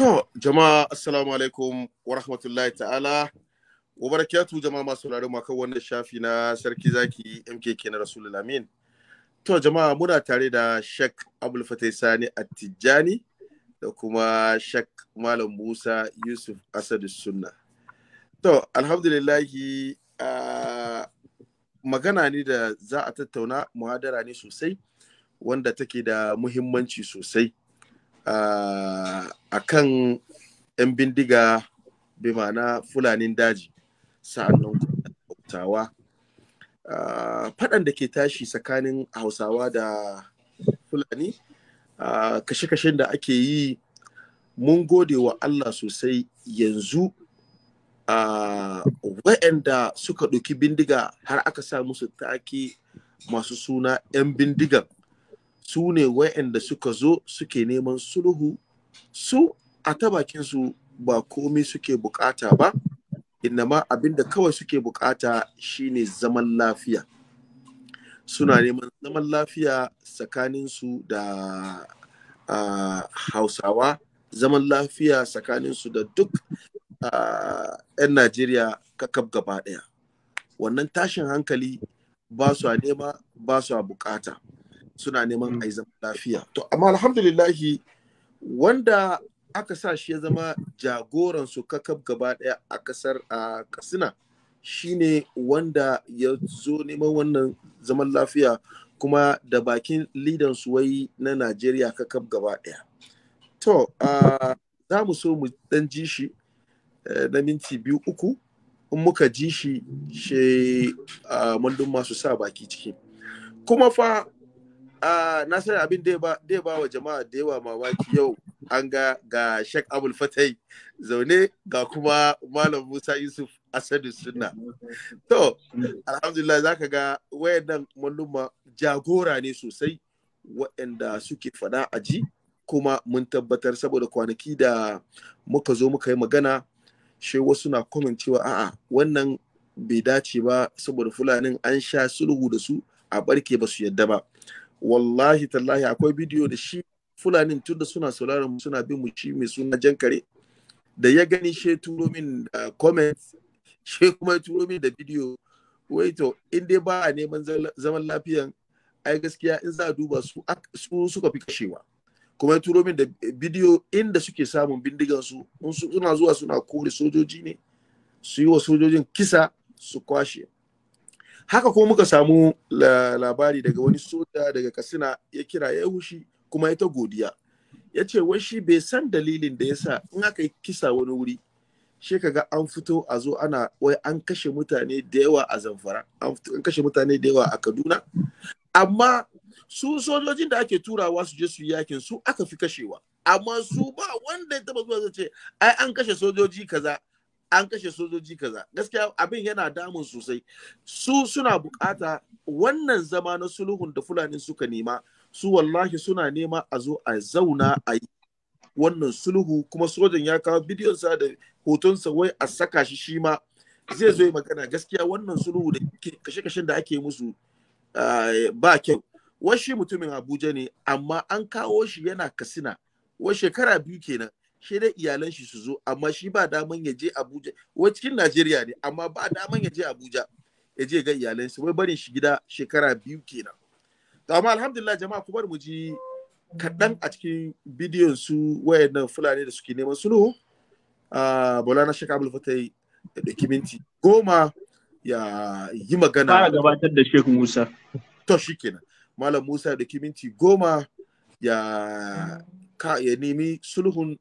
To, jama'a assalamu alaikum wa rahmatullahi ta'ala. Wa barakatu jama'a masu sauraron maka wannan shafi na sarki zaki MKK na Rasulul Amin. To, jama'a muna tare da shek Abdul Fatai Sani Attijani da kuma shek Malam Musa Yusuf Asadu Sunna. To, alhamdulillahi uh, magana ne da za a tattauna muhadara ne sosai wanda take da muhimmanci sosai. a kan 'yan bindiga bi ma'ana fulanin daji sa'annan hausawa faɗan da ke tashi tsakanin hausawa da fulani kashe-kashen da ake yi mun gode wa allah sosai yanzu wa'anda suka ɗauki bindiga har aka sa musu taki masu suna 'yan bindigan su ne wa'anda suka zo suke neman sulhu su a ta bakinsu ba komai suke bukata ba ma abinda kawai suke bukata shine zaman lafiya suna neman zaman lafiya tsakaninsu da uh, hausawa zaman lafiya tsakaninsu da duk 'yan uh, najeriya kakab gaba ɗaya wannan tashin hankali ba su nema ba su bukata suna neman mm. a yi zama lafiya to amma alhamdulillahi wanda aka sa shi ya zama jagoran su kakab gaba daya a ƙasar a kasina shine wanda ya zo neman wannan zaman lafiya kuma da bakin lidan su wai na najeriya kakab gaba daya to za mu so mu dan ji shi eh, na minti biyu uku in muka ji shi shi mandun masu sa baki ciki kuma fa na san abin da ya ba wa jama'a da yawa mamaki yau an ga ga Sheikh Abul Fatai zaune ga kuma Malam Musa Yusuf Asadu Sunna. To, alhamdulillah ka ga wayannan malluma jagora ne sosai waɗanda suke fada a ji kuma mun tabbatar saboda kwanaki da muka zo muka yi magana shi wasu na komen cewa a'a wannan bai dace ba saboda fulanin an sha sulhu da su a barke ba su yadda ba. wallahi tallahi akwai bidiyo da shi fulanin tunda suna sauraron suna bin mu shi mai suna jankare da ya gani she turo min da uh, comment she kuma ya turo min da bidiyo wai to in dai ba a neman zaman lafiyan ai gaskiya in za a duba su su suka fi kashewa kuma ya turo min da bidiyo inda suke samun bindigan su suna zuwa suna kore sojoji ne su yi wa sojojin kisa su kwashe haka kuma muka samu labari daga wani soja daga kasina ya kira ya wushi kuma ya ta godiya ya ce wai shi bai san dalilin da ya sa in aka yi kisa wani wuri shi ga an fito a zo ana wai an kashe mutane da yawa a zamfara an kashe mutane da yawa a kaduna amma su sojojin da ake turawa su je su yakin su aka fi kashewa amma su ba wanda ya taba zuwa ce ai an kashe sojoji kaza an kashe sojoji kaza gaskiya abin yana damun sosai su suna bukata wannan zama na sulhun da fulani suka nema su wallahi suna nema a zo a zauna a yi wannan sulhu kuma sojan ya kawo bidiyonsa da hotonsa wai a saka shi shi ma zai zo magana gaskiya wannan sulhu da kashe-kashen da ake musu eh, ba kyau washi mutumin abuja ne amma an kawo shi yana kasina Wasu shekara biyu kenan shi dai iyalan shi su zo amma shi ba daman ya je Abuja wai cikin Najeriya ne amma ba daman ya je Abuja ya je ga iyalan shi wai barin shi gida shekara biyu kenan to amma alhamdulillah jama'a ku bar mu ji kaɗan a cikin bidiyon su wayannan fulani da suke neman sulhu a ah, Bolana Sheikh Abdul Fatai da ɗauki minti goma ya yi magana. Fara gabatar da Sheikh Musa. To shi kenan. Malam Musa da ɗauki minti goma ya ka ya nemi sulhun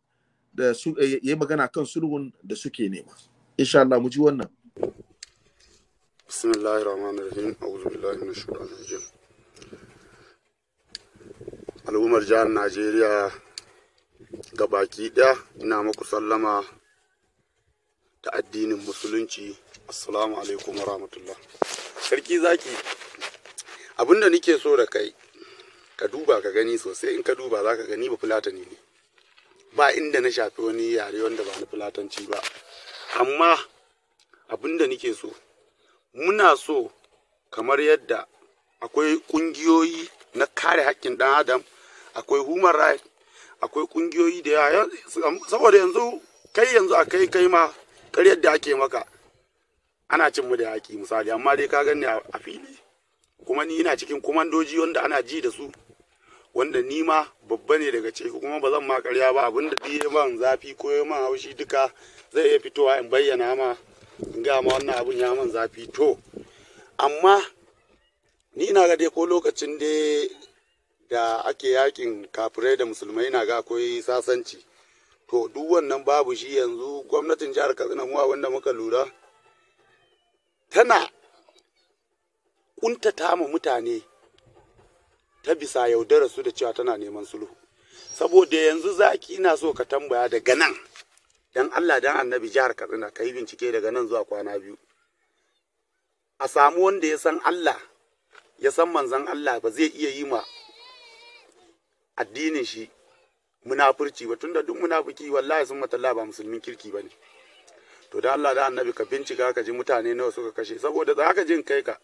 da su eh, yayi magana kan sulhun da suke nema insha Allah mu ji wannan bismillahir rahmanir rahim a'udhu billahi minash shaitanir rajim al'ummar jihar Najeriya ga baki ɗaya ina muku sallama ta addinin musulunci assalamu alaikum wa rahmatullah sarki zaki abinda nake so da kai ka duba ka gani sosai in ka duba zaka gani ba fulatani ne ba inda na shafi wani yare wanda ba na fulatanci ba amma abinda da nake so muna so kamar yadda akwai ƙungiyoyi na kare haƙƙin ɗan adam akwai human right akwai ƙungiyoyi da yawa saboda yanzu kai yanzu a kai kai ma karyar da ake maka ana cin mu da haƙi misali amma dai ka gani a fili kuma ni ina cikin kumandoji wanda ana ji da su wanda ni ma babba ne daga ciki kuma ba zan ma karya ba Abun da ya man zafi ko ya man haushi duka zai iya fitowa in bayyana ma in ga ma wannan abun ya man zafi to amma ni ina ga dai ko lokacin dai da ake yakin kafirai da musulmai na ga akwai sasanci to duk wannan babu shi yanzu gwamnatin jihar katsina muwa wanda muka lura tana kuntata ma mutane ta bisa yaudarar su da cewa tana neman sulhu saboda yanzu zaki ina so ka tambaya daga nan dan Allah dan annabi jihar Katsina ka yi bincike daga nan zuwa kwana biyu a samu wanda ya san Allah ya san manzon Allah ba zai iya yi ma addinin shi munafurci ba tunda duk munafiki wallahi sun matalla ba musulmin kirki ba ne to da Allah da annabi ka bincika ka ji mutane nawa suka kashe saboda za ka jin kai ka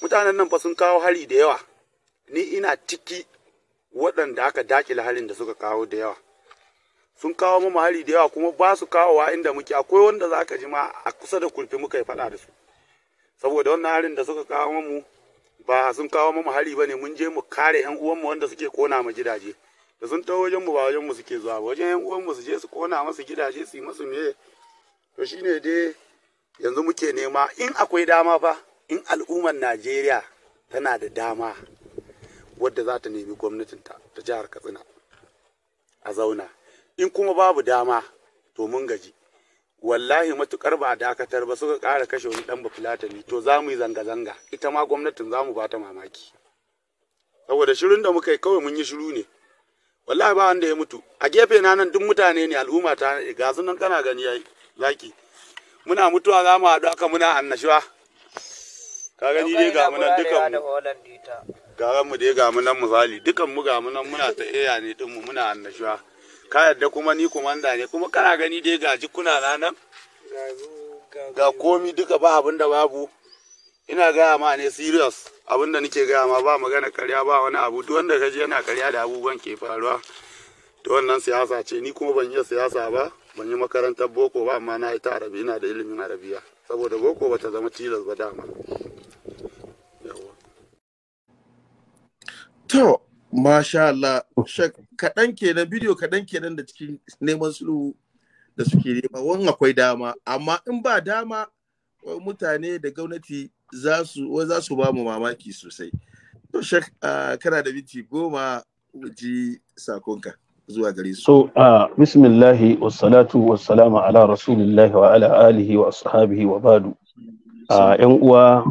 mutanen nan fa sun kawo hari da yawa ni ina ciki waɗanda aka dakile harin da suka kawo da yawa sun kawo mu hari da yawa kuma ba su kawowa inda muke akwai wanda za ka ji ma a kusa da kulfi muka yi faɗa da su saboda wannan harin da suka kawo mu ba sun kawo mu hari ba ne mun je mu kare uwan uwanmu wanda suke kona mu gidaje da sun taho wajen mu ba wajen mu suke zuwa ba wajen ƴan uwan mu su je su kona masu gidaje su yi masu meye to shine dai yanzu muke nema in akwai dama fa in al'ummar Najeriya tana da dama wadda za ta nemi gwamnatinta ta jihar katsina a zauna in kuma babu dama to mun gaji wallahi matukar ba dakatar ba suka ƙara kashe wani dan bafulatani to za mu yi zanga-zanga ita ma gwamnatin za mu ba ta mamaki saboda shirin da muka yi kawai mun yi shiru ne wallahi ba wanda ya mutu a gefe na nan duk mutane ne al'umma ta ga nan kana gani yayi zaki muna mutuwa za mu haɗu aka muna annashuwa ka gani dai ga munan dukan mu ran mu dai ga munan misali dukan mu ga munan muna ta iya ne din mu muna annashuwa ka yadda kuma ni komanda ne kuma kana gani dai ga jikuna na nan ga komi duka ba abin da babu ina gaya ma ne serious abin da nake gaya ma ba magana karya ba wani abu duk wanda kaji yana karya da abubuwan ke faruwa to wannan siyasa ce ni kuma ban yi siyasa ba ban yi makarantar boko ba amma na yi ta arabi ina da ilimin arabiya saboda boko bata zama tilas ba dama To, masha Allah, kaɗan kenan bidiyo kaɗan kenan da cikin neman sulhu da suke nema, wani akwai dama, amma in ba dama mutane da gwamnati za su ba mu mamaki sosai. To, shek kana da minti goma ji sakonka zuwa gare su. So, bismillahi wa salama ala rasulillahi wa ala alihi wa ashabihi wa badu. 'yan uwa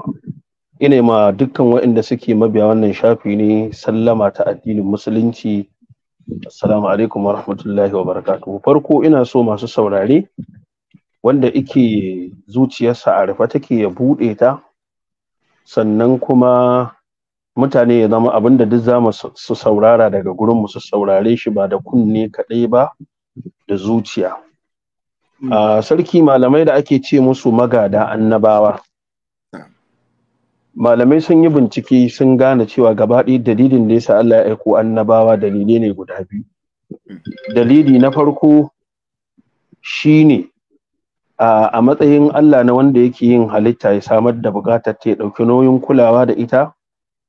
ina ma dukkan waɗanda suke mabiya wannan shafi ne sallama ta addinin musulunci assalamu alaikum wa rahmatullahi wa barakatuhu farko ina so masu saurare wanda ike zuciyarsa a rufe take ya buɗe ta sannan kuma mutane ya zama abin da duk zamu su saurara daga gurin mu su saurare shi ba da kunne kaɗai ba da zuciya hmm. A ah, sarki malamai da ake ce musu magada annabawa malamai sun yi bincike sun gane cewa gabaɗaya dalilin da yasa Allah ya aiko annabawa dalilai ne guda biyu dalili na farko shine a matsayin Allah na wanda yake yin halitta ya samar da bukatar ta ya ɗauki nauyin kulawa da ita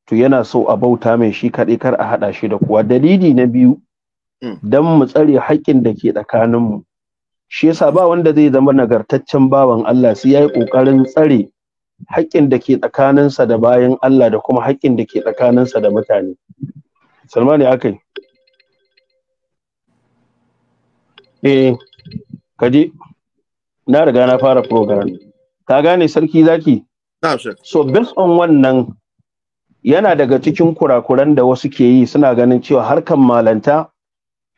to yana so a bauta mai shi kaɗai kar a haɗa shi da kuwa dalili na biyu hmm. don mu tsare haƙƙin da ke tsakaninmu shi yasa ba wanda zai zama nagartaccen bawan Allah sai ya yi ƙoƙarin tsare haƙƙin da ke tsakaninsa da bayan Allah da kuma haƙƙin da ke tsakaninsa da mutane ne, ya yi. eh kaji na riga na fara program ka gane sarki zaki so based on wannan yana daga cikin kurakuran da wasu ke yi suna ganin cewa harkan malanta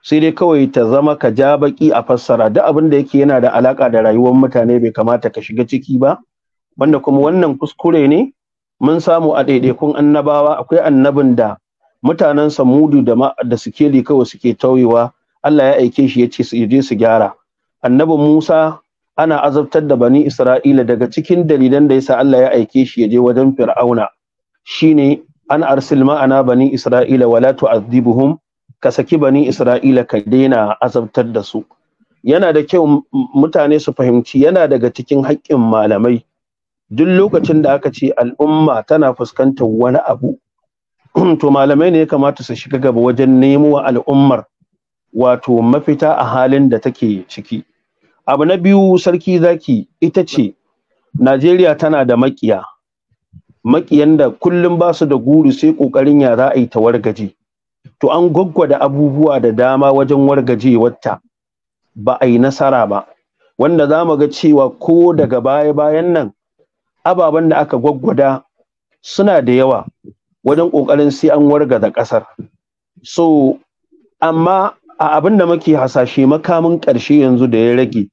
sai dai kawai ta zama ka ja baki a fassara duk abin da yake yana da alaka da rayuwar mutane bai kamata ka shiga ciki ba banda kuma wannan kuskure ne mun samu a ɗaiɗaikun annabawa akwai annabin da mutanen samudu da da sikeli kawai suke tauyewa Allah ya aike shi ya ce su je su gyara annabin Musa ana azabtar da bani Isra'ila daga cikin dalilan da yasa Allah ya aike shi ya je wajen Fir'auna shine an arsil ma'ana bani Isra'ila wala tu'adhibuhum ka saki bani Isra'ila ka daina azabtar da su yana da kyau mutane su fahimci yana daga cikin haƙƙin malamai duk lokacin da aka ce al'umma tana fuskantar wani abu to malamai ne ya kamata su shiga gaba wajen nemo wa al'ummar wato mafita a halin da take ciki abu na biyu sarki zaki ita ce najeriya tana da makiya makiyan da kullum ba su da guri sai kokarin ya za a yi ta wargaje to an gwaggwada abubuwa da dama wajen wata ba a yi nasara ba wanda za mu ga cewa ko daga baya bayan nan ababen da aka gwaggwada suna da yawa wajen ƙoƙarin sai an da ƙasar so amma a abin da muke hasashe makamin ƙarshe yanzu da ya rage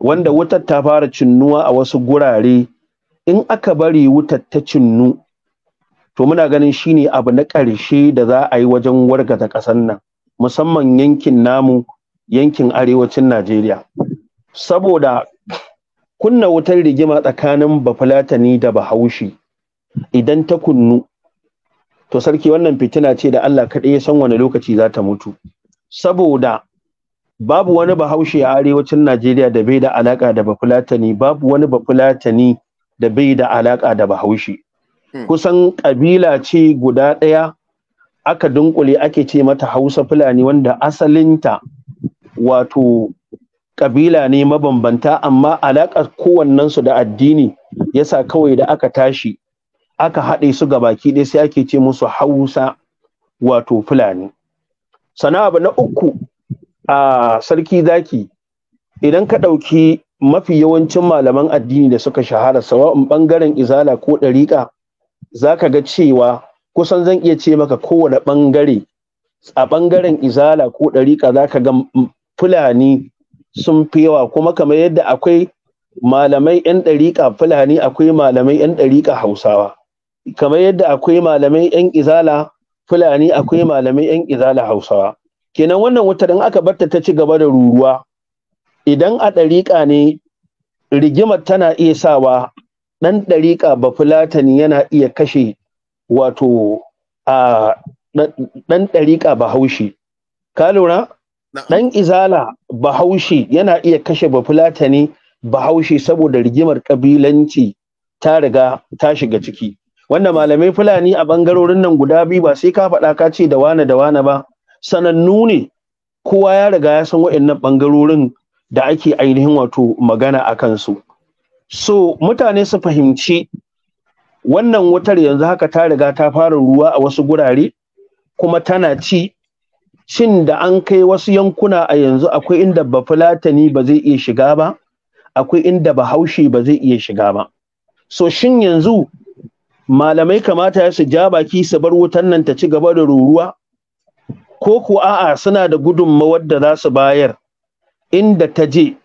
wanda wutar ta fara cinnuwa a wasu gurare in aka bari wutar ta cinnu to muna ganin shine abu na ƙarshe da za a yi wajen warga da ƙasar nan musamman yankin namu yankin arewacin najeriya saboda kunna wutar rigima tsakanin bafulatani da bahaushe idan ta kunnu to sarki wannan fitina ce da Allah kaɗai ya san wani lokaci za ta mutu saboda babu wani bahaushe a arewacin Najeriya da bai da alaka da bafulatani babu wani bafulatani da bai da alaka da bahaushe hmm. kusan ƙabila ce guda ɗaya aka dunkule ake ce mata Hausa Fulani wanda asalinta wato kabila ne mabambanta amma alaƙar kowannensu da addini yasa kawai da aka tashi aka haɗe su ga baki ɗaya sai ake ce musu hausa wato fulani sana abu na uku a sarki zaki idan ka ɗauki mafi yawancin malaman addini da suka shahara sawa'un ɓangaren izala ko ɗariƙa za ka ga cewa kusan zan iya ce maka kowane ɓangare a ɓangaren izala ko ɗariƙa za ka ga fulani sun fi yawa kuma kamar yadda akwai malamai 'yan ɗariƙa fulani akwai malamai 'yan ɗariƙa hausawa kamar yadda akwai malamai 'yan izala fulani akwai malamai 'yan izala hausawa kenan wannan wutar don aka barta ta ci gaba da ruruwa idan a ɗariƙa ne rigimar tana iya sawa ɗan ɗariƙa ba fulatani yana iya kashe wato a ɗan ɗariƙa ba haushi ka lura Ɗan izala bahaushe yana iya kashe bafulatani bahaushe saboda rigimar ƙabilanci ta riga ta shiga ciki. Wanda malamai fulani a ɓangarorin nan guda biyu ba sai ka faɗa ka ce da wane da wane ba sanannu ne kowa ya riga ya san waɗannan bangarorin da ake ainihin wato magana a kansu. So mutane su fahimci wannan wutar yanzu haka ta riga ta fara ruwa a wasu gurare kuma tana ci shin da an kai wasu yankuna a yanzu akwai inda fulatani ba zai iya shiga ba akwai inda bahaushe ba zai iya shiga ba so shin yanzu malamai kamata su ja baki su bar wutan nan ta ci gaba da ruruwa ko ku a'a suna da gudunmawar da za su bayar inda ta je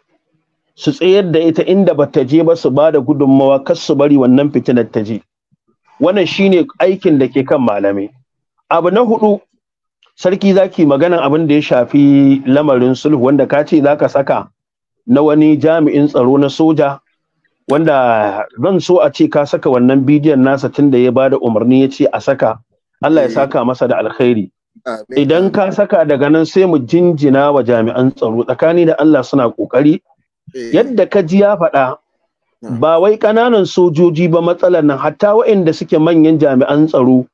su tsayar da ita inda ba ta je ba su ba da gudunmawa kar su bari wannan fitinar ta je wannan shine aikin da ke kan malamai abu na hudu sarki zaki maganan abin da ya shafi lamarin sulhu wanda ka ce zaka saka na wani jami'in tsaro na soja wanda zan so a ce ka saka wannan bidiyon nasa tunda da ya bada umarni ya ce a saka Allah ya eh. saka masa da alkhairi idan ka saka daga nan sai mu jinjina wa jami'an tsaro tsakani da Allah suna kokari eh. yadda ka ji ya faɗa hmm. ba wai ƙananan sojoji ba matsalar nan hatta waɗanda suke manyan jami'an tsaro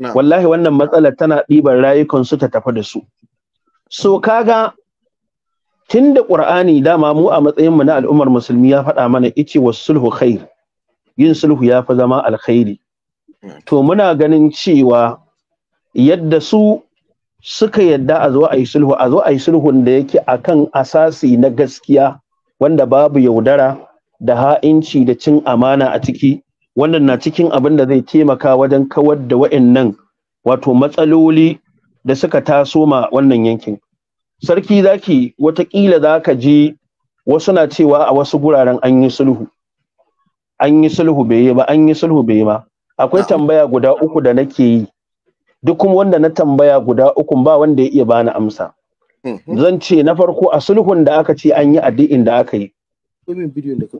wallahi wannan matsalar tana ɗiban rayukansu ta tafi da su so kaga tun da ƙur'ani dama mu a matsayinmu na al'ummar musulmi ya faɗa mana ice wa sulhu khair yin sulhu ya fi zama alkhairi to muna ganin cewa yadda su suka yadda a zo a yi sulhu a zo a yi sulhun da yake kan asasi na gaskiya wanda babu yaudara da ha'inci da cin amana a ciki wannan na cikin abin da zai taimaka wajen kawar da wa'annan wato matsaloli da suka taso ma wannan yankin sarki zaki watakila za ka ji wasu na cewa a wasu guraren an yi sulhu an yi sulhu bai yi ba an yi sulhu bai yi ba akwai tambaya guda uku da nake yi duk kuma wanda na tambaya guda uku ba wanda ya iya bani amsa mhm. zan ce na farko a sulhun da aka ce an yi addu'in da aka yi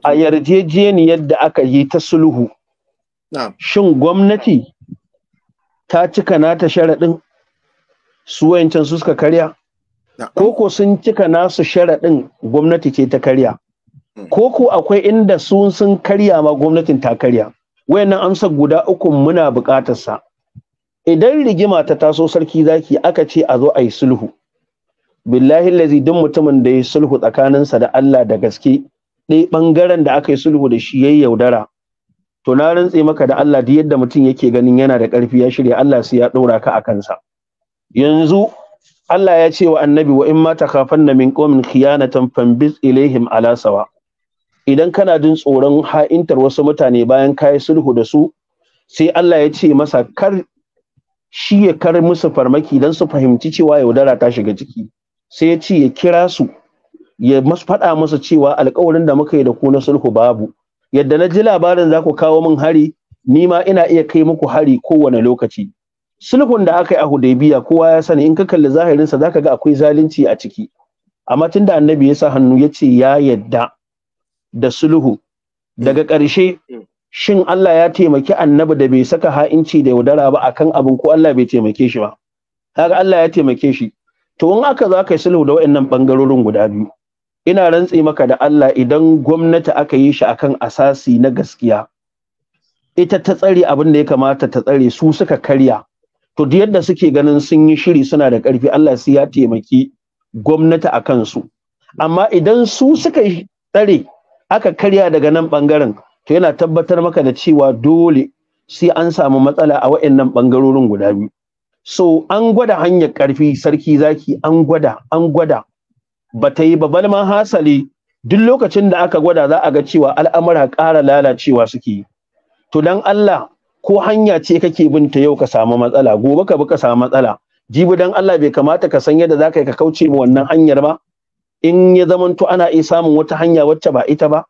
a yarjejeniyar da aka yi ta sulhu Shin gwamnati ta cika nata sharaɗin su wayancan su suka karya? Koko sun cika nasu sharaɗin gwamnati ce ta karya. Koko hmm. akwai inda sun sun karya ma gwamnatin ta karya. Wayannan amsa guda uku muna buƙatarsa. Idan rigima ta taso sarki zaki aka ce a zo a yi sulhu. Billahi lazi duk mutumin da ya sulhu tsakaninsa da Allah da gaske ɗaya ɓangaren da aka yi sulhu da shi ya yaudara to na rantse maka da Allah duk yadda mutum yake ganin yana da ƙarfi ya shirya Allah sai ya ɗora ka a kansa yanzu Allah ya ce wa annabi wa in ma takhafanna min qawmin khiyanatan fanbiz ilaihim ala sawa idan kana jin tsoron ha'intar wasu mutane bayan kayi sulhu da su sai Allah ya ce masa kar shi ya kar musu farmaki dan su fahimci cewa yaudara ta shiga ciki sai ya ce ya kira su ya faɗa musu cewa alƙawarin da muka yi da ku na sulhu babu yadda na ji labarin za ku kawo min hari ni ma ina iya kai muku hari kowane lokaci sulhun da aka yi a hudaybiya kowa ya sani in ka kalli zahirinsa za ka ga akwai zalunci a ciki amma da annabi ya sa hannu ya ce ya yadda da sulhu daga ƙarshe shin Allah ya taimaki annabi da bai saka ha'inci da yaudara ba akan abin ko Allah bai taimake shi ba kaga Allah ya taimake shi to in aka za ka yi sulhu da waɗannan bangarorin guda biyu ina rantse maka da Allah idan gwamnati aka yi shi akan asasi na gaskiya ita ta tsare abin da ya kamata ta tsare su suka karya to duk yadda suke ganin sun yi shiri suna da ƙarfi Allah sai ya taimaki gwamnati a kansu amma idan su suka tsare aka karya daga nan bangaren to yana tabbatar maka da cewa dole sai an samu matsala a waɗannan bangarorin guda biyu so an gwada hanyar ƙarfi sarki zaki an gwada an gwada ba ta yi ba balma hasali duk lokacin da aka gwada za a ga cewa al'amura ƙara lalacewa suke yi to dan Allah ko hanya ce kake bin ta yau ka samu matsala gobe ka bi ka samu matsala jibi dan Allah bai kamata ka san yadda za ka yi ka kauce mu wannan hanyar ba in ya zamanto ana iya samun wata hanya wacce ba ita ba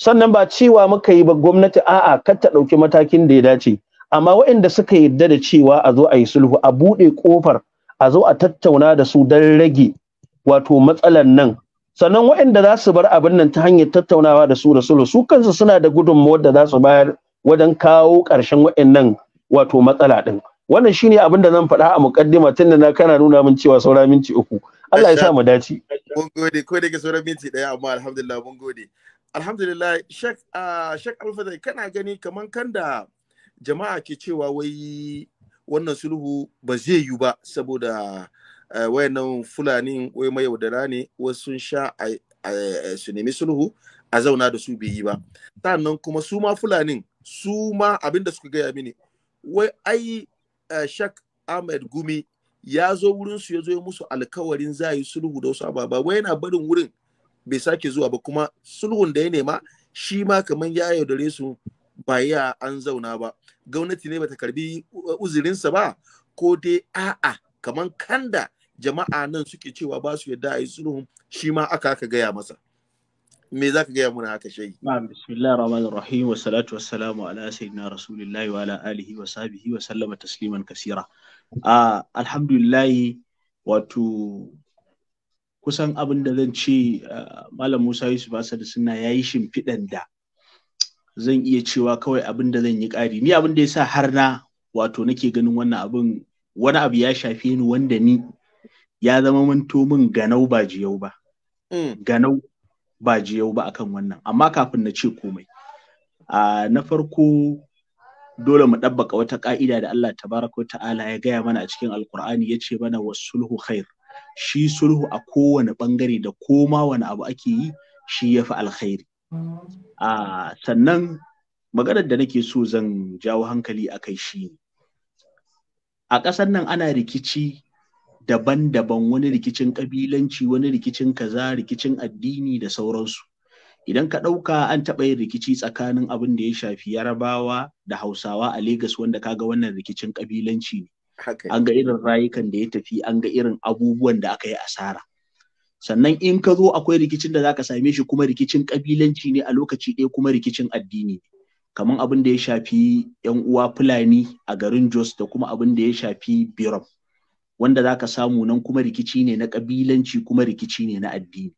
sannan ba cewa muka yi ba gwamnati a'a kar ta ɗauki matakin da ya dace amma waɗanda suka yarda da cewa a zo a yi sulhu a buɗe ƙofar a zo a tattauna da su don rage wato matsalan nan sannan waɗanda za su bar abin nan ta hanyar tattaunawa da su da sulhu su kansu suna da gudunmawar da za su bayar wajen kawo ƙarshen waɗannan wato matsala ɗin wannan shine abin da zan faɗa a mukaddima tunda da na kana nuna min cewa saura minti uku Allah ya sa mu dace mun gode ko da ke saura minti ɗaya amma alhamdulillah mun gode alhamdulillah shek shek alfadai kana gani kaman kan da jama'a ke cewa wai wannan sulhu ba zai yiwu ba saboda Eh, wayannan fulani wai mai yaudara ne wasu sun sha su nemi sulhu a zauna da su bai yi ba sannan kuma su ma fulanin su ma abinda suka gaya mini wai ai eh, shak ahmed gumi ya zo wurin su ya zo musu alkawarin za yi sulhu da wasu ababa wai yana barin wurin bai sake zuwa ba kuma sulhun da ya nema shi ma kamar ya yaudare su ba ya an zauna ba gwamnati ne bata karbi uzurinsa ba ko dai a'a kamar kanda jama'a nan suke cewa ba su yadda a yi sulhun shi ma aka aka gaya masa me za ka gaya muna haka shayi bismillahir rahmanir rahim wa salatu wassalamu ala sayyidina rasulillahi wa ala alihi wa sahbihi wa sallama tasliman kaseera ah alhamdulillah wato kusan abin da zan ce malam Musa Yusuf Asad suna yayi shimfiɗan da zan iya cewa kawai abin da zan yi ƙari ni abin da yasa har na wato nake ganin wannan abin wani abu ya shafe ni wanda ni ya zama manto min ganau ba jiyau ba mm. ganau ba jiyau ba akan wannan amma kafin na ce komai na farko dole mu ɗabbaka wata ƙa'ida da Allah tabaraka wa ta'ala ya gaya mana a cikin Alƙur'ani ya ce mana wa sulhu khair shi sulhu a kowane ɓangare da koma wani abu ake yi shi ya fi alkhairi sannan maganar da nake so zan jawo hankali a kai shi a ƙasar nan ana rikici daban-daban wani rikicin ƙabilanci wani rikicin kaza rikicin addini da sauransu idan ka ɗauka an taɓa yin rikici tsakanin abin da ya shafi yarabawa da hausawa a Legas wanda ka ga wannan rikicin ƙabilanci ne an ga irin rayukan da ya tafi an ga irin abubuwan da aka yi asara sannan in ka zo akwai rikicin da za ka same shi kuma rikicin ƙabilanci ne a lokaci ɗaya kuma rikicin addini kamar abin da ya shafi yan uwa fulani a garin jos da kuma abin da ya shafi birom wanda za ka samu nan kuma rikici ne na kabilanci kuma rikici ne na addini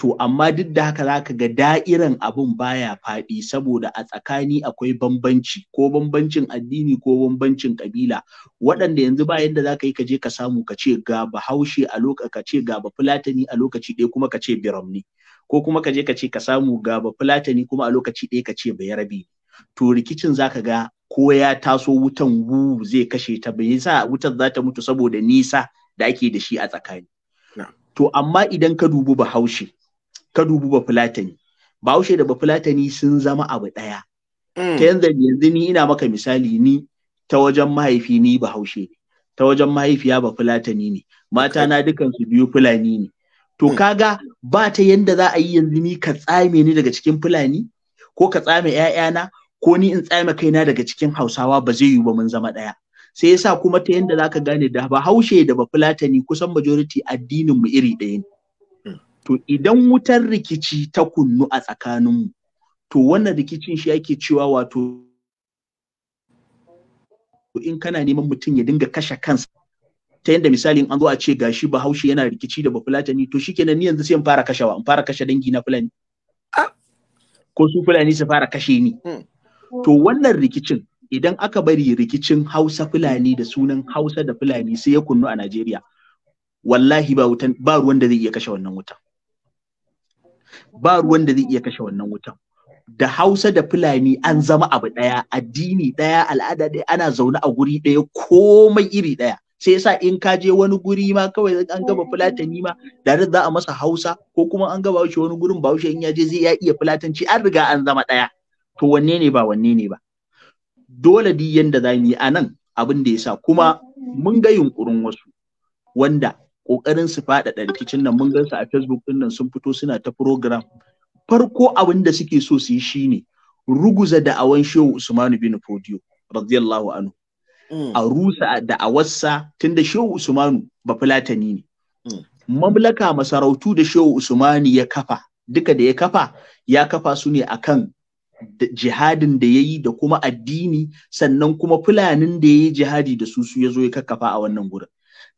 to amma duk da haka za ka ga da'iran abin baya faɗi saboda a tsakani akwai bambanci ko bambancin addini ko bambancin kabila. waɗanda yanzu ba yadda za ka yi ka je ka samu ka ce ga bahaushe a lokaci ka ce ga fulatani a lokaci ɗaya kuma ka ce biramni ko kuma ka je ka ce ka samu ga fulatani kuma a lokaci ɗaya ka ce bayarabi to rikicin zaka ga ko ya taso wutan wu zai kashe ta bai sa wutar za ta mutu saboda nisa da ake da shi a tsakani to amma idan ka dubi bahaushe ka dubi bafulatani bahaushe da bafulatani sun zama abu ɗaya mm. ta yanzu yanzu ni ina maka misali ni ta wajen mahaifi ni bahaushe ne ta wajen mahaifiya bafulatani ne mata na dukan su biyu fulani ne to mm. kaga ba ta yanda za a yi yanzu ni ka tsame ni daga cikin fulani ko ka tsame 'ya'yana? ko ni in tsaya kaina daga cikin hausawa ba zai yiwu ba mun zama ɗaya sai yasa kuma ta yanda ka gane da bahaushe da bafulatani kusan majority addinin mu iri ɗaya ne hmm. to idan wutar rikici ta kunnu a tsakaninmu to wannan rikicin shi ake cewa wato in kana neman mutum ya dinga kashe kansa ta yadda misali an zo a ce gashi bahaushe yana rikici da bafulatani to shikenan ni yanzu sai in fara kashewa in fara kashe dangi na fulani ah. ko su fulani su fara kashe ni hmm. To wannan rikicin idan aka bari rikicin Hausa Fulani da sunan Hausa da Fulani sai ya kunnu a Najeriya. Wallahi ba wutan ba ruwan da zai iya kashe wannan wutan. Ba ruwan da zai iya kashe wannan wutan. Da Hausa da Fulani an zama abu ɗaya, addini ɗaya, al'ada daya ana zaune a guri daya komai iri ɗaya. sai yasa in ka je wani guri ma kawai an gaba fulatani ma da za a masa hausa ko kuma an gaba shi wani gurin bahaushe in ya je zai iya fulatanci an riga an zama ɗaya to wanne ne ba wanne ne ba dole di yanda za mu yi a nan abin da ya sa kuma mun ga yunkurin wasu wanda ƙoƙarin su faɗaɗa rikicin nan mun gan su a facebook ɗin nan sun fito suna ta program farko abin da suke so su yi shine ruguza da awan shehu usmanu bin Fodio, radiyallahu anhu mm. a rusa da'awarsa tunda shehu usmanu ba fulatani ne mm. mamlaka masarautu da shehu Usmanu ya kafa duka da ya kafa ya kafa su ne akan jihadin da ya yi da kuma addini sannan kuma fulanin da ya yi jihadi da su su ya zo ya kakkafa a wannan gurin.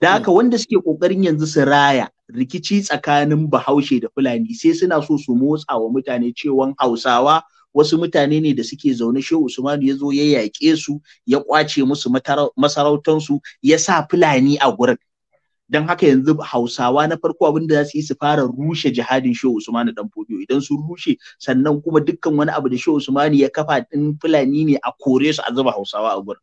Da haka hmm. wanda suke ƙoƙarin yanzu su raya rikici tsakanin bahaushe da fulani sai suna so su motsa wa mutane cewan hausawa wasu mutane ne da suke zaune shehu usmanu ya zo ya yaƙe su ya kwace musu masarautansu ya sa fulani a gurin don haka yanzu hausawa na farko abin da za su yi su fara rushe jihadin shehu usmani dan idan sun rushe sannan kuma dukkan wani abu da shehu usmani ya kafa din fulani ne a kore su a zuba hausawa a gurin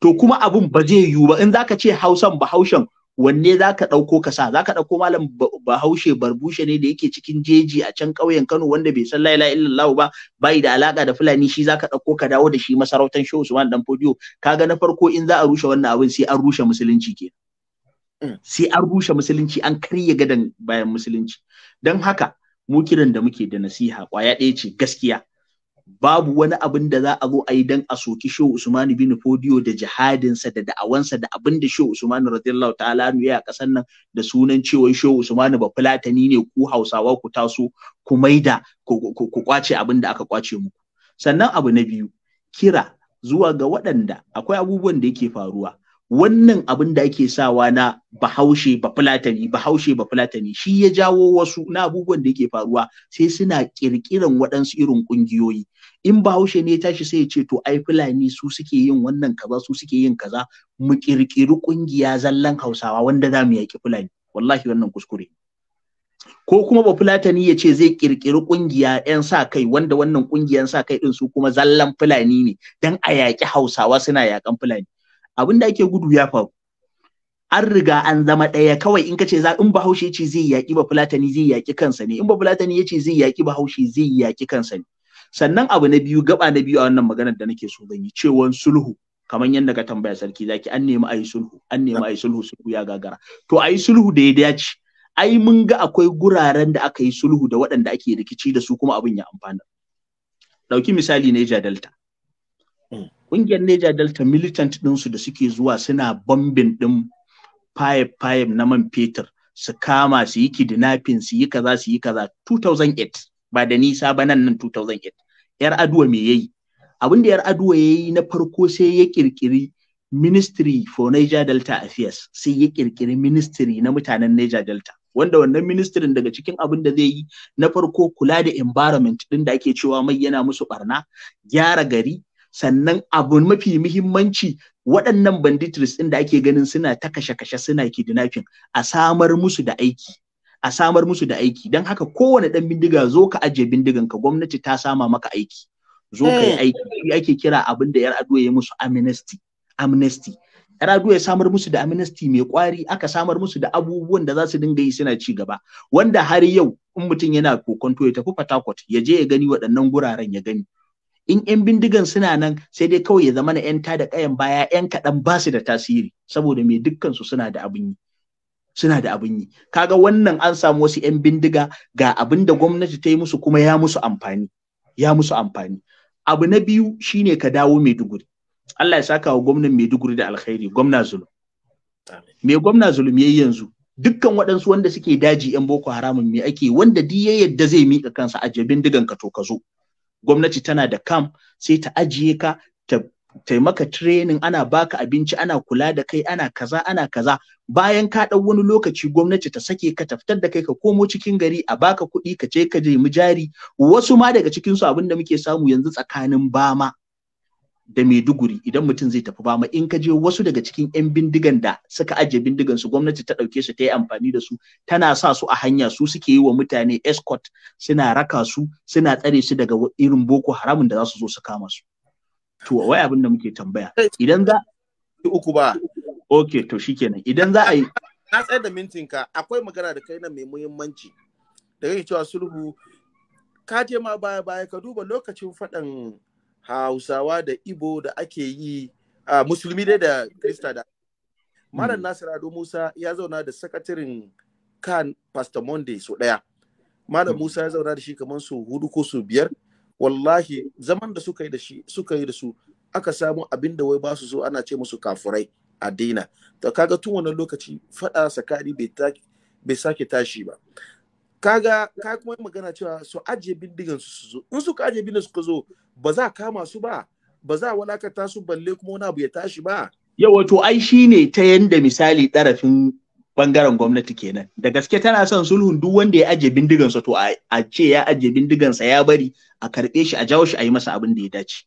to kuma abun ba zai yiwu ba in zaka ce hausan bahaushen wanne za ka ɗauko ka sa za ka ɗauko malam bahaushe barbushe ne da yake cikin jeji a can ƙauyen kano wanda bai san laila illallah ba bai da alaƙa da fulani shi zaka ka ɗauko ka dawo da shi masarautan shehu usman dan fobiyo kaga na farko in za a rushe wannan abin sai an rushe musulunci kenan Mm. sai an rushe musulunci an karya gadan bayan musulunci don haka mu kiran da muke da nasiha kwaya ɗaya ce gaskiya babu wani abin da za a zo a yi don a soki shehu usmani bin fodiyo da jihadinsa da da'awansa da abin da shehu usmani radiyallahu ta'ala ya kasan nan da sunan cewa shehu usmani ba fulatani ne ku hausawa ku taso ku maida ku kwace abin da aka kwace muku sannan abu na biyu kira zuwa ga waɗanda akwai abubuwan da yake faruwa wannan abin da ake sawa na bahaushe bafulatani bahaushe bafulatani shi ya jawo wasu na abubuwan da yake faruwa sai suna kirkiran waɗansu irin ƙungiyoyi in bahaushe ne ya tashi sai ya ce to ai fulani su suke yin wannan kaza su suke yin kaza mu kirkiri ƙungiya zallan hausawa wanda za mu yaƙi fulani wallahi wannan kuskure ko kuma bafulatani ya ce zai kirkiri ƙungiya 'yan sa kai wanda wannan ƙungiyan sa kai din su kuma zallan fulani ne dan a yaƙi hausawa suna yaƙan fulani abin da ake gudu ya faru an riga an zama ɗaya kawai in ka ce za in bahaushe ce zai yaƙi ba fulatani zai yaƙi kansa ne in ba fulatani ya ce zai yaƙi bahaushe zai yaƙi kansa ne sannan abu na biyu gaba na biyu a wannan maganar da nake so zan yi cewan sulhu kamar yadda ka tambaya sarki zaki an nemi ayi sulhu an nemi ayi sulhu sulhu ya gagara to ayi sulhu da ya dace ai mun ga akwai guraren da aka yi sulhu da waɗanda ake rikici da su kuma abin ya amfana ɗauki misali Niger Delta mm. Ƙungiyar Neja Delta militant ɗinsu da suke zuwa suna bambin ɗin fayif-fayif na man fetur su kama su yi kidnapping su yi kaza su yi kaza 2008 ba da nisa ba nan nan 2008 yar aduwa me yayi abin da yar aduwa yayi na farko sai ya kirkiri ministry for Niger Delta Affairs sai ya kirkiri ministry na mutanen Niger Delta wanda wannan ministirin daga cikin abin da zai yi na farko kula da environment ɗin da ake cewa mai yana musu barna gyara gari sannan abu mafi muhimmanci waɗannan banditris ɗin da ake ganin suna ta kashe-kashe suna kidnapping a samar musu da aiki a samar musu da aiki don haka kowane ɗan bindiga zo ka ajiye bindigan ka gwamnati ta sama maka aiki zo ka yi eh. aiki shi ake kira abin da yar ya musu amnesty amnesty yar aduwa ya samar musu da amnesty mai kwari aka samar musu da abubuwan da za su dinga yi suna ci gaba wanda har yau in mutum yana kokonto ya tafi Port ya je ya gani waɗannan guraren ya gani in yan bindigan suna nan sai dai kawai ya zama na yan da kayan baya yan kaɗan ba su da tasiri saboda me dukkan suna da abin yi suna da abin yi kaga wannan an samu wasu yan bindiga ga abin da gwamnati ta yi musu kuma ya musu amfani ya musu amfani abu na biyu shine ka dawo Maiduguri Allah ya saka wa gwamnan Maiduguri da alkhairi gwamna zulum me gwamna zulum yayi yanzu dukkan waɗansu wanda suke daji yan boko haramun me ake wanda duk ya zai mika kansa a jabin digan ka to ka zo gwamnati tana da kam sai ta ajiye ka ta taimaka training ana baka abinci ana kula da kai ana kaza ana kaza bayan ka ɗau wani lokaci gwamnati ta sake ka taftar da kai ka komo cikin gari a baka kuɗi ka je ka mu jari wasu ma daga cikin su abin da muke samu yanzu tsakanin bama da Maiduguri idan mutum zai tafi bama in ka je wasu daga cikin 'yan bindigan da suka ajiye bindigan su gwamnati ta ɗauke su ta yi amfani da su tana sa su a hanya su suke yi wa mutane escort suna raka su suna tsare su daga irin boko haramun da za su zo su kama su. To wai abin da muke tambaya idan za uku ba. Okay to shikenan idan za a yi na tsayar da mintinka akwai magana da kai nan mai muhimmanci da kake cewa sulhu ka je ma baya baya ka duba lokacin faɗan hausawa da ibo da ake yi a musulmi dai da krista da malam hmm. nasir ado musa ya zauna da sakatirin kan pastor monday su ɗaya. malam hmm. musa ya zauna da shi kamar su hudu ko su biyar wallahi zaman da suka yi da shi suka yi da su aka samu abin da wai ba su so ana ce musu kafurai a daina to kaga tun wannan lokaci faɗa sakari bai sake tashi ba kaga ka kuma yi magana cewa su ajiye bindigan su zo in suka ajiye bindigan suka zo ba za a kama su ba ba za a walakata su balle kuma wani abu ya tashi ba Yau, wato ai shi ne ta yanda misali ɗarafin bangaren gwamnati kenan da gaske tana son sulhun duk wanda ya ajiye bindigansa to a ce ya ajiye bindigansa ya bari a karɓe shi a jawo shi a yi masa abin da ya dace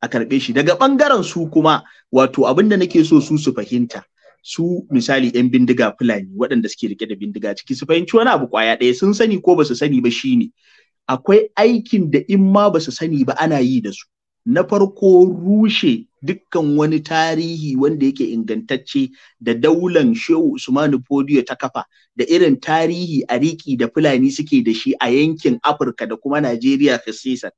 a karɓe shi daga bangaren su kuma wato abin da nake so su su fahimta su misali yan bindiga fulani waɗanda suke rike da bindiga ciki su fahimci wani abu kwaya ɗaya sun sani ko ba su sani ba shine akwai aikin da in ma ba su sani ba ana yi da su na farko rushe dukkan wani tarihi wanda yake ingantacce da daulan shehu usmanu podiyo ta kafa da irin tarihi a riki da fulani suke da shi a yankin afirka da kuma najeriya khasisan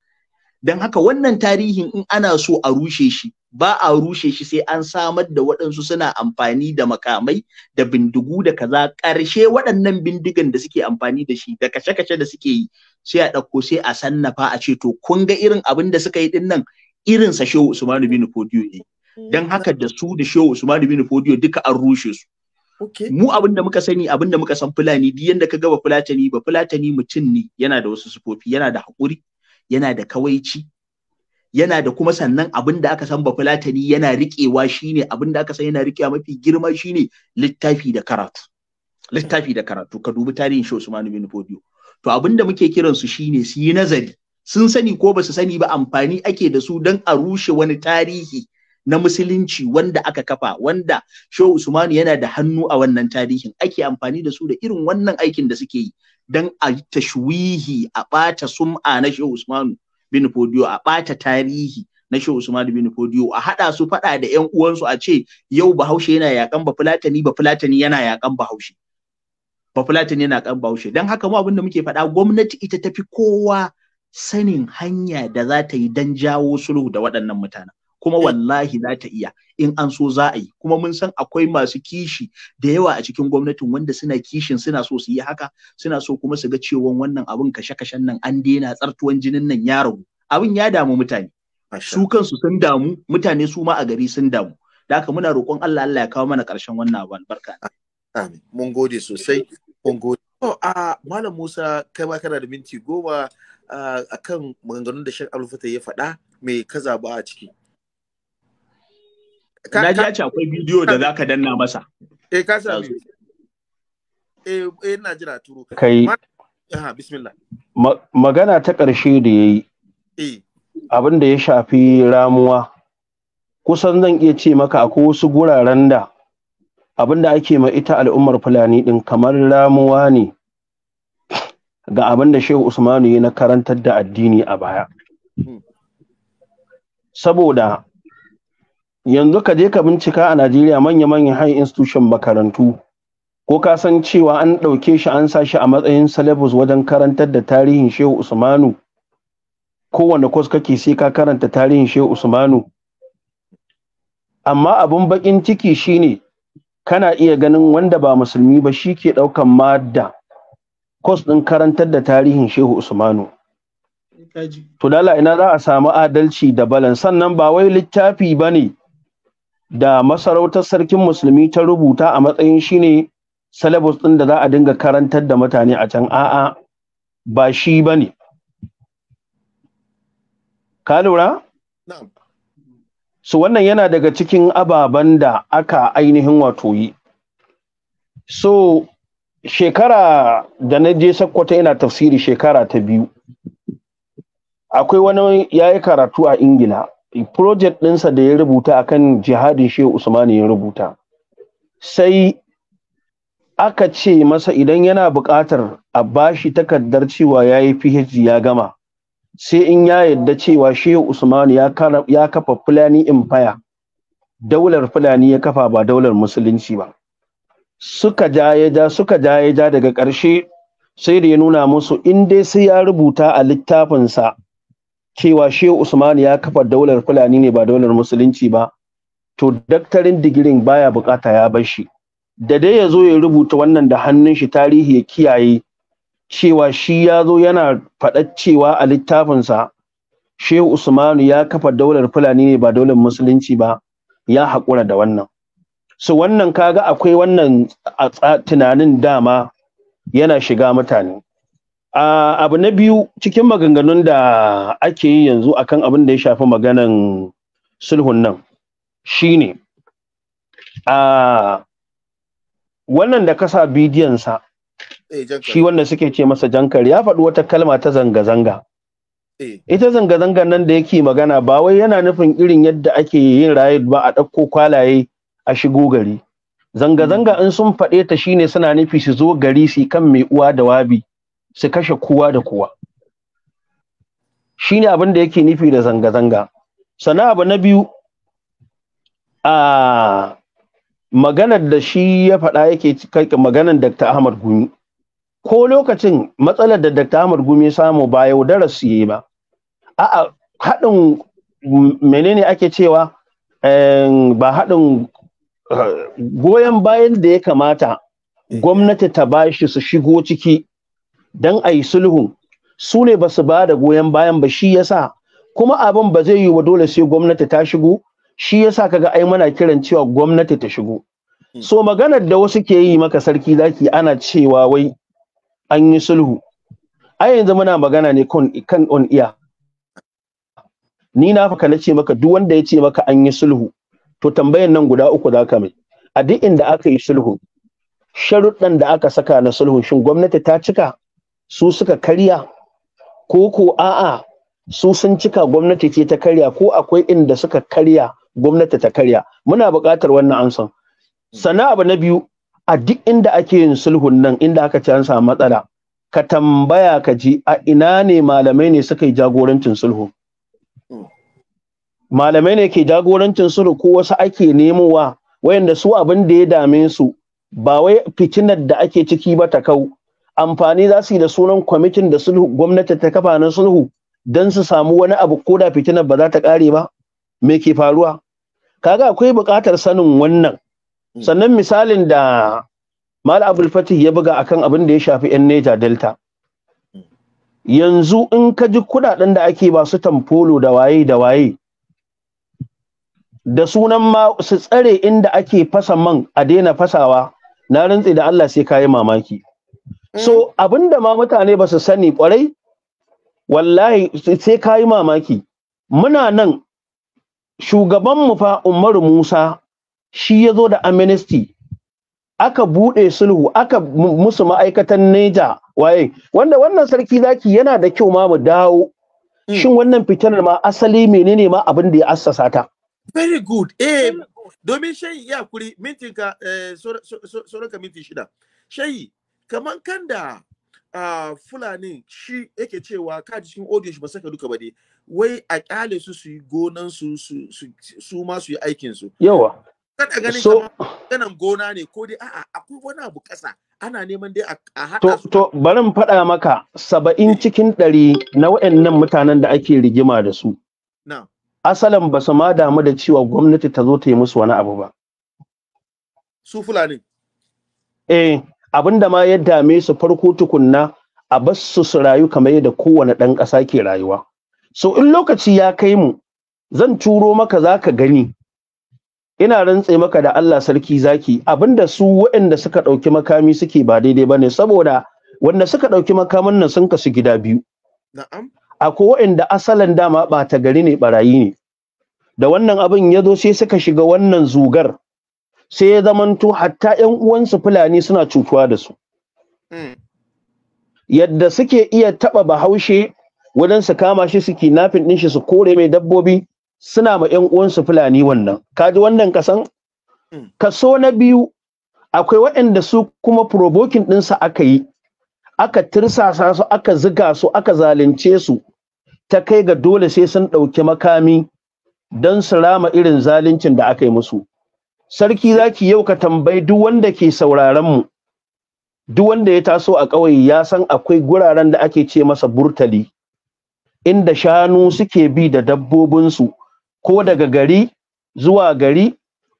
don haka wannan tarihin in ana so a rushe shi ba a rushe shi sai an samar da waɗansu suna amfani da makamai da bindigu da kaza ƙarshe waɗannan bindigan da suke amfani da shi da kashe-kashe da suke yi sai a ɗauko sai a sannafa a ce to kun ga irin abin da suka yi dinnan nan irin sa Shehu Usmanu bin Fodiyo ne dan haka da su da Shehu Usmanu bin Fodiyo duka an rushe su mu abin da muka sani abin da muka san Fulani duk yanda ka ga ba Fulatani ba Fulatani mutum ne yana da wasu sufofi yana da hakuri yana da kawaici yana da kuma sannan abin da aka san bafulatani yana riƙewa shine abin da aka san yana riƙewa mafi girma shine littafi da karatu littafi da karatu ka dubi tarihin shi Usman bin Fodio to abin da muke kiran su shine su yi nazari sun sani ko ba su sani ba amfani ake da su don a rushe wani tarihi na musulunci wanda aka kafa wanda Shehu Usmanu yana da hannu a wannan tarihin ake amfani da su da irin wannan aikin da suke yi don a tashwihi a ɓata sum'a na Shehu Usmanu bin Fodiyo a ɓata tarihi na Shehu Usman bin Fodiyo a haɗa su faɗa da ƴan uwansu a ce yau Bahaushe yana yakan Bafulatani Bafulatani yana yakan Bahaushe. Bafulatani yana yakan Bahaushe. Don haka mu abin da muke faɗa gwamnati ita tafi kowa sanin hanya da za ta yi dan jawo sulhu da waɗannan mutanen. kuma eh. wallahi za ta iya in an so za a yi kuma mun san akwai masu kishi da yawa a cikin gwamnatin wanda suna kishin suna so su yi haka suna so kuma su ga cewa wannan abin kashe-kashen nan an daina tsartuwan jinin nan ya ragu abin ya damu mutane su kansu sun damu mutane su ma a gari sun damu da haka muna roƙon Allah Allah ya kawo mana ƙarshen wannan abin barka amin mun gode sosai mun gode to a malam Musa kai ba kana da minti goma akan maganganun da Sheikh Alfata ya faɗa mai kaza ba a ciki Na ji ce akwai bidiyo da zaka danna masa. Eh ka sami. Eh eh ina jira turo. Kai. Ah bismillah. Magana ta ƙarshe da yayi. Eh. Abin da ya shafi ramuwa. Kusan zan iya ce maka akwai wasu guraren da abin da ake ma ita al'ummar Fulani din kamar ramuwa ne ga abin da Shehu Usmanu ya na karantar da addini a baya. Hmm. Saboda yanzu ka je ka bincika a Najeriya manya-manyan high institution makarantu ko ka san cewa an ɗauke shi an sa shi a matsayin syllabus wajen karantar da tarihin Shehu Usmanu kowane kwas kake sai ka karanta tarihin Shehu Usmanu amma abun bakin ciki shine kana iya ganin wanda ba musulmi ba shi ke ɗaukan madda kwas ɗin karantar da tarihin Shehu Usmanu to dala ina za a samu adalci da balan sannan ba wai littafi bane da masarautar sarkin musulmi ta rubuta a matsayin shine salabus ɗin da za a dinga karantar da mutane a can a'a ba shi ba ne ka lura? su wannan yana daga cikin ababen da aka ainihin wato yi so shekara da na je sakkwata yana tafsiri shekara ta biyu akwai wani ya yi karatu a ingila project ɗinsa da ya rubuta akan jihadin shehu usmani ya rubuta sai aka ce masa idan yana buƙatar a bashi takardar cewa yayi yi phd ya gama sai in ya yadda cewa shehu usmani ya kafa fulani empire daular fulani ya kafa ba daular musulunci ba suka ja ja suka ja ja daga ƙarshe sai da ya nuna musu in dai sai ya rubuta a littafinsa cewa shehu usman ya kafa daular fulani ne ba daular musulunci ba to daktarin digirin baya bukata ya bar shi da dai ya zo ya rubuta wannan da hannun shi tarihi ya kiyaye cewa shi ya zo yana faɗa cewa a littafinsa shehu usmanu ya kafa daular fulani ne ba daular musulunci ba ya haƙura da wannan so wannan kaga akwai wannan a tunanin dama yana shiga mutane Uh, abu na biyu cikin maganganun da ake yi yanzu akan abin da ya shafi maganan sulhun nan shine uh, wannan da kasa bidiyonsa eh, shi wanda suke ce masa jankar ya faɗi wata kalma ta zanga-zanga eh. ita zanga zanga nan da yake magana ba wai yana nufin irin yadda ake yin raye ba a ɗauko kwalaye a shigo gari zanga-zanga in sun faɗe ta shine suna nufi su zo gari su kan mai uwa da wabi su kashe kowa da kowa shine abin da yake nufi da zanga-zanga sannan abu na biyu a maganar da shi ya faɗa yake maganar Dr. Ahmad Gumi ko lokacin matsalar da Dr. Ahmad Gumi ya samu ba yaudarar su yi ba a'a haɗin menene ake cewa ba haɗin eh, goyon bayan da ya kamata eh. gwamnati ta bashi su shigo ciki don a yi sulhu su ne ba su ba da goyon bayan ba shi yasa kuma abin ba zai yi wa dole sai gwamnati ta shigo shi yasa kaga ai muna kiran cewa gwamnati ta shigo hmm. so maganar da wasu ke yi maka sarki zaki ana cewa wai an yi sulhu ai yanzu muna magana ne kan on iya ni na faka na ce maka duk wanda ya ce maka an yi sulhu to tambayan nan guda uku zaka ka mai a duk inda aka yi sulhu sharuɗan da aka saka na sulhu shin gwamnati ta cika su suka karya ko ko a'a su sun cika gwamnati ce ta karya ko akwai inda suka karya gwamnati ta karya muna buƙatar wannan ansan sana abu na biyu a duk inda ake yin sulhun nan inda aka ci an samu matsala ka tambaya ka ji a ina ne malamai ne suka yi jagorancin sulhu malamai ne ke jagorancin sulhu ko wasu ake nemowa wayanda su abin da ya dame su ba wai fitinar da ake ciki ba ta kau amfani za su yi da sunan kwamitin da sulhu gwamnati ta kafa na sulhu don su samu wani abu ko da fitinar ba za ta kare ba me ke faruwa kaga akwai buƙatar sanin wannan hmm. sannan misalin da mal abul fatih ya buga akan abin da ya shafi yan neja delta hmm. yanzu in ka ji kuɗaɗen da ake ba su tamfolo da waye da waye da sunan ma su tsare inda ake fasa man a daina fasawa na rantsi da Allah sai kayi mamaki so mm. abinda ma mutane ba su sani kwarai wallahi sai ka yi mamaki muna nan shugabanmu fa umaru musa shi ya zo da amnesty aka buɗe sulhu aka musu ma'aikatan neja waye wanda wannan sarki zaki yana da kyau ma mu dawo mm. shin wannan fitinar ma asali menene ma abin da ya assasa ta very good eh domin shayi ya kuri mintinka eh, soraka minti shida shayi kamar kan da fulani shi yake cewa ka cikin audio shi ba saka duka ba dai wai a kyale su su yi gonan su su ma su yi aikin su yawa kada ganin so, ganin gona ne ko dai a'a akwai wani abu kasa ana neman dai a hada to, to barin faɗa maka saba'in eh. cikin ɗari na waɗannan mutanen da ake rigima da su no. asalin ba su ma damu da cewa gwamnati ta zo ta yi musu wani abu ba su fulani eh abin da ma ya dame su farko tukunna a bas su su rayu kamar yadda kowane ɗan ƙasa ke rayuwa so in lokaci ya kai mu zan turo maka za ka gani ina rantse maka da Allah sarki zaki abinda su waɗanda suka ɗauki makami suke ba daidai ba ne saboda wanda suka ɗauki makamin nan sun kasu gida biyu akwai waɗanda asalin dama ɓata gari ne ɓarayi ne da wannan abin ya zo sai suka shiga wannan zugar sai ya zamanto hatta ‘yan uwansu Fulani suna cutuwa da su. Hmm. Yadda suke iya taɓa bahaushe wajen su kama shi su nafin ɗin shi su kore mai dabbobi suna ma ‘yan uwansu Fulani wannan. Kaji wannan kasan? Hmm. Kaso na biyu akwai waɗanda su kuma provoking ɗinsa aka yi, aka tirsasa su, aka ziga su, aka zalunce su, ta kai ga dole sai sun ɗauki makami don su rama irin zaluncin da aka yi musu. sarki zaki yau ka tambayi duk wanda ke sauraron mu duk wanda ya taso a ƙauye ya san akwai guraren da ake ce masa burtali inda shanu suke bi da dabbobinsu ko daga gari zuwa gari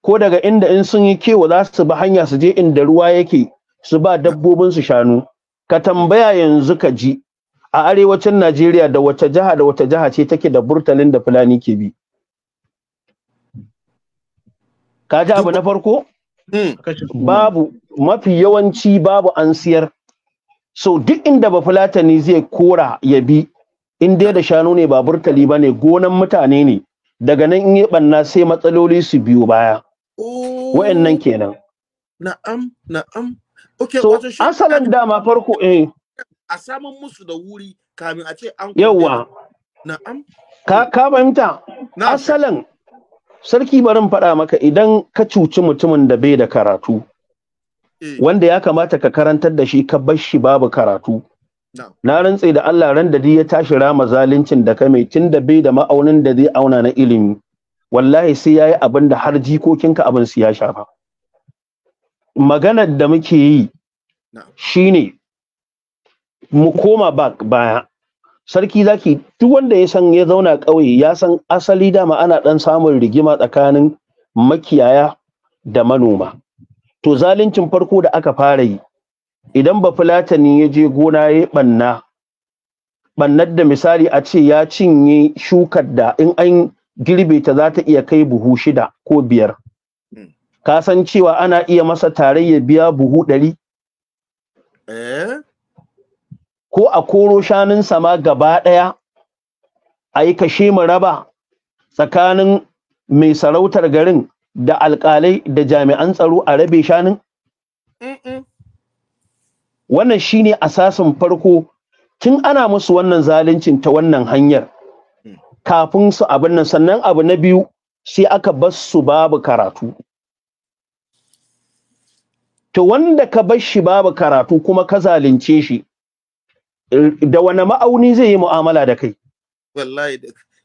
ko daga inda in sun yi kewa za su bi hanya su je inda ruwa yake su ba dabbobinsu shanu ka tambaya yanzu ka ji a arewacin Najeriya da wata jiha da wata jiha ce take da burtalin da fulani ke bi ka ji abu na farko hmm. babu mafi yawanci babu an siyar so duk inda ba fulatani zai kora ya bi in dai da shanu ne ba burtali ba ne gonan mutane ne daga nan in yi banna sai matsaloli su biyo baya oh. wa'annan kenan na'am na'am okay so asalin dama farko eh a saman musu da wuri kamin a ce an yawa na'am ka ka fahimta asalin sarki barin faɗa maka idan ka cuci mutumin da bai da karatu eh. wanda ya kamata ka karantar da shi ka bar shi babu karatu na rantse da Allah ran da ya tashi rama zaluncin da ka mai tun da bai da ma'aunin da zai auna na ilimi wallahi sai yayi abin da har jikokinka abin su ya shafa maganar da muke yi shine mu koma baya sarki zaki duk wanda ya san ya zauna ƙauye ya san asali dama ana ɗan samun rigima tsakanin makiyaya da manoma to zaluncin farko da aka fara yi idan ba fulatani ya je gona ya ɓanna ɓannar da misali a ce ya cinye shukar da in an girbe ta za ta iya kai buhu shida ko biyar hmm. ka san cewa ana iya masa tarayya biya buhu ɗari eh? ko a koro shanunsa ma gaba ɗaya a yi kashe mu raba tsakanin mai sarautar garin da alƙalai da jami'an tsaro a rabe shanun? Wannan shi ne asasin farko tun ana musu wannan zaluncin ta wannan hanyar hmm. kafin su abin nan sannan abu na biyu sai aka bas su babu karatu. To wanda ka bas shi babu karatu kuma ka zalunce shi da wani ma'auni zai yi mu'amala da kai wallahi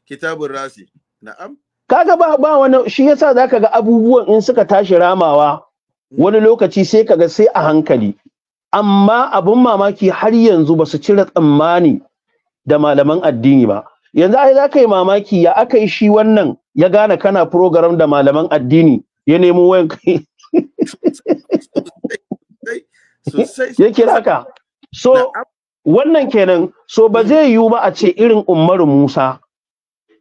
kitabun rasi na'am kaga ba ba wani shi yasa zaka ga abubuwan in suka tashi ramawa wani lokaci sai ka ga sai a hankali amma abin mamaki har yanzu ba su cire tsammani da malaman addini ba yanzu ai zaka yi mamaki ya aka yi shi wannan ya gane kana program da malaman addini ya nemo wayan kai ya kira so wannan kenan so ba zai yiwu ba a ce irin Umaru Musa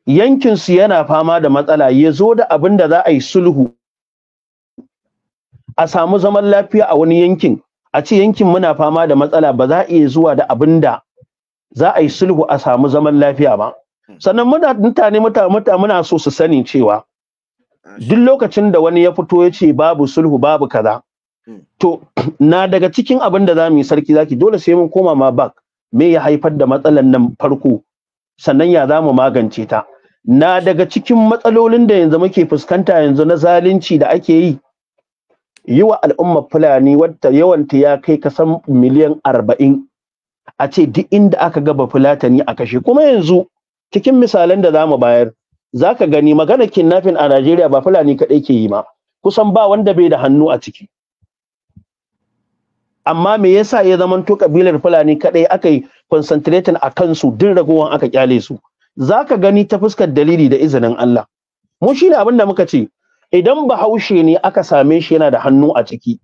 yankin su yana fama da matsala ya zo da abin da za a yi sulhu a samu zaman lafiya a wani yankin a ce yankin muna fama da matsala ba za a iya zuwa da abin da za a yi sulhu a samu zaman lafiya ba hmm. sannan muna mutane mutane muna so su sani cewa ah, duk lokacin da wani ya fito ya ce babu sulhu babu kaza to na daga cikin abin da za mu yi sarki zaki dole sai mun koma ma back me ya haifar da matsalan nan farko sannan ya za magance ta na daga cikin matsalolin da yanzu muke fuskanta yanzu na zalunci da ake yi yi wa al'ummar fulani wadda yawanta ya kai kasan miliyan arba'in a ce duk inda aka gaba fulatani a kashe kuma yanzu cikin misalan da za mu bayar za ka gani magana kidnapping a najeriya ba fulani kaɗai ke yi ma kusan ba wanda bai da hannu a ciki amma me yasa ya zamanto kabilar fulani kadai aka yi concentrating a kansu duk ragowan aka kyale su zaka gani ta fuskar dalili da izinin Allah mu shine abin da muka ce idan bahaushe ne aka same shi yana da hannu a ciki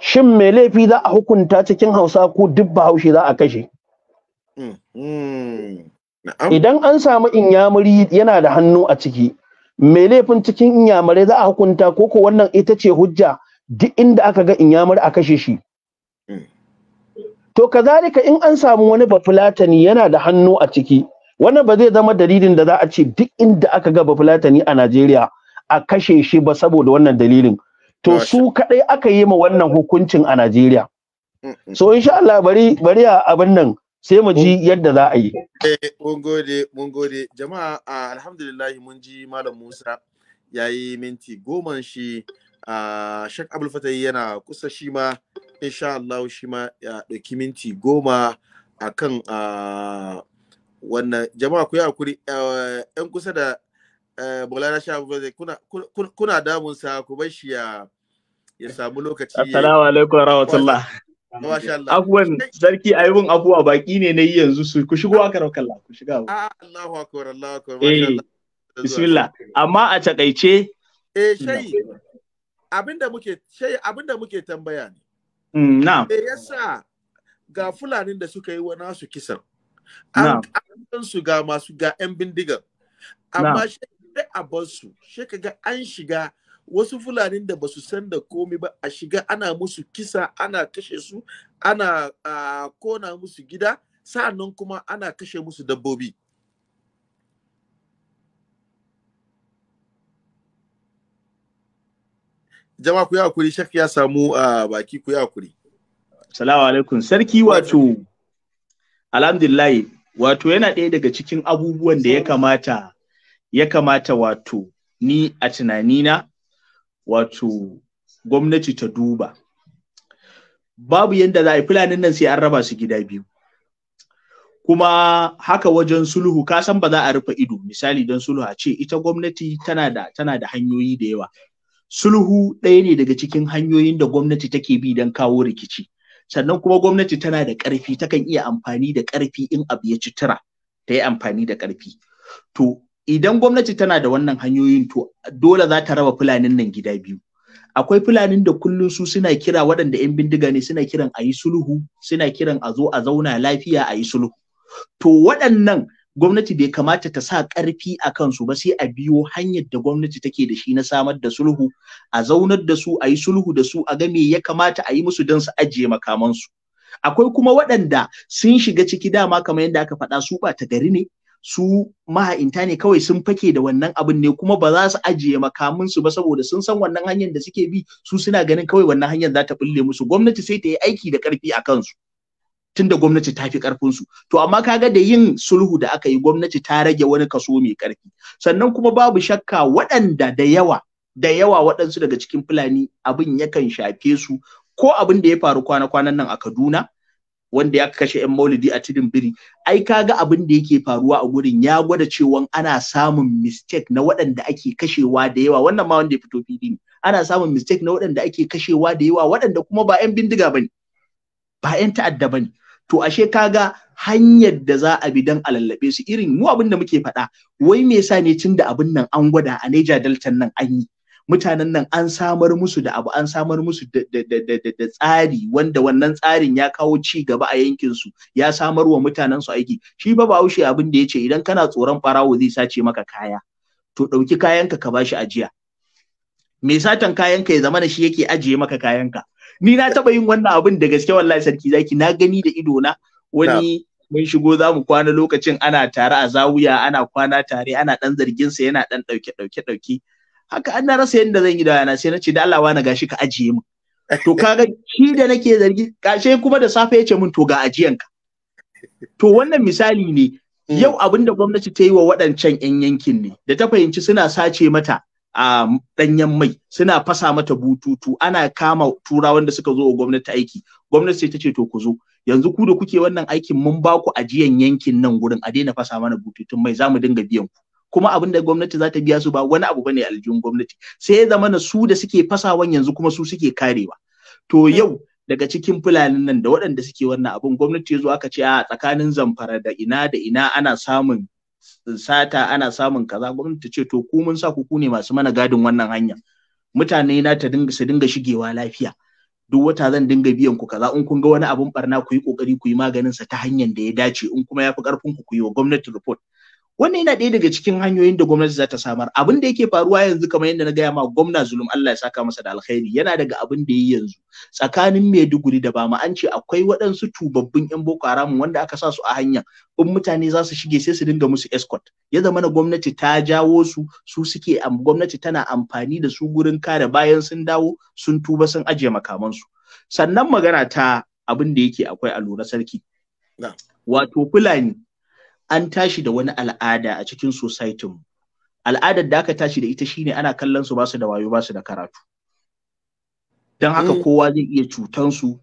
shin me laifi za a hukunta cikin hausa ko duk bahaushe za a kashe mm-hmm. idan an samu inyamuri yana da hannu a ciki me laifin cikin inyamurai za a hukunta ko ko wannan ita ce hujja duk inda aka ga inyamar a kashe shi hmm. to kazalika in an samu wani bafulatani yana da hannu a ciki wannan ba zai zama dalilin da za a ce duk inda aka ga bafulatani a Najeriya a kashe shi ba saboda wannan dalilin to su kadai aka yi ma wannan hukuncin a Najeriya hmm. so insha Allah bari bari a abin nan sai mu ji hmm. yadda za a yi eh, mun gode mun gode jama'a ah, alhamdulillah mun ji malam Musa yayi minti goma shi Ah, Shek shak abul fatahi yana kusa shi ma insha Allah shi ma ya ɗauki minti goma a kan ah, wannan jama'a ku yi hakuri ƴan ah, kusa da eh, Maulana Shah kuna kuna damunsa ku bar shi ya ya samu lokaci Assalamu alaikum rahmatullah Abuwan sarki ayyukan abuwa baki ne na yi yanzu su ku shigo aka raukar la, ku shiga abu. Allahu akbar Allahu akbar. Eh, bismillah amma a takaice Eh shayi abinda muke shay abinda muke tambaya ne mm, na'am me yasa ga fulanin da suka yi wa nasu kisan an an su ga masu ga yan bindigan amma shi a bar su shi kaga an shiga wasu fulanin da basu san da komi ba a shiga ana musu kisa ana kashe su ana ah, kona musu gida sa'annan kuma ana kashe musu dabbobi jama ku yi hakuri shek ya samu a baki ku yi hakuri salamu alaikum sarki wato alhamdulillahi wato yana ɗaya daga cikin abubuwan da ya kamata ya kamata wato ni a tunanina wato gwamnati ta duba babu yadda za a yi fulanin nan sai an raba su gida biyu kuma haka wajen sulhu kasan ba za a rufe ido misali don sulhu a ce ita gwamnati tana da hanyoyi da yawa sulhu ɗaya ne daga cikin hanyoyin da gwamnati take bi don kawo rikici sannan kuma gwamnati tana da ƙarfi takan iya amfani da ƙarfi in abu ya ci tura ta yi amfani da ƙarfi to idan gwamnati tana da wannan hanyoyin to dole za ta raba fulanin nan gida biyu akwai fulanin da kullum su suna kira waɗanda 'yan bindiga ne suna kiran a yi sulhu suna kiran a zo a zauna lafiya a yi sulhu to waɗannan gwamnati bai kamata ta sa ƙarfi a kansu ba sai a biyo hanyar da gwamnati take da shi na samar da sulhu a zaunar da su a yi sulhu da su a ga me ya kamata a yi musu don su ajiye makamansu akwai kuma waɗanda sun shiga ciki dama kamar yadda aka faɗa su ba ta gari ne su maha'inta ne kawai sun fake da wannan abin ne kuma ba za su ajiye makamansu ba saboda sun san wannan hanyar da suke bi su suna ganin kawai wannan hanyar za ta bulle musu gwamnati sai ta yi aiki da ƙarfi a kansu tunda gwamnati ta fi karfin su to amma kaga da yin sulhu da aka yi gwamnati ta rage wani kaso mai karfi sannan kuma babu shakka waɗanda da yawa da yawa waɗansu daga cikin fulani abin yakan shafe su ko abin da ya faru kwana-kwanan nan a Kaduna wanda ya kashe 'yan maulidi a tudun biri ai kaga abin da yake faruwa a gurin ya gwada cewa ana samun mistake na waɗanda ake kashewa da yawa wannan ma wanda ya fito fili ne ana samun mistake na waɗanda ake kashewa da yawa waɗanda kuma ba 'yan bindiga bane ba 'yan ta'adda bane to ashe kaga hanyar da za a bi dan a lallabe su irin mu abin da muke faɗa wai me yasa ne tunda abin nan an gwada a neja Delta nan an yi mutanen nan an samar musu da abu an samar musu da, tsari wanda wannan tsarin ya kawo ci gaba a yankin su ya samar wa mutanen su aiki shi ba ba bahaushe abin da yace idan kana tsoron farawo zai sace maka kaya to ɗauki kayanka ka bashi ajiya me satan kayanka ya zama na shi yake ajiye maka kayanka ni na taba yin wannan abin da gaske wallahi sarki zaki na gani da ido na wani mun shigo za mu kwana lokacin ana tare a zawuya ana kwana tare ana dan zargin sa yana dan dauke dauke dauke haka an rasa yanda zan yi da yana sai na ce da Allah wani gashi ka ajiye mu to kaga shi da nake zargi kashe kuma da safe yace mun to ga ka. to wannan misali ne mm. yau abin da gwamnati ta yi wa waɗancan 'yan yankin ne da ta fahimci suna sace mata a ɗanyen mai suna fasa mata bututu ana kama turawan da suka zo wa gwamnati aiki gwamnati sai ta ce to ku zo yanzu ku da kuke wannan aikin mun ba ku ajiyan yankin nan gurin a daina fasa mana bututun mai zamu dinga biyan ku kuma abin da gwamnati za ta biya su ba wani abu bane aljihun gwamnati sai ya zama su da suke fasawan yanzu kuma su suke karewa to yau daga cikin fulanin nan da waɗanda suke wannan abun gwamnati ya zo aka ce a tsakanin zamfara da ina da ina ana samun sata ana samun kaza gwamnati ce to ku mun sa ku ne masu mana gadin wannan hanya mutane na ta dinga su dinga shigewa lafiya duk wata zan dinga biyan ku kaza in kun ga wani abun barna ku yi kokari ku yi maganin sa ta hanyar da ya dace in kuma yafi karfin ku ku yi wa gwamnati report wannan yana ɗaya daga cikin hanyoyin da gwamnati za ta samar abin da yake faruwa yanzu kamar yadda na gaya ma gwamna zulum Allah ya saka masa da alkhairi yana daga abin da yi yanzu tsakanin Maiduguri da Bama an ce akwai waɗansu tubabbin yan Boko Haram wanda aka sa su a hanya in mutane za su shige sai su dinga musu escort ya zama na gwamnati ta jawo su su suke gwamnati tana amfani da su gurin kare bayan sun dawo sun tuba sun ajiye makamansu sannan magana ta abin da yake akwai a lura sarki wato Fulani an tashi da wani al'ada a cikin society mu al'adar da aka tashi da ita shine ana kallon su basu da wayo basu da karatu don haka mm. kowa zai iya cutan su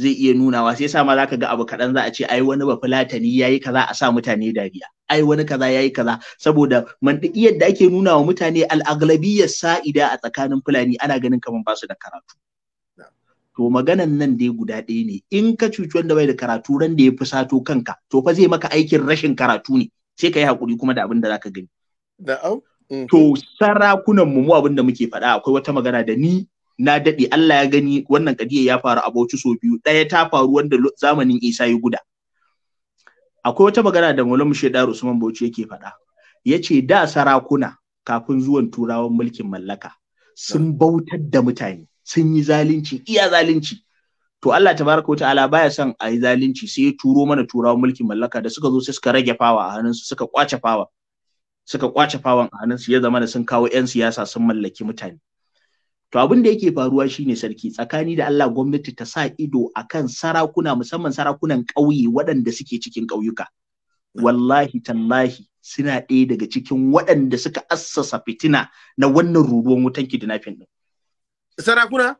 zai iya nunawa sai sa ma zaka ga abu kaɗan za a ce ai wani ba fulatani yayi kaza a sa mutane dariya ai wani kaza yayi kaza saboda mantikiyar da ake nuna wa mutane al'aglabiyar sa'ida a tsakanin fulani ana ganin kaman basu da karatu to maganan nan dai guda ɗaya ne in ka cuci wanda bai da karatu ran da ya fi sato kanka to fa zai maka aikin rashin karatu ne sai ka yi hakuri kuma da abin da zaka gani na'am mm. to sarakunan mu abin da muke faɗa akwai wata magana da ni na daɗe Allah ya gani wannan kadiya ya faru a Bauchi so biyu ɗaya ta faru wanda zamanin Isa ya guda akwai wata magana da Maulana Shedaru Usman Bauchi yake faɗa yace da sarakuna kafin zuwan turawan mulkin mallaka sun bautar da mutane sun yi zalunci iya zalunci to Allah tabaraka wa ta'ala baya son a yi zalunci sai ya turo mana turawan mulkin mallaka da suka zo sai suka rage fawa a hannunsu suka kwace fawa suka kwace fawan a hannunsu ya zama da sun kawo 'yan siyasa sun mallaki mutane to abin da yake faruwa shine sarki tsakani da Allah gwamnati ta sa ido akan sarakuna musamman sarakunan ƙauye waɗanda suke cikin ƙauyuka wallahi tallahi suna ɗaya daga cikin waɗanda suka assasa fitina na wannan ruruwan wutan kidnapping din sarakuna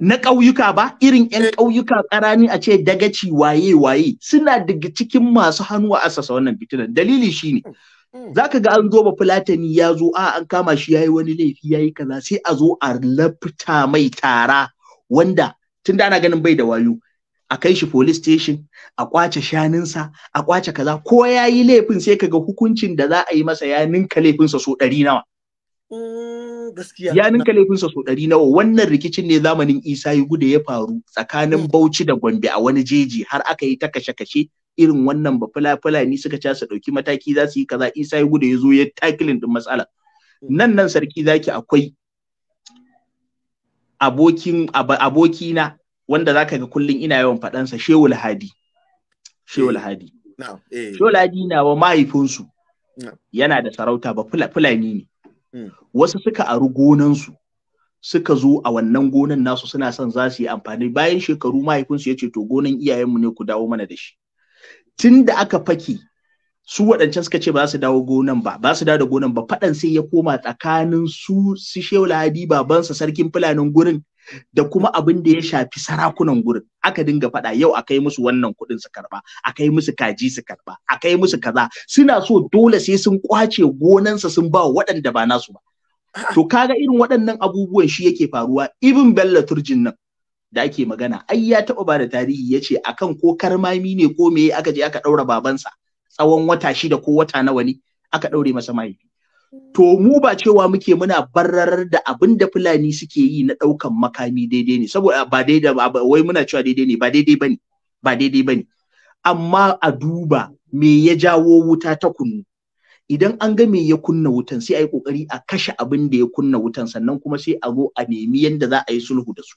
na ƙauyuka ba irin 'yan eh. ƙauyuka ƙarani a ce dagaci waye waye suna daga cikin masu hannu a asasa wannan fitina dalili shine mm, mm. za ka ga an zo ba fulatani ya zo a an kama shi ya yi wani laifi ya yi kaza sai a zo a lafta mai tara wanda tun da ana ganin bai da wayo a kai shi police station a kwace shaninsa, a kwace kaza ko ya yi laifin sai ka ga hukuncin da za a yi masa ya ninka laifinsa so ɗari nawa Mm, ya ninka laifinsa so ɗari nawa wannan rikicin ne zamanin isa yi da ya faru tsakanin mm. bauchi da gombe a wani jeji har aka yi ta kashe-kashe irin wannan ba ni suka ca su ɗauki mataki za su yi kaza isa yi guda ya zo ya takilin din matsala mm. nan nan sarki zaki akwai abokin abokina wanda zaka ga kullun ina yawan sa shewul hadi shewul hadi shehul eh, hadi eh. wa mahaifinsu yana da sarauta ba fulani ne Mm. wasu suka aru gonansu suka zo a wannan gonan nasu suna son za su yi amfani bayan shekaru mahaifinsu ya ce to gonan iyayenmu ne ku dawo mana da shi tun da aka faki su waɗancan suka ce ba su dawo gonan ba ba su dawo da gonan ba faɗan sai ya koma tsakanin su su shehu lahadi babansa sarkin fulanin gurin da kuma abin da ya shafi sarakunan gurin aka dinga faɗa yau a kai musu wannan kuɗin su karɓa a kai musu kaji su karɓa a kai musu kaza suna so dole sai sun kwace gonansa sun ba waɗanda ba nasu ba to kaga irin waɗannan abubuwan shi yake faruwa ibn bello turjin nan da ake magana ai ya taɓa ba da tarihi ya ce akan ko karmami ne ko meye aka je aka ɗaura babansa tsawon wata shida ko wata nawa ne aka ɗaure masa mahaifi to mu ba cewa muke muna barrar da abin da fulani suke yi na ɗaukan makami daidai ne saboda ba daidai ba wai muna cewa daidai ne ba daidai bane ba daidai bane amma a duba me ya jawo wuta ta kunu idan an ga me ya kunna wutan sai a yi kokari a kashe abin da ya kunna wutan sannan kuma sai a zo a nemi yanda za a yi sulhu da su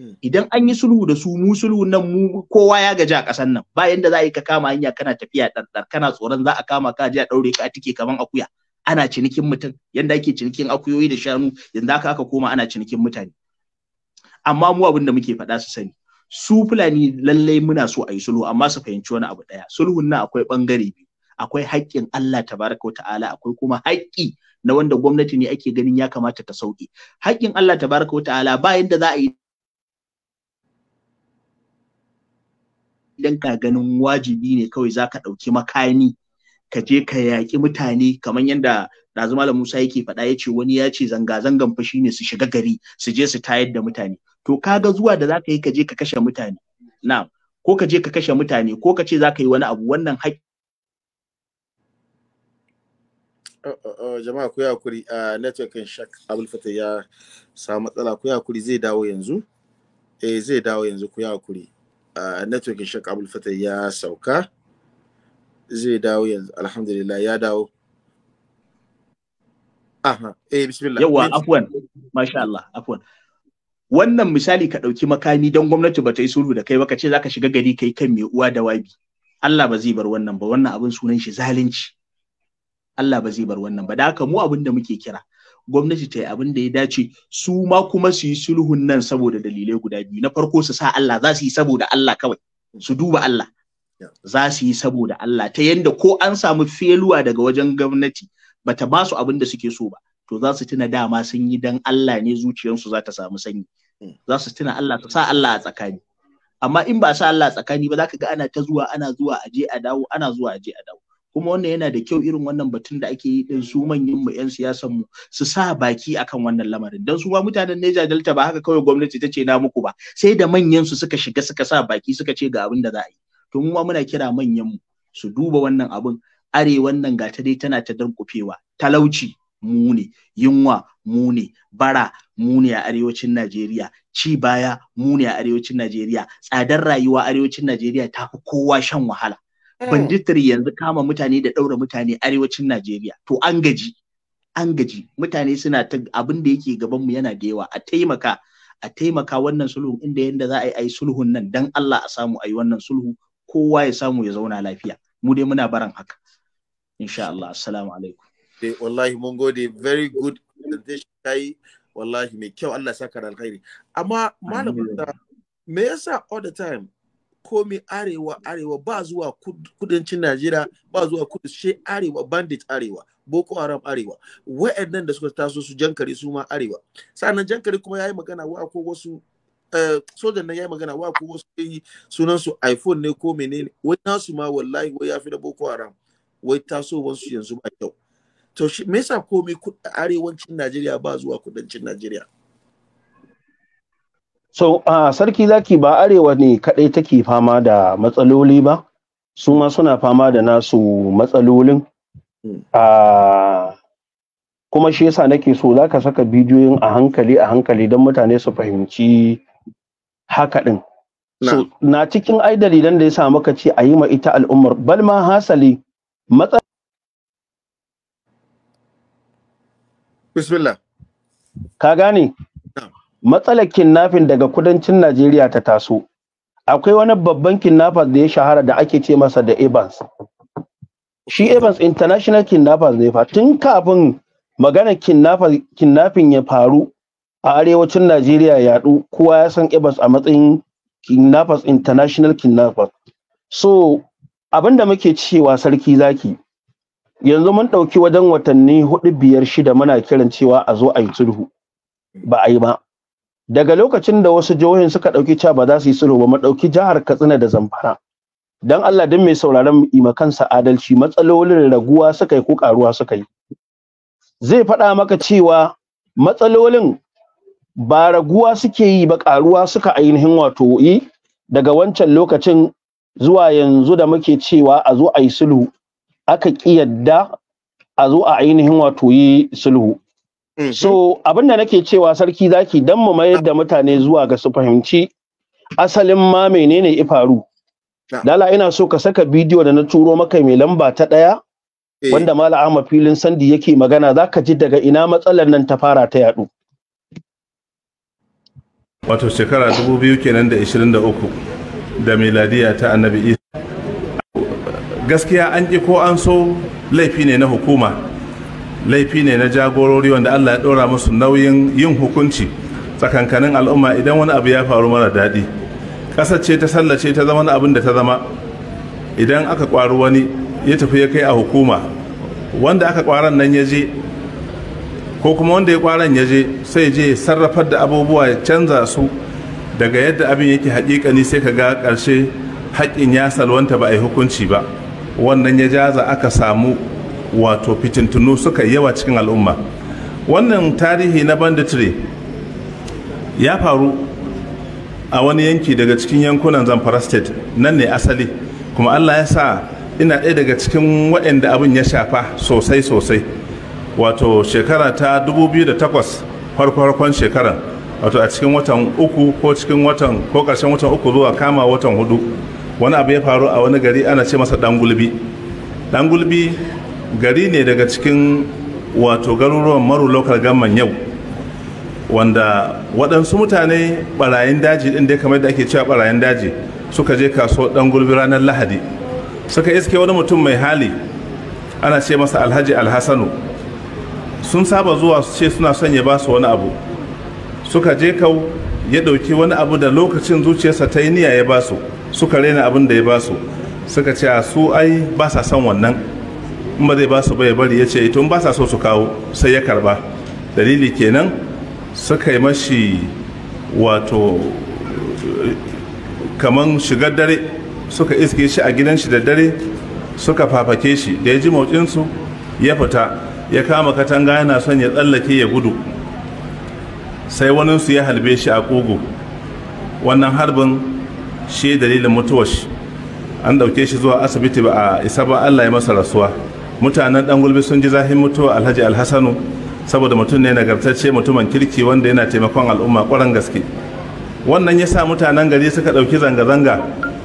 hmm. idan an yi sulhu da su mu sulhu nan mu kowa ya gaji a ƙasar nan ba yanda za a yi ka kama hanya kana tafiya ɗanɗan kana tsoron za a kama ka je a ɗaure ka a tike kaman akuya ana cinikin mutum yanda ake cinikin akuyoyi da shanu yanzu haka aka koma ana cinikin mutane amma mu abin da muke faɗa su sani su fulani lallai muna so a yi sulhu amma su fahimci wani abu ɗaya sulhun nan akwai ɓangare biyu akwai haƙƙin Allah tabaraka ta'ala akwai kuma haƙƙi na wanda gwamnati ne ake ganin ya kamata ta sauke haƙƙin Allah tabaraka ta'ala bayan da za a yi idan ka ganin wajibi ne kawai za ka ɗauki makami ka je ka yaƙi mutane kamar yadda ɗazu malam Musa yake faɗa ya ce wani ya ce zanga-zangan fa shine su shiga gari su je su tayar da mutane to kaga zuwa da za ka yi ka je ka kashe mutane na ko ka je ka kashe mutane ko ka ce za ka yi wani abu wannan haƙƙi oh, oh, oh, jama'a ku hakuri a ah, networkin shak abul ya samu matsala ku kuri zai dawo yanzu eh zai dawo yanzu ku hakuri a ah, networkin shak abul ya sauka zai dawo yanzu alhamdulillah ya dawo aha eh bismillah yawa afwan masha Allah afwan wannan misali ka ɗauki makami don gwamnati ba ta yi sulhu da kai ba ka ce zaka shiga gari kai kan mai uwa da wabi Allah ba zai bar wannan ba wannan abin sunan shi zalunci Allah ba zai bar wannan ba da haka mu abin da muke kira gwamnati ta yi abin da ya dace su ma kuma su yi sulhun nan saboda dalilai guda biyu na farko su sa Allah za su yi saboda Allah kawai su duba Allah za su yi saboda Allah ta yanda ko an samu feluwa daga wajen gwamnati bata ba su abin da suke so ba to za su tuna dama sun yi dan Allah ne zuciyarsu za ta samu sanyi hmm. za su tuna Allah ta sa Allah a tsakani amma in ba sa Allah a tsakani ba za ka ga ana ta zuwa ana zuwa a je a dawo ana zuwa a je a dawo kuma wannan yana da kyau irin wannan batun da ake yi din su manyan mu yan siyasan mu su sa baki akan wannan lamarin dan su ma mutanen Niger Delta ba haka kawai gwamnati ta ce na muku ba sai da manyan su suka shiga suka sa baki suka ce ga abin da za a yi to mu ma muna kira manyan mu su duba wannan abin are wannan gata dai tana ta dankufewa talauci mu ne yunwa mu ne bara mu ne a arewacin Najeriya ci baya mu ne a arewacin Najeriya tsadar rayuwa arewacin Najeriya ta fi kowa shan wahala eh. banditiri yanzu kama mutane da ɗaura mutane arewacin Najeriya to an gaji an gaji mutane suna ta abin da yake gaban mu yana da yawa a taimaka a taimaka wannan sulhun inda yanda za a yi sulhun nan dan Allah a samu a yi wannan sulhu kowa ya samu ya zauna lafiya mu dai muna baran haka insha Allah assalamu alaikum dai eh, wallahi mun gode very good presentation kai wallahi mai kyau Allah saka da alkhairi amma malamin me yasa all the time komi arewa arewa ba zuwa kudancin Najeriya ba zuwa kudu she arewa bandit arewa Boko Haram arewa wa'annan da suka taso su jankare su ma arewa sannan jankare kuma yayi magana wa ko wasu Eh, sojan nan ya yi magana wa ko wasu yi sunan su iphone ne ko menene wai nasu ma wallahi wai ya fi na boko haram wai tasowar su yanzu ba kyau to shi me yasa komai arewacin najeriya ba zuwa kudancin najeriya so uh, sarki zaki ba arewa ne kadai take fama da matsaloli ba su ma suna fama da nasu matsalolin uh, kuma shi yasa nake so za ka saka bidiyoyin a hankali a hankali don mutane su fahimci haka ɗin, so na cikin ai dalilan da ya sa maka ce a yi ma ita al'ummar bal ma hasali matsa bismillah ka gane matsalar kinnafin daga kudancin Najeriya ta taso akwai wani babban kinnafas da ya shahara da ake ce masa da Evans shi Evans international kidnappers ne fa tun kafin maganar kinnafin ya faru a arewacin Najeriya yaɗu kowa ya san Ibas a matsayin kidnappers international kidnappers so abin da muke cewa sarki zaki yanzu mun ɗauki wajen watanni hudu biyar shida muna kiran cewa a zo a yi sulhu ba a yi ba daga lokacin da wasu jihohin suka ɗauki cewa ba za su yi sulhu ba mu ɗauki jihar katsina da zamfara dan Allah duk mai sauraron kansa adalci matsalolin raguwa suka yi ko karuwa suka yi zai faɗa maka cewa matsalolin ba raguwa suke yi ba ƙaruwa suka ainihin wato yi daga wancan lokacin zuwa yanzu da muke cewa a zo a yi sulhu aka ki yadda a zo a ainihin wato yi sulhu mm-hmm. so abinda nake cewa sarki zaki dan mu mayar da mutane zuwa ga su fahimci asalin ma menene ifaru dala ina so ka saka bidiyo da na turo maka mai lamba ta ɗaya eh. wanda mala ahmad filin sandi yake magana zaka ji daga ina matsalar nan ta fara ta yadu? wato shekara 2023 da da miladiya ta annabi isa gaskiya an ƙi ko an so laifi ne na hukuma laifi ne na jagorori wanda allah ya ɗora musu nauyin yin hukunci tsakankanin al'umma idan wani abu ya faru mara daɗi ƙasar ce ta sallace ta zama abin da ta zama idan aka ƙwari wani ya tafi ya kai a hukuma wanda aka ƙwaron nan ya je ko kuma wanda ya kwaran ya je sai je sarrafar da abubuwa ya canza su daga yadda abin yake haƙiƙani sai ka ga ƙarshe haƙƙin ya salwanta ba a yi hukunci ba wannan ya jaza aka samu wato fitintunu suka yawa cikin al'umma wannan tarihi na banditire ya faru a wani yanki daga cikin yankunan zamfara state nan ne asali kuma allah ya sa ina ɗaya daga cikin waɗanda abin ya shafa sosai sosai wato shekara ta 2008 farko-farkon shekaran wato a cikin watan uku ko cikin watan ko ƙarshen watan uku zuwa kama watan hudu wani abu ya faru a wani gari ana ce masa dangulbi dangulbi gari ne daga cikin wato garuruwan maru local gamman yau wanda waɗansu mutane barayin daji ɗin dai kamar da ake cewa barayin daji suka je kaso dangulbi ranar lahadi suka iske wani mutum mai hali ana ce masa alhaji alhassanu sun saba zuwa su ce suna son ya ba su wani abu suka je kau ya ɗauki wani abu da lokacin zuciyarsa ta yi niyya ya ba su suka rena abin da ya ba su suka ce a su ai ba sa son wannan in ba zai ba su bai bari ya ce ito ba sa so su kawo sai ya karba dalili kenan suka yi mashi wato kaman shigar dare suka iske shi a gidan shi da dare suka fafake shi da ya ji motsinsu ya fita ya kama katanga yana son ya tsallake ya gudu sai wani su ya halbe shi a kogo wannan harbin shi dalilin mutuwar shi an dauke shi zuwa asibiti ba a isa ba allah ya masa rasuwa mutanen dan gulbi sun ji zahin mutuwa alhaji alhassanu saboda mutum ne nagartacce mutumin kirki wanda yana taimakon al'umma kwaran gaske wannan ya sa mutanen gari suka ɗauki zanga-zanga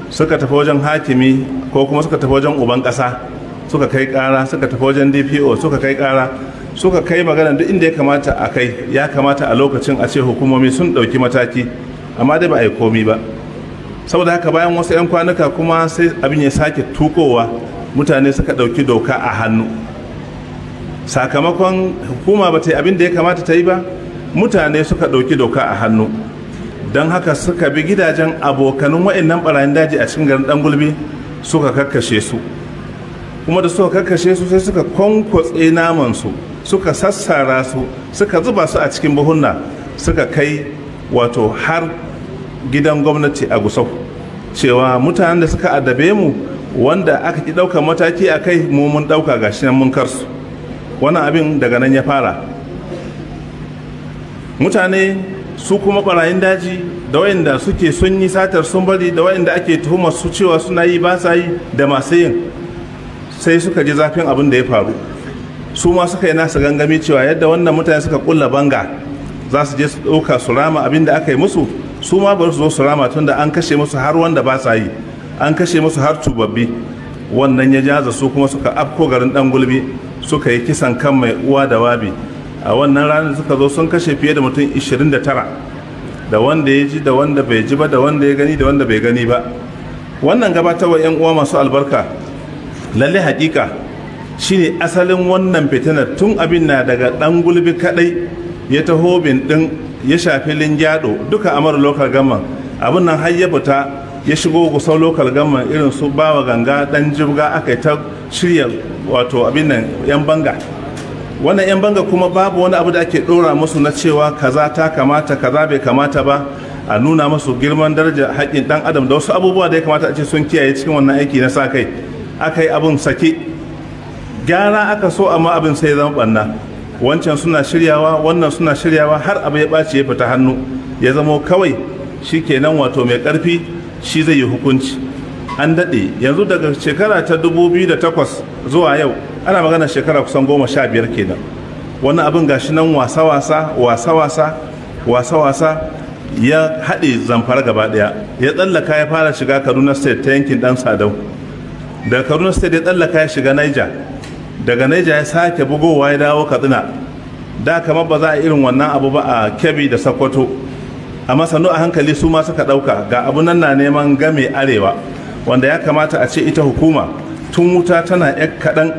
suka tafi wajen hakimi ko kuma suka tafi wajen uban ƙasa suka kai kara suka tafi wajen dpo suka kai kara suka kai magana duk inda ya kamata a kai ya kamata a lokacin a ce hukumomi sun ɗauki mataki amma dai ba a yi komi ba saboda haka bayan wasu 'yan kwanuka kuma sai abin ya sake tukowa mutane suka ɗauki doka a hannu sakamakon hukuma ba ta yi abin da ya kamata ta yi ba mutane suka ɗauki doka a hannu don haka suka bi gidajen abokanin waɗannan barayin daji a cikin garin ɗan gulbi suka kakkashe su kuma da suka karkashe su sai suka kwankwatse naman su suka sassara su suka zuba su a cikin buhunna suka kai wato har gidan gwamnati a gusau cewa mutanen da suka addabe mu wanda aka ki ɗauka mataki a kai mu mun ɗauka ga shi mun karsu wannan abin daga nan ya fara mutane su kuma barayin daji da wayanda suke sun yi satar sun bari da wayanda ake tuhumar su cewa suna yi ba sa yi da masu yin sai suka ji zafin abin da ya faru su ma suka yi nasa gangami cewa yadda wannan mutane suka kulla banga za su je su ɗauka su rama abin da aka yi musu su ma bari su zo su rama tun da an kashe musu har wanda ba sa yi an kashe musu har tubabbi wannan ya jaza su kuma suka afko garin dan gulbi suka yi kisan kan mai uwa da wabi a wannan ranar suka zo sun kashe fiye da mutum 29 da wanda ya ji da wanda bai ji ba da wanda ya gani da wanda bai gani ba wannan gabatarwa yan uwa masu albarka lalle hakika shine asalin wannan fitinar tun abin na daga ɗan gulbi kaɗai ya taho bin din ya shafi lingyado duka mara local government abin nan har ya fita ya shigo gusau local government irin su bawa ganga dan jibga aka ta shirya wato abin nan yan banga wannan yan banga kuma babu wani abu da ake dora musu na cewa kaza ta kamata kaza bai kamata ba a nuna musu girman daraja haƙƙin dan adam da wasu abubuwa da ya kamata a ce sun kiyaye cikin wannan aiki na sa kai aka yi abin sake gyara aka so amma abin sai zama banna wancan suna shiryawa wannan suna shiryawa har abu ya ɓaci ya fita hannu ya zamo kawai shi kenan wato mai ƙarfi shi zai yi hukunci an daɗe yanzu daga shekara ta 2008 zuwa yau ana magana shekara kusan goma sha biyar kenan wani abin gashi nan wasa-wasa wasa-wasa wasa-wasa ya haɗe zamfara gaba ɗaya ya tsallaka ya fara shiga kaduna state ta yankin ɗan sadau daga kaduna state ya tsallaka ya shiga niger daga niger ya sake bugowa ya dawo katsina da kamar ba za a irin wannan abu ba a kebbi da sakwato. amma sannu a hankali su ma suka ɗauka ga abu nan na neman game arewa wanda ya kamata a ce ita hukuma tun wuta tana yan kaɗan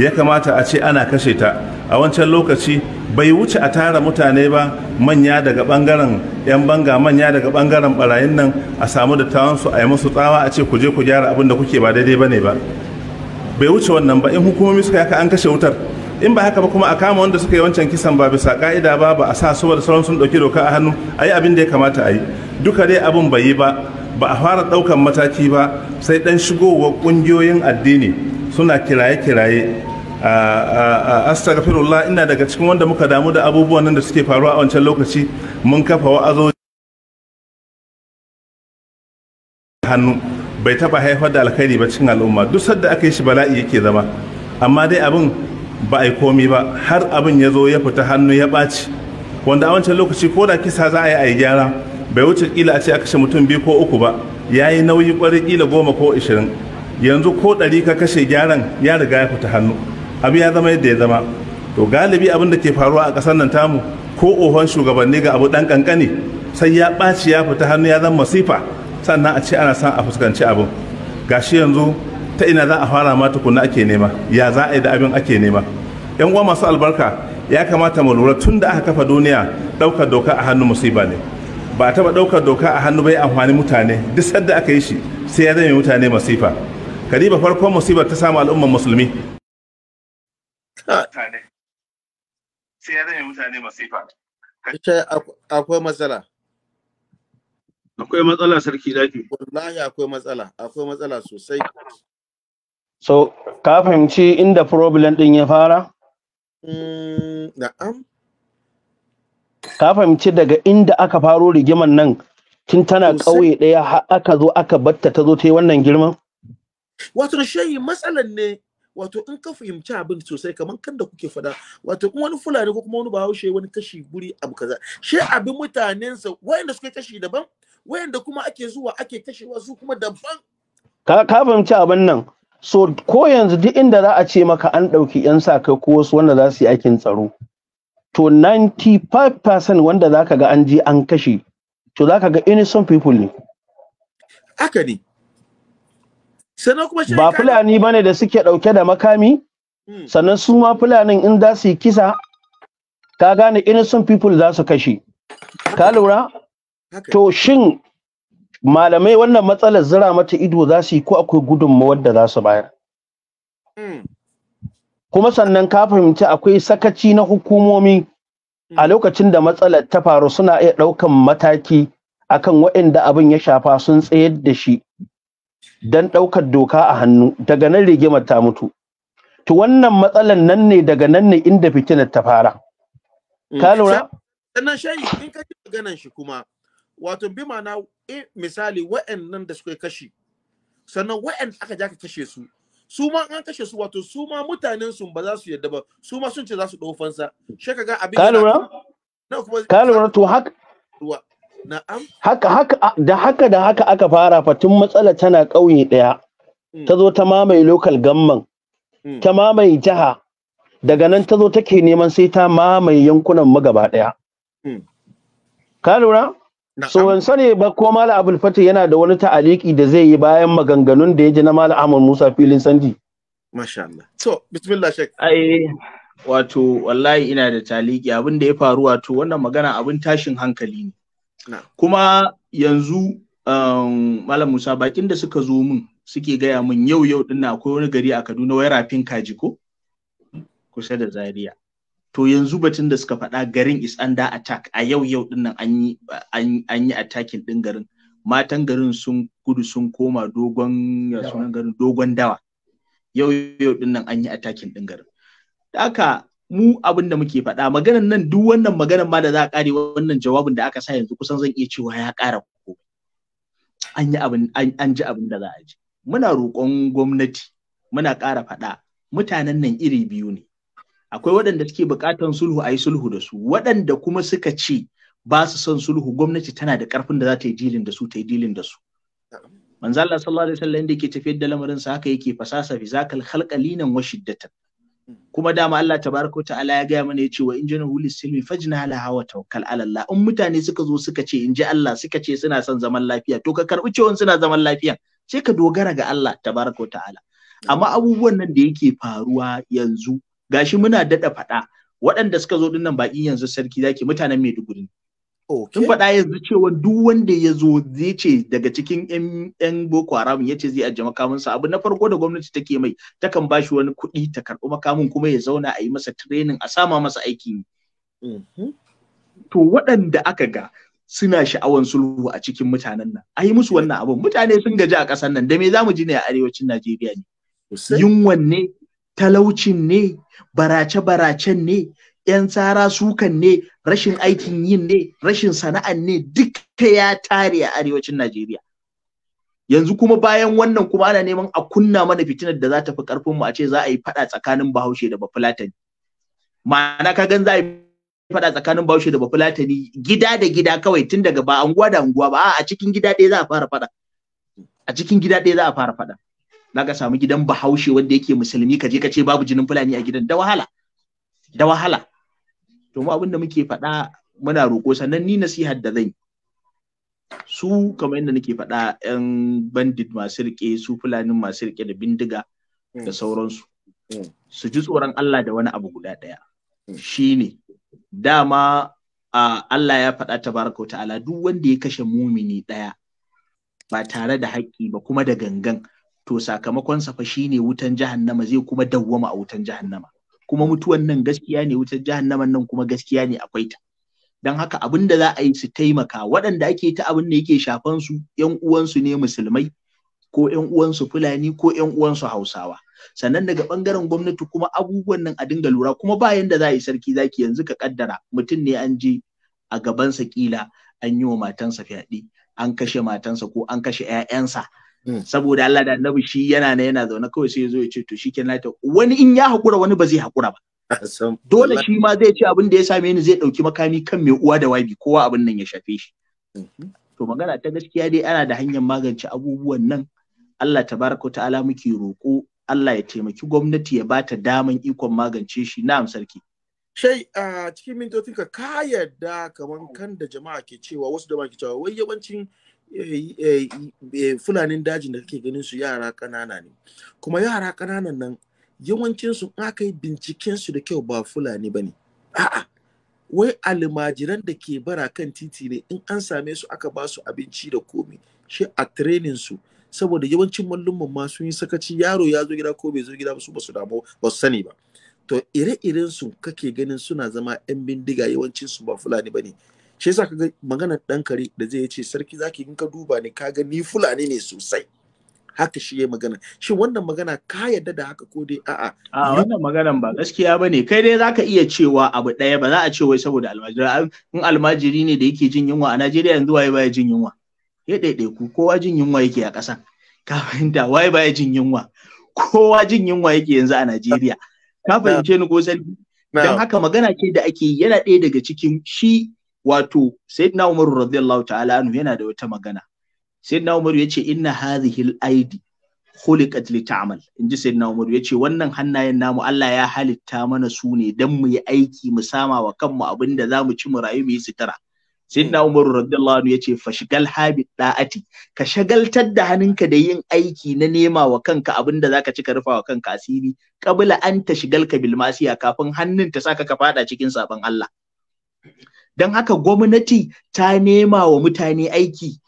ya kamata a ce ana kashe ta a wancan lokaci bai wuce a tara mutane ba manya daga bangaren yan banga manya daga bangaren barayin nan a samu da tawansu a yi musu tsawa a ce ku je ku gyara abin da kuke ba daidai ba ne ba bai wuce wannan ba in hukumomi suka yaka an kashe wutar in ba haka ba kuma a kama wanda suka yi wancan kisan ba bisa ka'ida ba ba a sa su da sauran sun dauki doka a hannu a yi abin da ya kamata a yi duka dai abin bai yi ba ba a fara daukan mataki ba sai dan shigowar kungiyoyin addini suna kiraye-kiraye astagfirullah ina daga cikin wanda muka damu da abubuwan nan da suke faruwa a wancan lokaci mun kafa wa'azo hannu bai taba haifar da alkhairi ba cikin al'umma duk sadda aka yi shi bala'i yake zama amma dai abin ba a yi komi ba har abin ya zo ya fita hannu ya ɓaci wanda a wancan lokaci ko da kisa za a yi a yi gyara bai wuce kila a ce a kashe mutum biyu ko uku ba ya yi nauyi kwarai kila goma ko ishirin yanzu ko ɗari ka kashe gyaran ya riga ya fita hannu abin ya zama yadda ya zama to galibi abin da ke faruwa a ƙasar nan tamu ko ohon shugabanni ga abu ɗan ƙanƙani sai ya ɓaci ya fita hannu ya zama masifa sannan a ce ana san a fuskanci abin gashi yanzu ta ina za a fara ma tukuna ake nema ya za a yi da abin ake nema yan uwa masu albarka ya kamata mu lura tun da aka kafa duniya ɗaukar doka a hannu musiba ne ba taɓa ɗaukar doka a hannu bai amfani mutane duk sadda aka yi shi sai ya zama mutane masifa kariba farkon musibar ta samu al'ummar musulmi sai ya zame mutane masifa ita akwai matsala akwai matsala sarki dafi wallahi akwai matsala akwai matsala sosai so ka fahimci inda problem din ya fara mm, na'am ka fahimci daga inda aka faro rigimar nan tun tana ƙauye ɗaya har aka zo aka batta ta zo ta yi wannan girman wato shayi matsalan ne wato in ka fahimci abin sosai kamar kan da kuke fada wato in wani fulani ko kuma wani bahaushe wani kashi guri abu kaza shi abin mutanensa wayanda suka kashi daban wayanda kuma ake zuwa ake kashewa su kuma daban ka fahimci abin nan so ko yanzu duk inda za a ce maka an ɗauki 'yan sa kai ko wasu wanda za su yi aikin tsaro to 95% wanda za ka ga an je an kashe to za ka ga innocent people ne Aka ne ba fulani ba ne da suke ɗauke da makami hmm. sannan su ma fulanin in za su yi kisa ka gane innocent people za su kashe ka lura to shin malamai wannan matsalar zira mata ido za su yi ko akwai gudunmawar da za su bayar hmm. kuma sannan ka fahimci akwai sakaci na hukumomi a hmm. lokacin da matsalar ta faru suna iya ɗaukan mataki akan waɗanda abin ya shafa sun tsayar da shi Dan ɗaukar doka a hannu daga nan rigimar ta mutu to wannan matsalan nan ne daga nan ne inda fitinar ta fara mm. ka lura sannan shayi in ji maganan shi kuma wato bi ma'ana eh, misali wa'annan da suka kashi sannan wa'an aka ja ka kashe su su ma an kashe su wato su ma mutanen su ba za su yadda ba su ma sun ce za su ɗau fansa shi ka ga abin ka lura ka lura to haka haka haka da haka da haka aka fara fa tun matsala tana ƙauye ɗaya mm. ta zo ta mamaye local gamman mm. ta mamaye jiha daga nan ta zo take neman sai ta mamaye yankunan mu gaba ɗaya mm. ka lura so an sani ba ko mala abul fatih yana da wani ta'aliki da zai yi bayan maganganun da ya ji na mala ahmad musa filin sandi masha Allah so bismillah shek ai wato wallahi ina da taliki abin da ya faru wato wannan magana abin tashin hankali ne Kuma yanzu um, Malam Musa bakin da suka zo min suke gaya mun yau yau din akwai wani gari a Kaduna wai rafin kaji ko kusa da Zaria. To yanzu batun da suka faɗa garin is under attack a yau yau din nan an yi attacking din garin. Matan garin sun gudu sun koma dogon ya sunan garin dogon dawa. Yau yau din nan an yi attacking din garin. Da mu abin da muke faɗa maganan nan duk wannan maganan ma da za a ƙare wannan jawabin da aka sa yanzu kusan zan iya cewa ya ƙara koko. an yi abin an ji abin da za a ji muna roƙon gwamnati muna ƙara faɗa mutanen nan iri biyu ne akwai waɗanda suke buƙatan sulhu a yi sulhu da su waɗanda kuma suka ce ba su son sulhu gwamnati tana da ƙarfin da za ta yi dilin da su ta yi dilin da su manzo Allah sallallahu alaihi wasallam da yake tafiyar da lamarin sa haka yake fasasa fi zakal khalqalinan wa shiddatan kuma dama Allah tabaraka ta'ala ya gaya mana yace wa in hulis silmi fajna ala hawa tawakkal ala Allah in mutane suka zo suka ce in ji Allah suka ce suna son zaman lafiya to ka karbi cewa suna zaman lafiya sai ka dogara ga Allah tabaraka ta'ala amma abubuwan nan da yake faruwa yanzu gashi muna dada faɗa waɗanda suka zo dinnan baƙi yanzu sarki zaki mutanen Maiduguri Sun faɗa yanzu cewa duk wanda ya zo zai ce daga cikin 'yan Boko Haram ya ce zai ajiye sa abu na farko da gwamnati take mai takan ba shi wani kuɗi ta karɓi makamin kuma ya zauna a yi masa training a sama masa aiki. Mm-hmm. To waɗanda aka ga suna sha'awan sulhu a cikin mutanen nan a yi musu wannan abun mutane sun gaji a ƙasar nan da me za mu ji ne a arewacin Najeriya ne. Yunwan ne talaucin ne barace-baracen ne 'yan tsara sukan ne rashin aikin yin ne rashin sana'an ne duka ya tare a arewacin Najeriya yanzu kuma bayan wannan kuma ana neman a kunna mana fitinar da za ta fi karfin mu a ce za a yi fada tsakanin Bahaushe da Bafulatani ma'ana ka gan za a yi fada tsakanin Bahaushe da Bafulatani gida da gida kawai tun daga ba anguwa da anguwa ba a cikin gida ɗaya za a fara fada a cikin gida ɗaya za a fara fada samu gidan Bahaushe wanda yake musulmi kaje je ka ce babu jinin Fulani a gidan da wahala da wahala to mu abin da muke faɗa muna roƙo sannan ni nasihar da zan su kamar yadda nake faɗa yan bandit masu rike su fulanin masu rike da bindiga da mm. sauransu mm. su ji tsoron Allah da wani abu guda ɗaya mm. shine dama Allah ya faɗa tabaraka wa ta'ala duk wanda ya kashe mumini ɗaya ba tare da haƙƙi ba kuma da gangan to sakamakonsa fa shine wutan jahannama zai kuma dawwama a wutan jahannama kuma mutuwan nan gaskiya ne wutar jahannaman nan kuma gaskiya ne akwai ta don haka abin da za a yi su taimaka waɗanda ake ta abin da yake shafan su yan uwansu ne musulmai ko yan uwansu fulani ko yan uwansu hausawa sannan daga ɓangaren gwamnati kuma abubuwan nan a dinga lura kuma ba yanda za a yi sarki zaki yanzu ka kaddara mutum ne an je a gabansa kila an yi wa matansa fyaɗe an kashe matansa ko an kashe 'ya'yansa Mm. saboda Allah da annabi shi yana ne yana zaune kawai sai yazo ya ce to shi kenan ta wani in ya hakura wani ba zai haƙura ba dole shi ma zai ce abin da ya same ni zai ɗauki makami kan mai uwa da wabi kowa abin nan ya shafe shi mhm. to magana ta gaskiya dai ana da hanyar magance abubuwan nan Allah tabaraka ta'ala muke roƙo Allah ya taimaki gwamnati ya ba ta daman ikon magance shi na sarki shai a cikin mintocinka ka yarda kaman kan da jama'a ke cewa wasu da ke cewa wai yawancin Eh, eh, eh, fulanin dajin da kake ganin su yara kanana ne kuma yara kananan nan yawancinsu in aka yi binciken su da kyau ba fulani bane a'a wai almajiran da ke bara kan titi ne in an same su aka ba su abinci da komi shi a training su saboda yawancin mallumman ma sun yi sakaci yaro ya zo gida ko bai zo gida ba su ba su damu ba su sani ba to ire-iren su kake ganin suna zama yan bindiga yawancin su ba fulani bane shi yasa kaga maganar dan kare da zai ce sarki zaki in ka duba ni kaga ni fulani ne sosai haka shi yayi magana shi wannan magana ka yadda da haka ko dai a'a a wannan maganan ba gaskiya bane kai dai zaka iya cewa abu daya ba za a ce wai saboda almajiri in almajiri ne da yake jin yunwa a Najeriya yanzu waye baya jin yunwa ya ku kowa jin yunwa yake a ƙasan ka fahimta waye baya jin yunwa kowa jin yunwa yake yanzu a Najeriya ka fahimce ni ko sarki dan haka magana ce da ake yana ɗaya daga cikin shi wato sayyidina Umar radiyallahu ta'ala anhu yana da wata magana sayyidina Umar yace inna hadhihi al-aidi khuliqat li ta'mal inji sayyidina Umar yace wannan hannayen namu Allah ya halitta mana su ne dan mu yi aiki mu sama wa kanmu abin da zamu ci mu rayu mu yi sitara sayyidina hmm. Umar radiyallahu anhu yace fashigal habit da'ati ka shagaltar da hannunka da yin aiki na nema wa kanka abin da zaka ci ka rufa wa kanka asiri qabla an tashigalka bil masiya kafin hannun ta saka ka fada cikin sabon Allah don haka gwamnati ta nema wa mutane aiki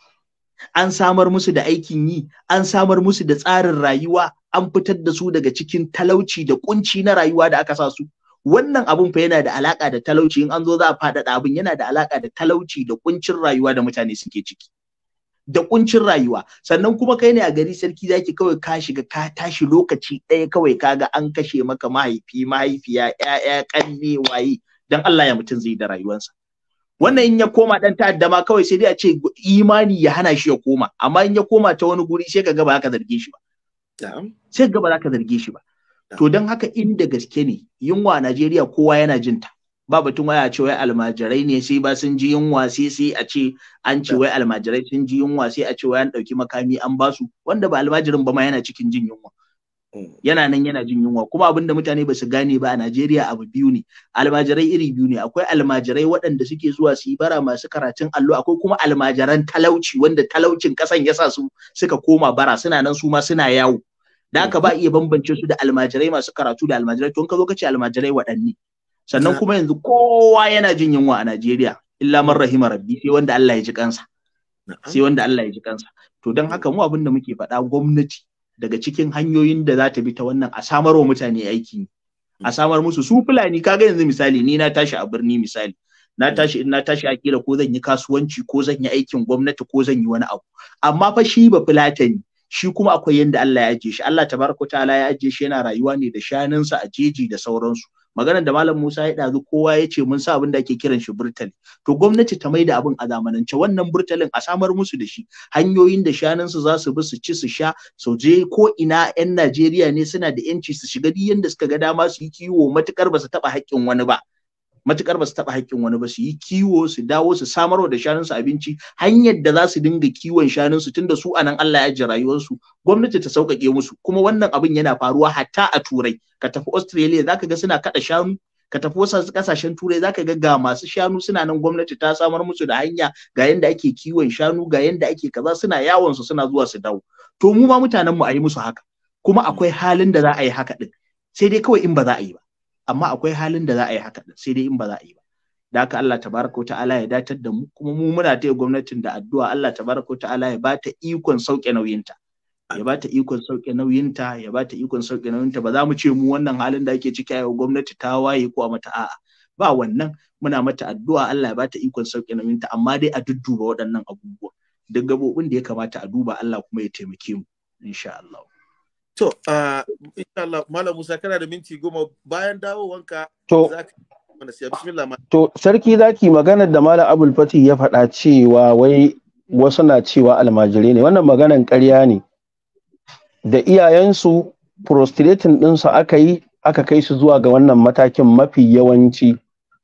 an samar musu da aikin yi an samar musu da tsarin rayuwa an fitar da su daga cikin talauci da kunci na rayuwa da aka sa su wannan abun fa yana da alaka da talauci in an zo za a faɗaɗa abin yana da alaka da talauci da kuncin rayuwa da mutane suke ciki da kuncin rayuwa sannan kuma kai ne a gari sarki zaki kawai ka shiga ka tashi lokaci ɗaya kawai ka ga an kashe maka mahaifi mahaifiya ƴaƴa ƙanne waye dan Allah ya mutum zai da rayuwarsa wannan in ya koma dan ta'adda ma kawai sai dai a ce imani ya hana shi ya koma amma in ya koma ta wani guri sai ka ga ba za ka zarge shi ba sai ga ba za ka zarge shi ba to dan haka inda gaske ne yunwa a Najeriya kowa yana jin ta ba batun waya a ce wai almajirai ne sai ba sun ji yunwa sai sai a ce an ce wai almajirai sun ji yunwa sai a ce wai an dauki makami an basu wanda ba almajirin ba ma yana cikin jin yunwa yana nan yana jin yunwa kuma abin da mutane ba su gane ba a Najeriya abu biyu ne almajirai iri biyu ne akwai almajirai waɗanda suke zuwa su yi bara masu karatun allo akwai kuma almajiran talauci wanda talaucin ƙasan yasa su suka koma bara suna nan su ma suna yawo da haka ba iya bambance su da almajirai masu karatu da almajirai to in ka zo ka ce almajirai waɗanne sannan kuma yanzu kowa yana jin yunwa a Najeriya illa man rahima rabbi sai wanda Allah ya ji kansa sai wanda Allah ya ji kansa to don haka mu abin da muke faɗa gwamnati daga cikin hanyoyin da za ta bi ta wannan a samar wa mutane aiki a samar musu su fulani kaga yanzu misali ni na tashi a birni misali na mm. tashi in na tashi a kila ko zan yi kasuwanci ko zan yi aikin gwamnati ko zan yi wani abu amma fa shi ba fulatani shi kuma akwai yanda Allah ya ajiye shi Allah tabaraka ta'ala ya ajiye shi yana rayuwa ne da shanunsa a jeji da sauransu maganar da malam Musa ya ɗazu kowa ya ce mun sa abin da ake kiran shi burtali to gwamnati ta maida abin a zamanance wannan burtalin a samar musu da shi hanyoyin da shanun su za su bi su ci su sha su je ko ina yan Najeriya ne suna da yanci su shiga duk yanda suka ga dama su yi kiwo matukar ba su taba haƙƙin wani ba matukar ba su taɓa haƙƙin wani ba su yi kiwo su dawo su samarwa da shanunsu abinci hanyar da za su dinga kiwon shanunsu tunda su a nan Allah ya ji rayuwarsu gwamnati ta sauƙaƙe musu kuma wannan abin yana faruwa hatta a turai ka tafi Australia zaka ga suna kaɗa shanu ka tafi wasu kasashen turai zaka ga ga masu shanu suna nan gwamnati ta samar musu da hanya ga yanda ake kiwon shanu ga yanda ake kaza suna yawon su suna zuwa su dawo to mu ma mutanen mu a yi musu haka kuma akwai halin da za a yi haka din sai dai kawai in ba za a yi ba amma akwai halin da za a yi haka sai dai in ba za a yi ba da haka Allah tabaraka ta'ala ya datar da mu kuma mu muna taya gwamnatin da addu'a Allah tabaraka ta'ala ya ba ta ikon sauke nauyinta ya ba ta ikon sauke nauyinta ya ba ta ikon sauke nauyinta ba za mu ce mu wannan halin da ake ciki a yau gwamnati ta waye ko a mata a'a ba wannan muna mata addu'a Allah ya ba ta ikon sauke nauyinta amma dai a dudduba waɗannan abubuwa duk gabobin da ya kamata a duba Allah kuma ya taimake mu insha Allah To, uh, insha Allah, Malam Musa kana da minti goma bayan dawowanka to To, sarki zaki maganar da Malam Abul Fati ya faɗa cewa wai wasu na cewa almajirai ne, wannan maganan ƙarya ne. Da iyayensu prostrating ɗinsu aka yi aka kai su zuwa ga wannan matakin mafi yawanci.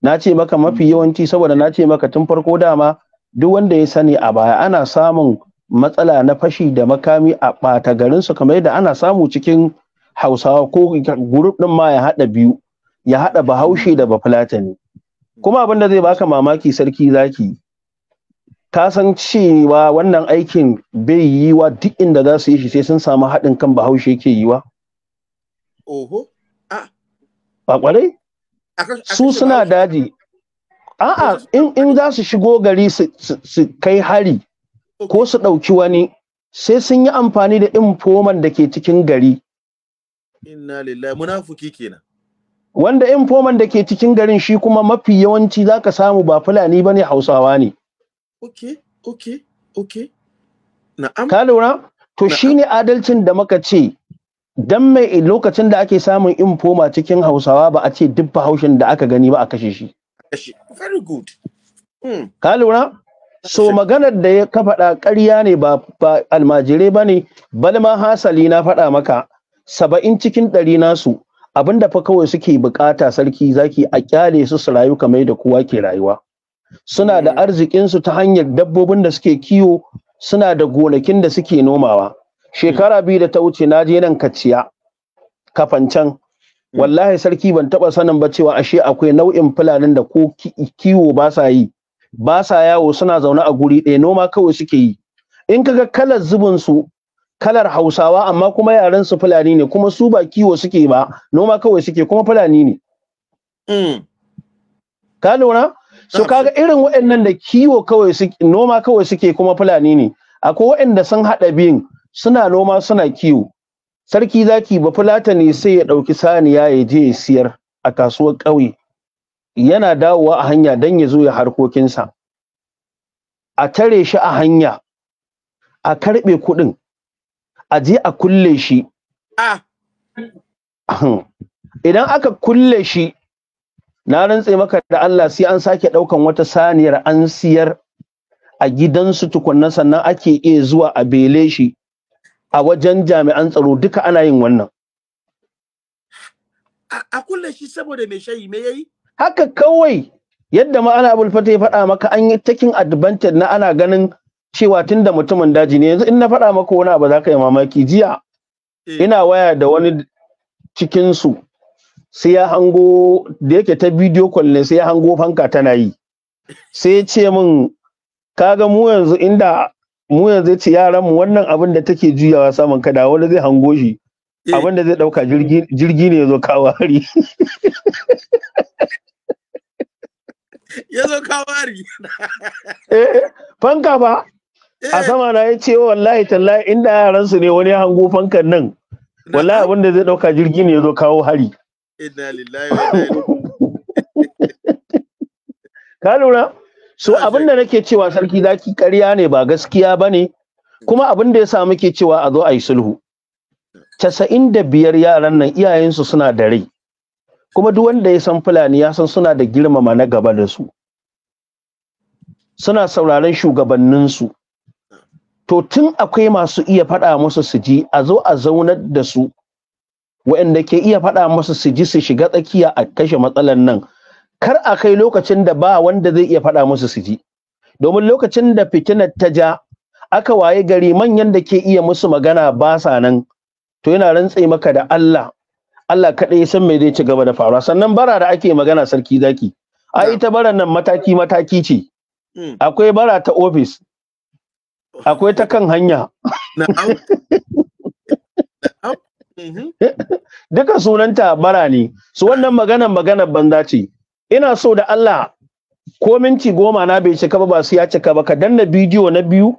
Na ce maka mafi yawanci saboda na ce maka tun farko dama duk wanda ya sani a baya ana samun matsala na fashi da makami a ɓata garinsu kamar yadda ana samu cikin hausawa ko gurup ɗin ma ya haɗa biyu ya haɗa bahaushe da bafulatani kuma abin da zai baka mamaki sarki zaki ka san cewa wannan aikin bai yi wa duk inda za su yi shi sai sun samu haɗin kan bahaushe ke yi wa oho a ba kwarai su suna daji a'a in za su shigo gari su kai hari ko su ɗauki wani sai sun yi amfani da infoman da ke cikin gari inna lillahi munafiki kenan wanda infoman da ke cikin garin shi kuma mafi yawanci zaka samu ba fulani bane hausawa ne Oke, oke, oke. na'am ka lura to shine adalcin da muka ce dan mai lokacin da ake samun infoma cikin hausawa ba a ce duk haushin da aka gani ba a kashe shi very good hmm. ka lura so maganar da ya ka faɗa ƙarya ne ba almajirai ba ne balma hasali na faɗa maka saba'in cikin ɗari nasu abinda fa kawai suke bukata sarki zaki a kyale su su rayu kamar da kowa ke rayuwa suna da hmm. arzikinsu ta hanyar dabbobin da suke kiwo suna da gonakin da suke nomawa shekara hmm. biyu da ta wuce na je nan kaciya kafancan hmm. wallahi sarki ban taɓa sanin ba cewa ashe akwai nau'in fulanin da ko kiwo ba sa yi ba sa yawo suna zaune a guri ɗaya noma kawai suke yi in kaga kalar zubin su kalar Hausawa amma kuma yaran su Fulani ne kuma su ba kiwo suke ba noma kawai suke kuma Fulani ne mm. ka lura so kaga irin waɗannan da kiwo kawai suke noma kawai suke kuma Fulani ne akwai waɗanda sun haɗa biyun suna noma suna kiwo sarki zaki ba fulata ne sai ya ɗauki saniya ya je ya siyar a kasuwar ƙauye yana dawowa a hanya don ya zo ya harkokinsa a tare shi a hanya a karɓe kuɗin a je a kulle shi idan aka kulle shi na rantse maka da Allah sai an sake ɗaukan wata saniyar an siyar a gidansu tukunna sannan ake iya zuwa a bele shi a wajen jami'an tsaro duka ana yin wannan a kulle shi saboda mai shayi mai yayi haka kawai yadda ma ana abul fata ya faɗa maka an yi taking advantage na ana ganin cewa tunda mutumin daji ne yanzu in na faɗa maka wani abu za ka yi mamaki jiya eh. ina waya da wani cikinsu su sai ya hango da yake ta bidiyo call ne sai ya hango fanka tana yi sai ya ce min kaga mu yanzu inda mu yanzu ya ce yaran mu wannan abin da take juyawa saman kada wani zai hango shi eh. abin da zai ɗauka jirgi ne ya zo kawo hari ya zo kawari eh fanka ba eh. a sama na ya ce oh, wallahi tallahi inda yaran su ne wani hango fankan nan wallahi abin da zai dauka jirgi ne ya zo kawo hari inna lillahi ka lura so abin da nake cewa sarki zaki ƙarya ne ba gaskiya ba ne kuma abinda da ya sa muke cewa a zo a yi sulhu casa'in da biyar yaran nan iyayensu suna da rai kuma duk wanda ya san fulani ya san suna da girmama na gaba da su suna sauraron shugabanninsu to tun akwai masu iya faɗa musu su ji a zo a zaunar da su waɗanda ke iya faɗa musu su ji su shiga tsakiya a kashe matsalan nan kar a kai lokacin da ba wanda zai iya faɗa musu su ji domin lokacin da fitinar ta ja aka waye gari manyan da ke iya musu magana ba sa nan to yana rantse maka da Allah Allah kaɗai ya san me zai ci gaba da faruwa sannan bara da ake magana sarki zaki a ita baran nan mataki mataki ce hmm. akwai bara ta ofis oh. akwai ta kan hanya mhm. duka sunanta bara ne su wannan maganan maganar banza ce ina so da Allah ko minti goma na bai cika ba ba su ya cika ba ka danna bidiyo na biyu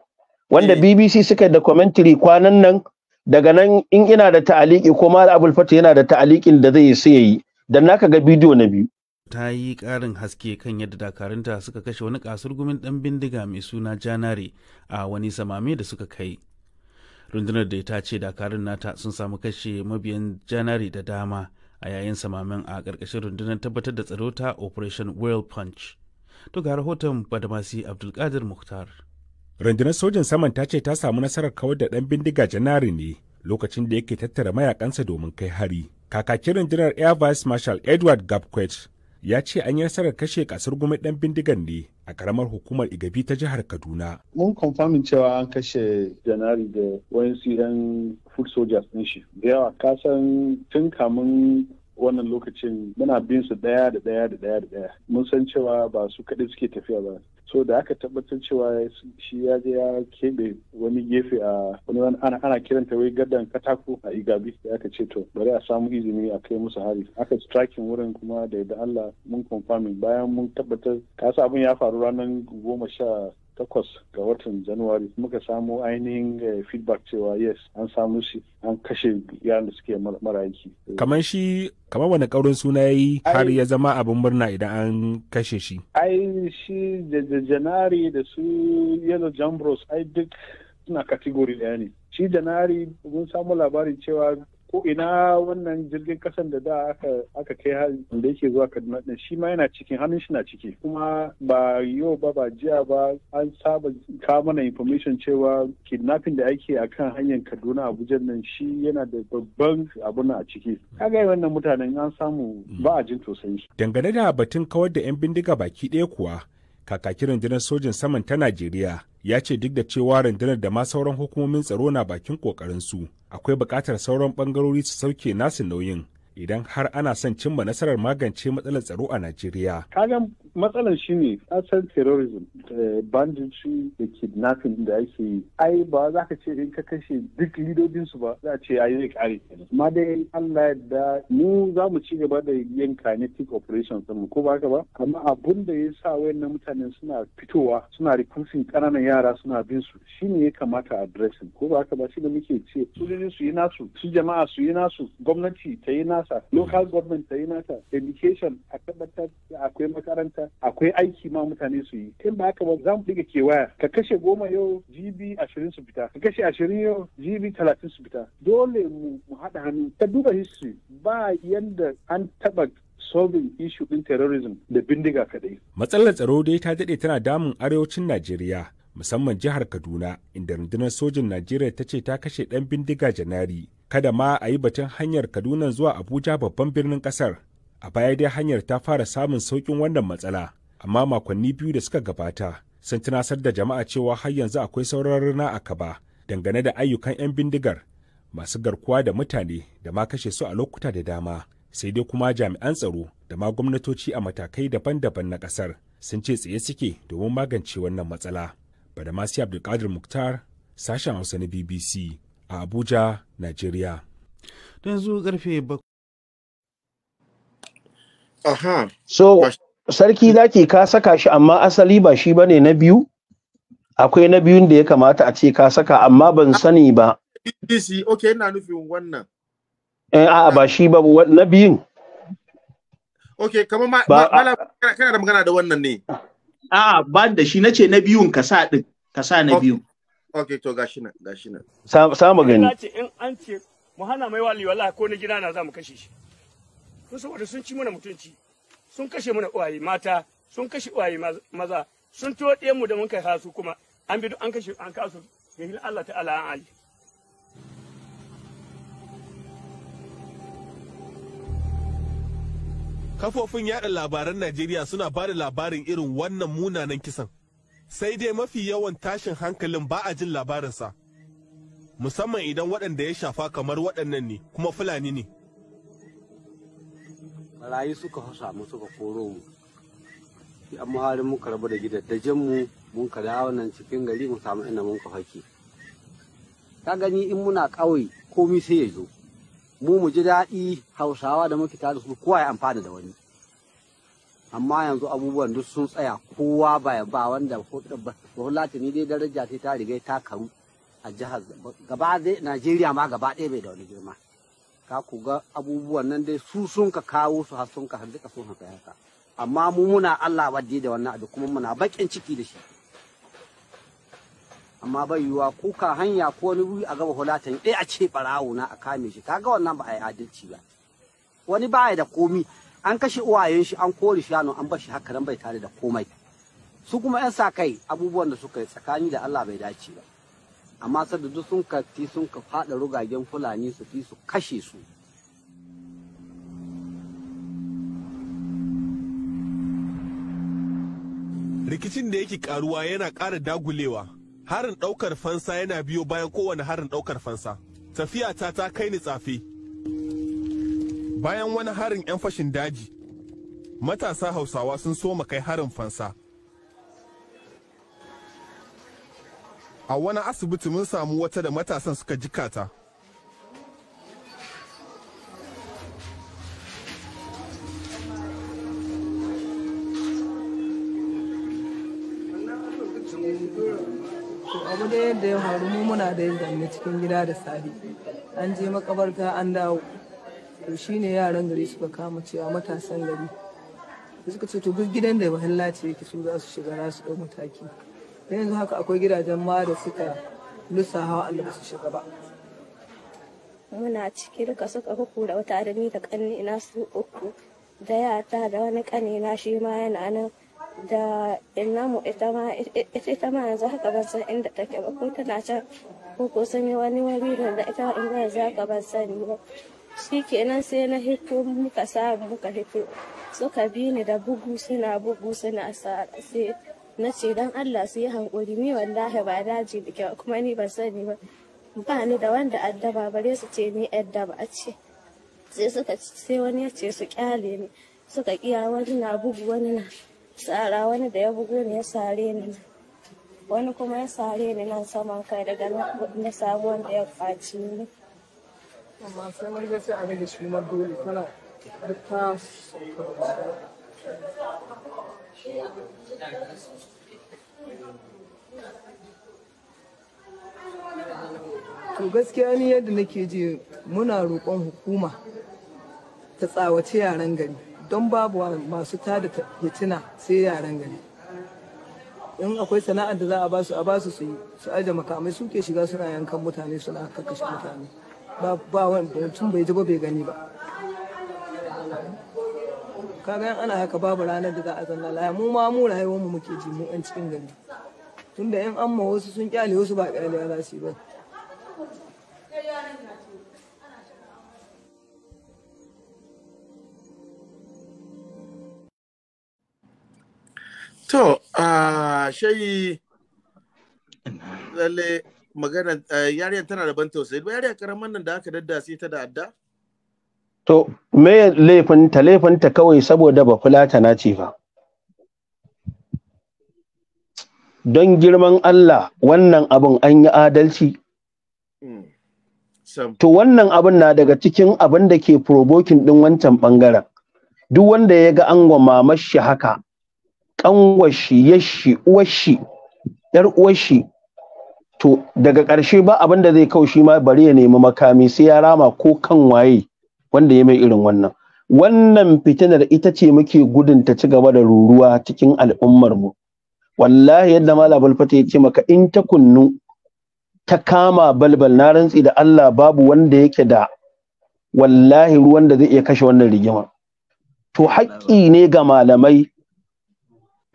wanda eh. BBC suka da commentary kwanan nan daga nan in ina da ta'aliki ko mal abul fata yana da ta'alikin da zai sai yi dan naka ga bidiyo na biyu ta yi ƙarin haske kan yadda dakarunta suka kashe wani kasurgumin ɗan bindiga mai suna janare a wani samame da suka kai rundunar da ta ce dakarun nata sun samu kashe mabiyan janare da dama a yayin samamen a ƙarƙashin rundunar tabbatar da tsaro ta operation world punch to ga rahoton badamasi abdulkadir muhtar rundunar sojan saman ta ce ta samu nasarar kawar da ɗan bindiga janari ne lokacin da yake tattara mayakansa domin kai hari kakakin rundunar air vice marshal edward gabquet ya ce an yi nasarar kashe kasar gumi ɗan bindigan ne a karamar hukumar igabi ta jihar kaduna mun kwamfamin cewa an kashe janari da wayansu yan food soldiers din shi da yawa kasan tun kamun wannan lokacin muna bin su daya da daya da daya da daya mun san cewa ba su kaɗai suke tafiya ba so da aka tabbatar cewa shi ya je ya keɓe wani gefe a wani ana, ana kiranta wai gaddan katako a igabi da aka ce to bari a samu izini a kai musu hari aka striking wurin kuma da yadda Allah mun confirming bayan mun tabbatar kasa abin ya faru ranar goma sha takwas ga watan januwari muka samu ainihin eh, feedback cewa yes an samu shi an kashe yaran da suke marayaki kamar shi kamar wani kaurin suna ya yi har ya zama abin murna idan an kashe shi ai shi da janari da su yellow jambros ai duk suna kategori daya ne shi janari mun samu labarin cewa ko ina wannan jirgin kasan da da aka kai hali da yake zuwa Kaduna din shi ma yana cikin hannun shi na ciki kuma ba yau ba ba jiya ba an saba ka mana information cewa kidnapping da ake a kan hanyar Kaduna Abuja nan shi yana da babban abun a ciki kaga wannan mutanen an samu ba a jin tausayi dangane da batun kawar da yan bindiga baki ɗaya kuwa kakakin rundunar sojin saman ta Najeriya ya ce duk da cewa rundunar da ma sauran hukumomin tsaro na bakin su akwai bukatar sauran ɓangarori su sauke nasu nauyin idan har ana son cimma nasarar magance matsalar tsaro a Najeriya. Kagan matsalar shi ne kasar terrorism eh, banditry da kidnapping da ake yi. Ai ba za ka ce in ka kashe duk lidodinsu ba za a ce ai zai kare. Ma dai Allah da mu za mu ci gaba da yin kinetic operation mu ko ba ka ba. Amma abun da ya sa wayannan mutanen suna fitowa suna recruiting kananan yara suna bin su shine ya kamata a addressing ko ba ka ba shi da muke ce sojojin su yi nasu su jama'a su yi nasu gwamnati ta yi nasu nasa local government ta yi nasa education a tabbatar da akwai makaranta akwai aiki ma mutane su yi in ba haka ba za mu diga kewaya ka kashe goma yau gb ashirin su fita ka kashe ashirin yau gb talatin su fita dole mu haɗa hannu ta duba history ba yanda an taɓa solving issue din terrorism da bindiga kaɗai. Matsalar tsaro dai ta daɗe tana damun arewacin Najeriya musamman jihar Kaduna inda rundunar sojin Najeriya ta ce ta kashe ɗan bindiga Janari kada ma a yi batun hanyar kaduna zuwa abuja babban birnin kasar a baya dai hanyar ta fara samun sauƙin wannan matsala amma makonni biyu da suka gabata sun tunasar da jama'a cewa har yanzu akwai sauran rana a kaba dangane da ayyukan 'yan bindigar masu garkuwa da mutane da ma kashe su a lokuta da dama sai dai kuma jami'an tsaro da ma gwamnatoci a matakai daban-daban na ƙasar sun ce tsaye suke domin magance wannan matsala. Badamasi Abdulkadir Muktar, sashen Hausa na BBC. a Abuja, Najeriya. yanzu karfe Aha. So, sarki zaki ka saka shi amma asali ba shi bane na biyu? Akwai na biyun da ya kamata a ce ka saka amma ban sani ba. BBC, okay, ina nufin wannan. Eh, a'a ba shi ba na biyun. Okay, kamar ma, ba, ma, kana da magana da wannan ne. A'a, ba da shi nace na biyun ka sa din, ka sa na biyun. Okay, to gashi nan, gashi nan. Samu gani. Ina ce in an ce mu hana mai wali wallahi ko na gida na za mu kashe shi. Kun saboda sun ci mana mutunci, sun kashe mana uwaye mata, sun kashe uwaye maza, sun toɗe mu da mun kai hasu kuma an bi duk an kashe an kasu ga hil Allah ta'ala an ali. Kafofin yaɗa labaran Najeriya suna ba da labarin irin wannan munanan kisan. sai dai mafi yawan tashin hankalin ba a jin labarinsa musamman idan waɗanda ya shafa kamar waɗannan ne kuma fulani ne rayu suka samu suka koro mu an muhalin muka rabu da gidajen mu mun ka dawo cikin gari mu samu inda mun ka ka gani in muna ƙauye komi sai ya zo mu mu ji daɗi hausawa da muke tare su kowa ya amfana da wani amma yanzu abubuwan duk sun tsaya kowa ba ba wanda ta ni dai daraja ta riga ta karu a jihar gaba dai najeriya ma gaba ɗaya bai da wani girma ka ku ga abubuwan nan dai su sun ka kawo su har sun ka har duka sun haka haka amma mu muna allah wadde da wannan abu kuma muna bakin ciki da shi amma bai yiwuwa kuka hanya ko wani wuri a gaba hulatan ɗaya a ce ɓarawo na a kame shi kaga wannan ba a yi adalci ba wani baya da komi an kashe uwayen shi an kore shanu an bar shi haka nan bai tare da komai su kuma yan sa kai abubuwan da suka yi tsakani da Allah bai dace ba amma sadda duk sun ka ti sun ka fada rugagen fulani su fi su kashe su rikicin da yake karuwa yana ƙara dagulewa harin ɗaukar fansa yana biyo bayan kowane harin ɗaukar fansa tafiya ta ta kai ni tsafi bayan wani harin 'yan fashin daji matasa hausawa sun soma kai harin fansa a wani asibiti mun samu wata da matasan suka jikata abu da yadda ya faru mu muna da yin cikin gida da safe an je makabarta an dawo to ne yaran gari suka kama cewa matasan gari suka ce to duk gidan da mahalla ce yake su za su shiga na su ɗau mataki da yanzu haka akwai gidajen ma da suka lusa hawa Allah su shiga ba muna ciki duka suka da wata da ni da kanni na su uku da yata da wani kanni na shi ma yana nan da mu ita ma ita ma yanzu haka ban san inda take ba ko tana can ko ko sun yi wani wani da ita inda yanzu haka ban sani ba Shi kenan sai na hito muka samu muka hito suka bi ni da bugu suna bugu suna sai na ce don Allah su yi hankuri ni wallahi ba daji da kyau kuma ni ban sani ba ba ni da wanda addaba bare su ce ni addaba a ce sai suka sai wani ya ce su kyale ni suka kiya wani na bugu wani na tsara wani da ya bugu ne ya sare ni wani kuma ya sare ni nan saman kai daga na samu wanda ya kwaci ni a to gaskiya ni yadda nake je muna roƙon hukuma ta tsawace yaren gari don babu masu tada yatina sai yaren gari in akwai sana'ar da za a basu a basu su yi su aje makamai suke shiga suna yankan mutane suna kakkashe mutane ba wanda tun bai ji ba bai gani ba kaga ana haka babu ranar da za a zanna laya mu ma mu rayuwar mu muke ji mu yan cikin gari tunda yan amma wasu sun kyale wasu ba kyale za su yi ba to a ah, shayi lalle magana eh, yariyar tana da ban tausayi ba yariyar karamar nan da aka daddace ta da adda to me laifinta laifinta kawai saboda ba fulata na ce ba. don girman Allah wannan abin an yi adalci hmm. to wannan abin na daga cikin abin da ke provoking din wancan bangaren duk wanda ya ga an mamashi haka kanwashi yashi uwashi yar uwashi to daga ƙarshe ba abin da zai kau shi ma bari ya nemi makami sai ya rama ko kan waye wanda ya mai irin wannan wannan fitinar ita ce muke gudun ta ci gaba da ruruwa cikin al'ummar mu wallahi yadda malam balfata ya ce maka in ta kunnu ta kama balbal na rantsi da Allah babu wanda yake da wallahi ruwan da zai iya kashe wannan rigima to haƙƙi ne ga malamai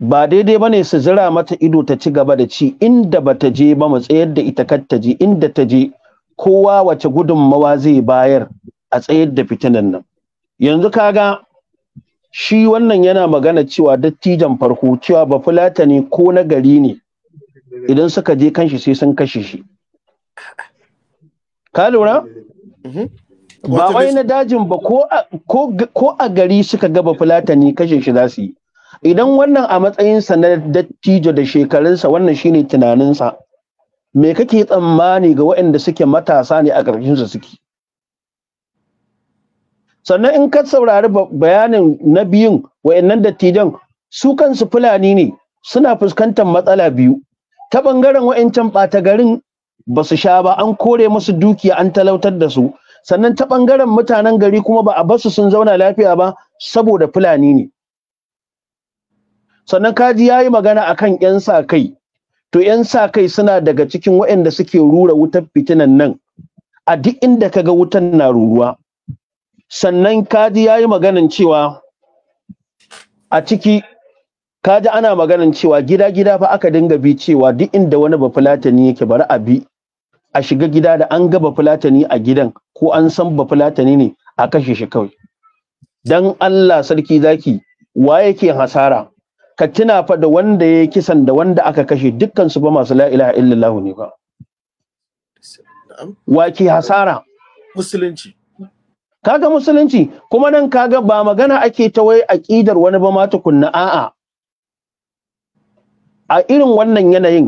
ba daidai bane su zira mata ido ta ci gaba da ci inda ba ta je ba mu tsayar da ita kar ta je inda ta je kowa wace gudunmawa zai bayar a tsayar da fitinan nan yanzu kaga shi wannan yana magana cewa dattijan farko cewa ba fulata ne ko na gari ne idan suka je kanshi sai sun kashe shi ka lura mm-hmm. ba wai na dajin ba ko a gari suka gaba fulata ne kashe shi za su yi idan wannan a matsayinsa na dattijo da shekarunsa wannan shine tunaninsa me kake tsammani ga waɗanda suke matasa ne a sa suke sannan in ka saurari bayanin na biyun wa'annan dattijan su kansu fulani ne suna fuskantar matsala biyu ta ɓangaren waɗancan ɓata garin ba su sha ba an kore musu dukiya an talautar da su sannan ta ɓangaren mutanen gari kuma ba a basu sun zauna lafiya ba saboda fulani ne sannan kaji ya yi magana akan 'yan sa kai to 'yan sa kai suna daga cikin waɗanda suke rura wutar fitinan nan a duk inda ka ga wutan na ruruwa sannan kaji ya yi maganan cewa a ciki kaji ana maganan cewa gida-gida fa aka dinga bi cewa duk inda wani bafulatani yake bari a bi a shiga gida da an ga bafulatani a gidan ko an san bafulatani ne a kashe shi kawai dan Allah sarki zaki wa yake hasara ka tuna fa da wanda ya kisan da wanda aka kashe dukkan su ba masu la ilaha illallah ne ba waki hasara musulunci kaga musulunci kuma nan kaga ba magana ake ta wai aqidar wani ba ma tukunna a'a a irin wannan yanayin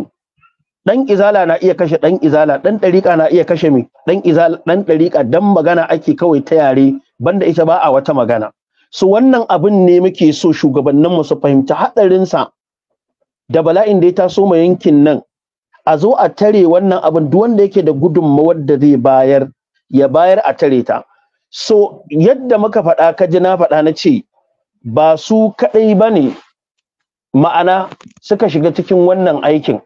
dan izala na iya kashe dan izala dan ɗariƙa na iya kashe mai, dan izala dan ɗariƙa, dan magana ake kawai ta yare banda ita ba a wata magana su wannan abin ne muke so shugabanninmu su fahimci haɗarinsa da bala'in da ya taso ma yankin nan a zo a tare wannan abin duk wanda yake da gudunmawar da zai bayar ya bayar a tare ta so yadda muka faɗa ka ji na faɗa na ce ba su kaɗai ba ne ma'ana suka shiga cikin wannan aikin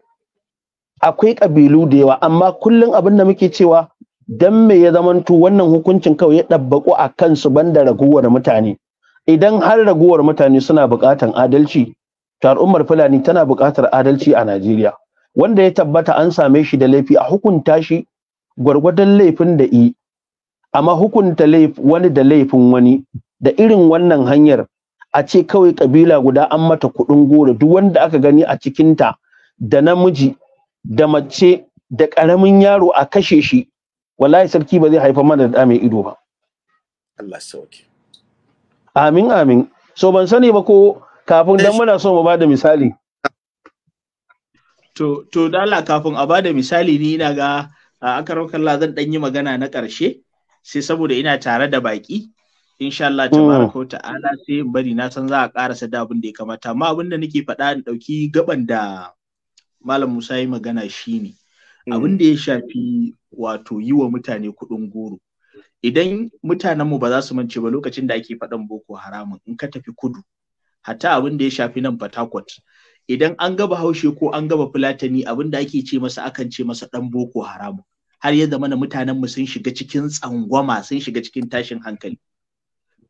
akwai ƙabilu da yawa amma kullum abin da muke cewa don me ya zamanto wannan hukuncin kawai ya ɗabbaƙo a kansu banda raguwar mutane idan har raguwar mutane suna buƙatar adalci to al'ummar fulani tana buƙatar adalci a Najeriya wanda ya tabbata an same shi da laifi a hukunta shi gwargwadon laifin da i amma hukunta wani da laifin wani da irin wannan hanyar a ce kawai kabila guda an mata kuɗin goro duk wanda aka gani a cikinta da namiji da mace da ƙaramin yaro a kashe shi wallahi sarki ba zai haifa mana da mai ido ba Allah sauke amin amin so ban sani ba ko kafin dan eh, muna so mu bada misali to to da Allah kafin a bada misali ni ina ga akarar kalla zan dan yi magana na ƙarshe sai saboda ina tare da baki insha Allah mm. tabaraka ta'ala sai bari na san za a karasa da abin da ya kamata amma abin da nake faɗa in ɗauki gaban da malam Musa yi magana shine abin mm. da ya shafi wato yiwa mutane kuɗin goro idan mutanenmu ba za su mance ba lokacin da ake faɗan boko haramun in ka tafi kudu hatta abin da ya shafi nan Fatakwat idan an gaba haushe ko an gaba fulatani abin da ake ce masa akan ce masa ɗan boko haramun har ya zamana mutanenmu sun shiga cikin tsangwama sun shiga cikin tashin hankali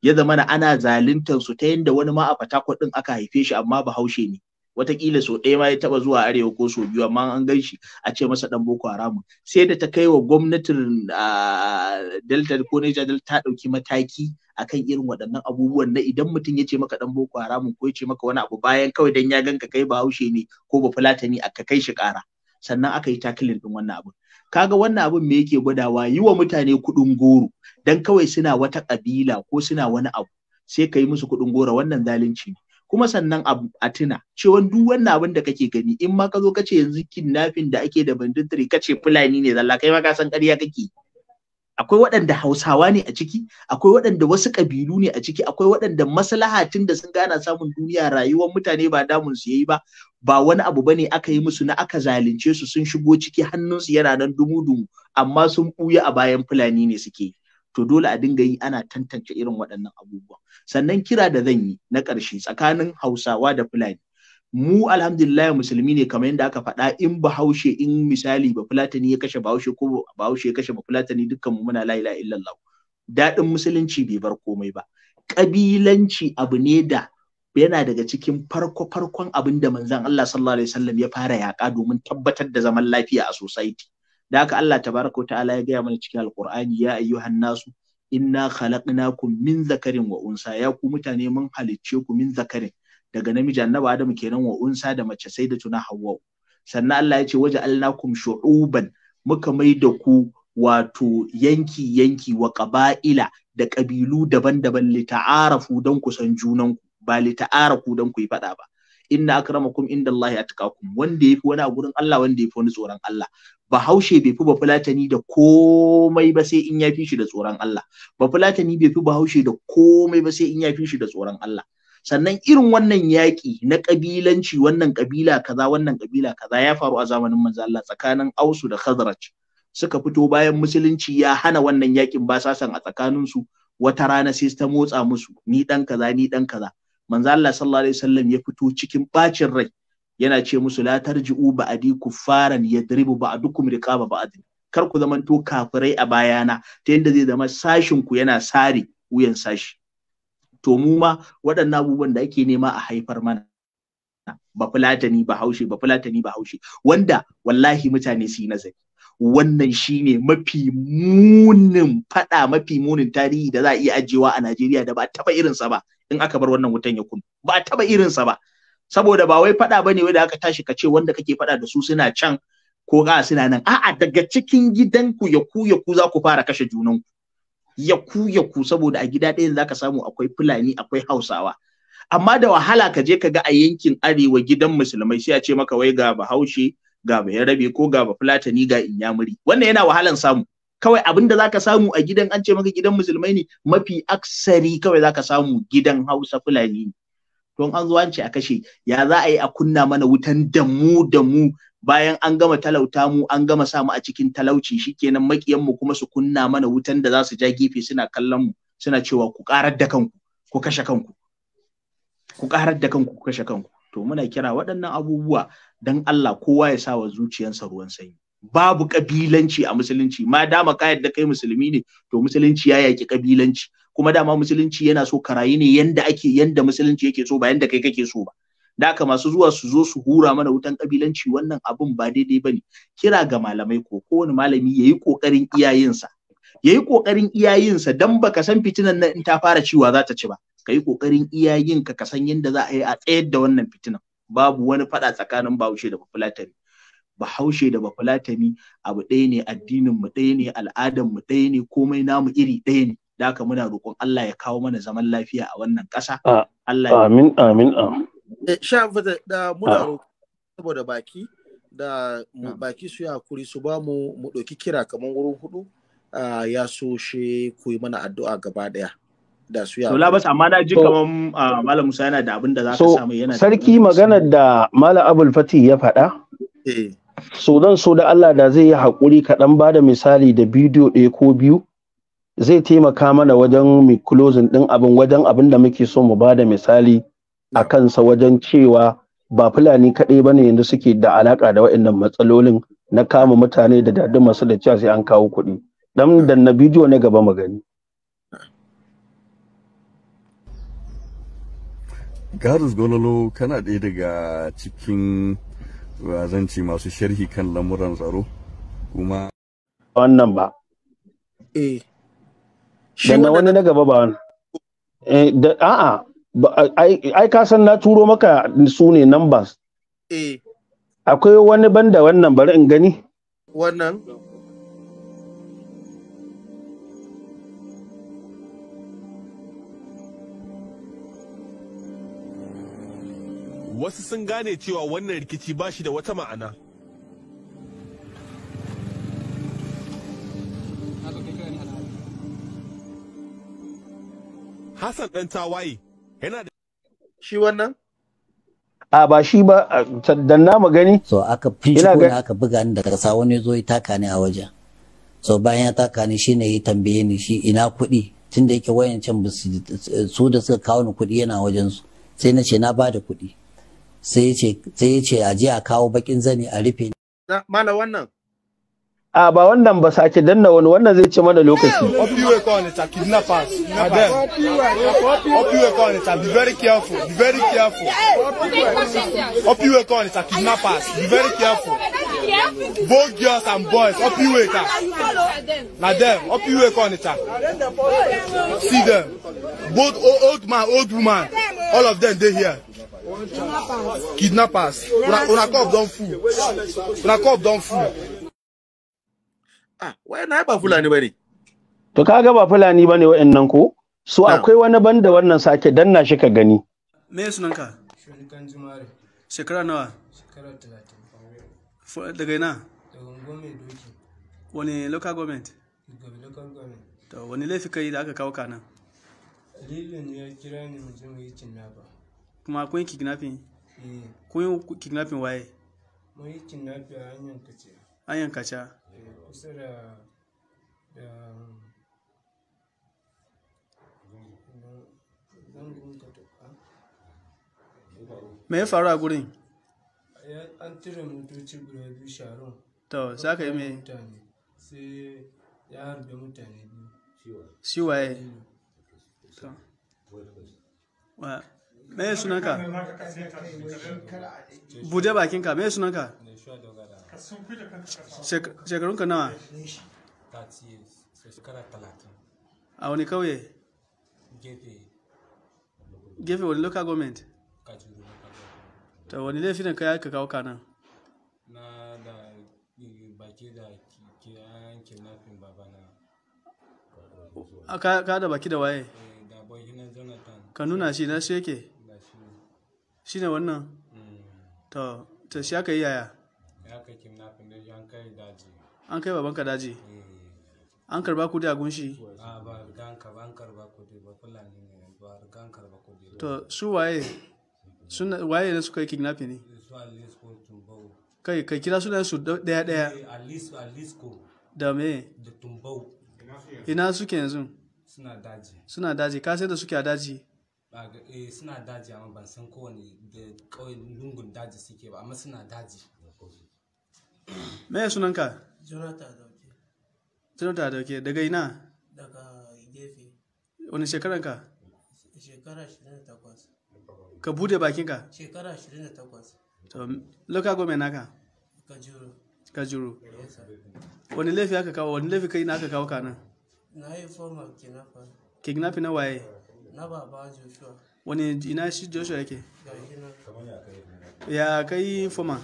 ya zamana ana zaluntar su ta yadda wani ma a Fatakwat ɗin aka haife shi amma bahaushe ne watakila so ɗaya ma ya taɓa zuwa arewa ko so biyu amma an gan shi a ce masa dan boko haramun sai da ta kai wa gwamnatin delta ko niger delta ta ɗauki mataki akan irin waɗannan abubuwan na idan mutum ya ce maka dan boko haramun ko ya ce maka wani abu bayan kawai dan ya ganka kai bahaushe ne ko ba fulata ne, aka kai shi ƙara sannan aka yi takilin din wannan abun kaga wannan abun me yake gwadawa yi wa mutane kuɗin goro dan kawai suna wata ƙabila ko suna wani abu sai ka yi musu kuɗin goro wannan zalunci ne kuma sannan a tuna cewa duk wannan abin da kake gani in ma ka zo ka ce yanzu kidnapping da ake da banditiri ka ce fulani ne zalla kai ma ka san ƙarya kake akwai waɗanda hausawa ne a ciki akwai waɗanda wasu ƙabilu ne a ciki akwai waɗanda maslahatin da sun gana samun duniya rayuwar mutane ba damun su yayi ba ba wani abu bane aka yi musu na aka zalunce su sun shigo ciki hannunsu yana nan dumu-dumu amma sun ɓuya a bayan fulani ne suke yi to dole a dinga yi ana tantance irin waɗannan abubuwa sannan kira da zan yi na ƙarshe tsakanin hausawa da fulani mu alhamdulillah musulmi ne kamar yadda aka faɗa in bahaushe in misali ba fulatani ya kashe bahaushe ko bahaushe ya kashe ba fulatani dukkan mu muna la'ila illallah daɗin musulunci bai bar komai ba ƙabilanci abu ne da yana daga cikin farko farkon abin da manzon Allah sallallahu alaihi wasallam ya fara yaƙa domin tabbatar da zaman lafiya a society da haka Allah tabaraka ta'ala ya gaya mana cikin alqur'ani ya ayyuhan nasu inna khalaqnakum min zakarin wa unsa ya ku mutane mun halicce ku min zakarin daga namiji annabi adamu kenan wa unsa da mace sai da tuna hawwa sannan Allah ya ce waje alnakum shu'uban muka mai da ku wato yanki yanki wa qaba'ila da ƙabilu daban-daban lita'arafu ku don ku san ku. ba lita'arafu ku don ku yi faɗa ba inna akramakum indallahi atqakum wanda yafi wani a gurin Allah wanda yafi wani tsoron Allah bahaushe bai fi fulatani da komai ba sai in ya fi shi da tsoron Allah fulatani bai fi bahaushe da komai ba sai in ya fi shi da tsoron Allah sannan irin wannan yaƙi na ƙabilanci wannan ƙabila kaza wannan ƙabila kaza ya faru a zamanin manzo Allah tsakanin Ausu da Khazraj suka fito bayan musulunci ya hana wannan yaƙin ba sasan a tsakaninsu wata rana sai ta motsa musu ni ɗan kaza ni dan kaza manzo Allah sallallahu alaihi wasallam ya fito cikin bacin rai yana ce musu la tarji'u ba'di kuffaran yadribu ba'dukum riqaba ba'd kar ku zamanto kafirai a bayana ta yadda zai zama sashin ku yana sare wuyan sashi to mu ma waɗannan abubuwan da ake nema a haifar mana ba fulatani ba haushe ba fulatani ba haushe wanda wallahi mutane su yi nazari wannan shine mafi munin fada mafi munin tarihi da za a iya ajiyewa a Najeriya da ba a taba irinsa ba in aka bar wannan wutan ya kunu ba a taba irinsa ba saboda ba wai fada bane wanda aka tashi ka ce wanda kake fada da su suna can ko ga suna nan a'a daga cikin gidanku ya ku ya ku za ku fara kashe junanku ya ku ya ku saboda a gida ɗaya zaka samu akwai fulani akwai hausawa amma da wahala ka je ka ga a yankin arewa gidan musulmai sai a ce maka wai ga bahaushe ga bayan rabe ko ga ba fulatani ga inyamuri wannan yana wahalan samu kawai abin da zaka samu a gidan an ce maka gidan musulmai ne mafi aksari kawai zaka samu gidan hausa fulani ne to an zo an ce a kashe ya za a yi a kunna mana wutan damu mu bayan an gama talauta mu an gama sa mu a cikin talauci shikenan makiyan mu kuma su kunna mana wutan da za su ja gefe suna kallon mu suna cewa ku karar da kanku ku kashe kanku ku karar da kanku ku kashe kanku to muna kira waɗannan abubuwa don Allah kowa ya sa wa zuciyarsa ruwan sanyi babu kabilanci a musulunci ma dama ka yadda kai musulmi ne to musulunci ya yaki kabilanci kuma dama musulunci yana so karayi ne yanda ake yanda musulunci yake so ba yanda kai kake so ba da masu zuwa su zo su hura mana wutan kabilanci wannan abun ba daidai ba ne. kira ga malamai ko kowane malami yayi kokarin iyayensa yayi kokarin iyayensa dan baka san fitinan nan in ta fara ciwa za ta ci ba ka yi ƙoƙarin iya yin ka san yadda za a yi a tsayar da wannan fitinan babu wani faɗa tsakanin bahaushe da bafulatani bahaushe da bafulatani abu ɗaya ne addinin mu ɗaya ne al'adan mu ɗaya ne komai namu iri ɗaya ne da haka muna roƙon Allah ya kawo mana zaman lafiya a wannan ƙasa Allah amin amin amin eh, sha da muna roƙon saboda baki da baki su yi hakuri su ba mu mu ɗauki kira kamar wurin huɗu. ya so shi ku yi mana addu'a gaba ɗaya da su labas amma na ji kaman ah, malam Musa yana da abin da za ka samu yana da sarki maganar da malam Abul fati ya faɗa eh. so dan so da Allah da zai yi hakuri kaɗan ba da misali da bidiyo ɗaya ko biyu zai taimaka mana wajen mi closing ɗin abin wajen abin da muke so mu ba da misali a kansa wajen cewa ba fulani kaɗai ba ne yanzu suke da alaƙa da waɗannan matsalolin na kama mutane da dadin masu da cewa sai an kawo kuɗi dan da na bidiyo na gaba magani Garis Gololo kana ɗaya daga cikin wazanci masu sharhi kan lamuran tsaro kuma wannan ba eh shi wani na gaba ba wani eh da a'a ai ka san na turo maka su ne numbers eh akwai wani banda wannan bari in gani wannan wasu sun gane cewa wannan rikici ba shi da wata ma'ana hassan ɗan tawaye yana da shi wannan a ba shi ba dan na gani. so aka finciko ne aka buga ni daga sa wani zo ya taka ni a wajen so bayan ya taka ni shine ya tambaye ni shi ina kuɗi tunda yake wayancan su da suka kawo ni kuɗi yana wajen su sai na ce na bada kuɗi sai ya ce a je a kawo bakin zani a rufe mana wannan a ba wannan ba sake danna wani wannan zai ce mana lokaci opiwe kawai ta kidnappers adam opiwe kawai ta be very careful be very careful opiwe kawai ta kidnappers be very careful both girls and boys opiwe ka na dem opiwe kawai ta see them both old man old woman all of them dey here Kidnappers. Unakop don fu. Unakop don fu. Ah, wayan na ba Fulani bane. To ka ga ba Fulani bane wa'annan ko? So akwai wani banda wannan sake danna shi ka gani. Me sunanka? Shurikan Jumare. Shekara nawa? Shekara 30. Daga ina? Daga Ngome Doki. Wani local government? Daga local government. To wani laifi kai da aka kawo kana? Lilin ya kira ni mu je mu yi cinna ba. kuma kun kidnapping eh. kun yi kidnapping waye mun yi kidnapping a hanyar kace hanyar kaca eh, kusa da da me ya faru a gurin an tare motoci guda biyu sharon to za ka yi mai sai ya harbe mutane biyu shi waye me sunan ka bude bakin ka me sunan ka shekarun ka nawa a wani kauye gefe wani local government ta wani laifinan ka kai aka kawo kanan na da baki da ka da baki da waye eh, ka nuna shi na shi yake shi ne wannan mm. ta shi aka yi yaya an kai babanka daji eh. an karba kudi a gunshi ah, a to su waye waye ne suka yi ne kai kai kira sunan su daya daya eh, da me ina suke yanzu suna daji suna daji ka da suke a daji Eh, suna daji amma ban san kowane da kawai lungun daji suke ba amma suna daji me sunanka jonathan dauke jonathan dauke daga ina daga gefe wani shekaran ka shekara 28 ka bude bakinka shekara 28 to local government naka kajuru kajuru wani laifi aka kawo wani laifi kai na aka kawo ka na yi formal kidnapping kidnapping na waye na baba joshua wani ina shi joshua yake ya kai foma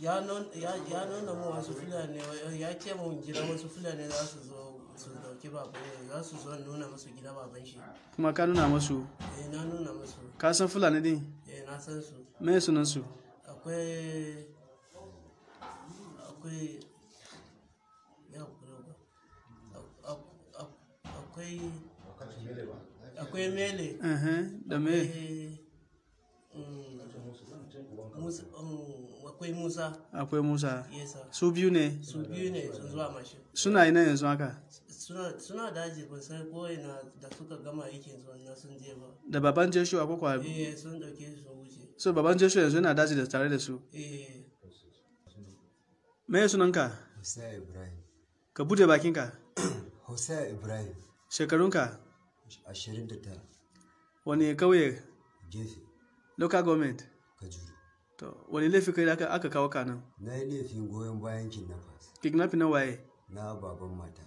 ya nuna mu wasu fulani eh, ya ce mu gida wasu fulani za su zo su dauki baban ne za su zo nuna musu gida baban shi kuma ka nuna musu eh na nuna musu ka san fulani din eh na san su me sunan su akwai akwai ya akwai akwai akwai mele da eh, mm, mm, akwai musa akwai musa su biyu ne su biyu ne sun zuwa mashi suna ina yanzu haka suna daji ban sai ko ina da suka gama aikin su na sun je ba da baban jeshu a kwakwa eh sun dauke su wuce so baban jeshu yanzu yana daji da tare da su eh me sunanka Hosea Ibrahim ka bude bakinka Hosea Ibrahim shekarunka ashirin da tara wani kauye gefe local government kajuru to wani laifi kai aka aka kawo kanan na yi laifin goyon bayan kidnappers kidnapping na waye na baban mata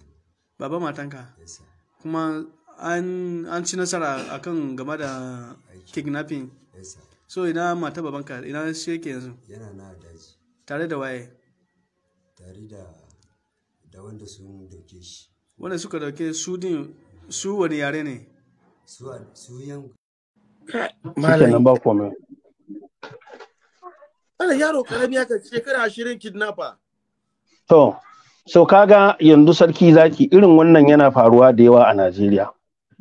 baban matanka yes, kuma an an ci nasara akan game da kidnapping yes, so ina mata baban ka ina shi yanzu yana na daji tare da waye tare da da wanda sun dauke shi wanda suka dauke su din su wani yare ne su yan ba Ana yaro karami shekara ashirin kidnapper. To, so kaga yanzu sarki zaki irin wannan yana faruwa da yawa a Najeriya.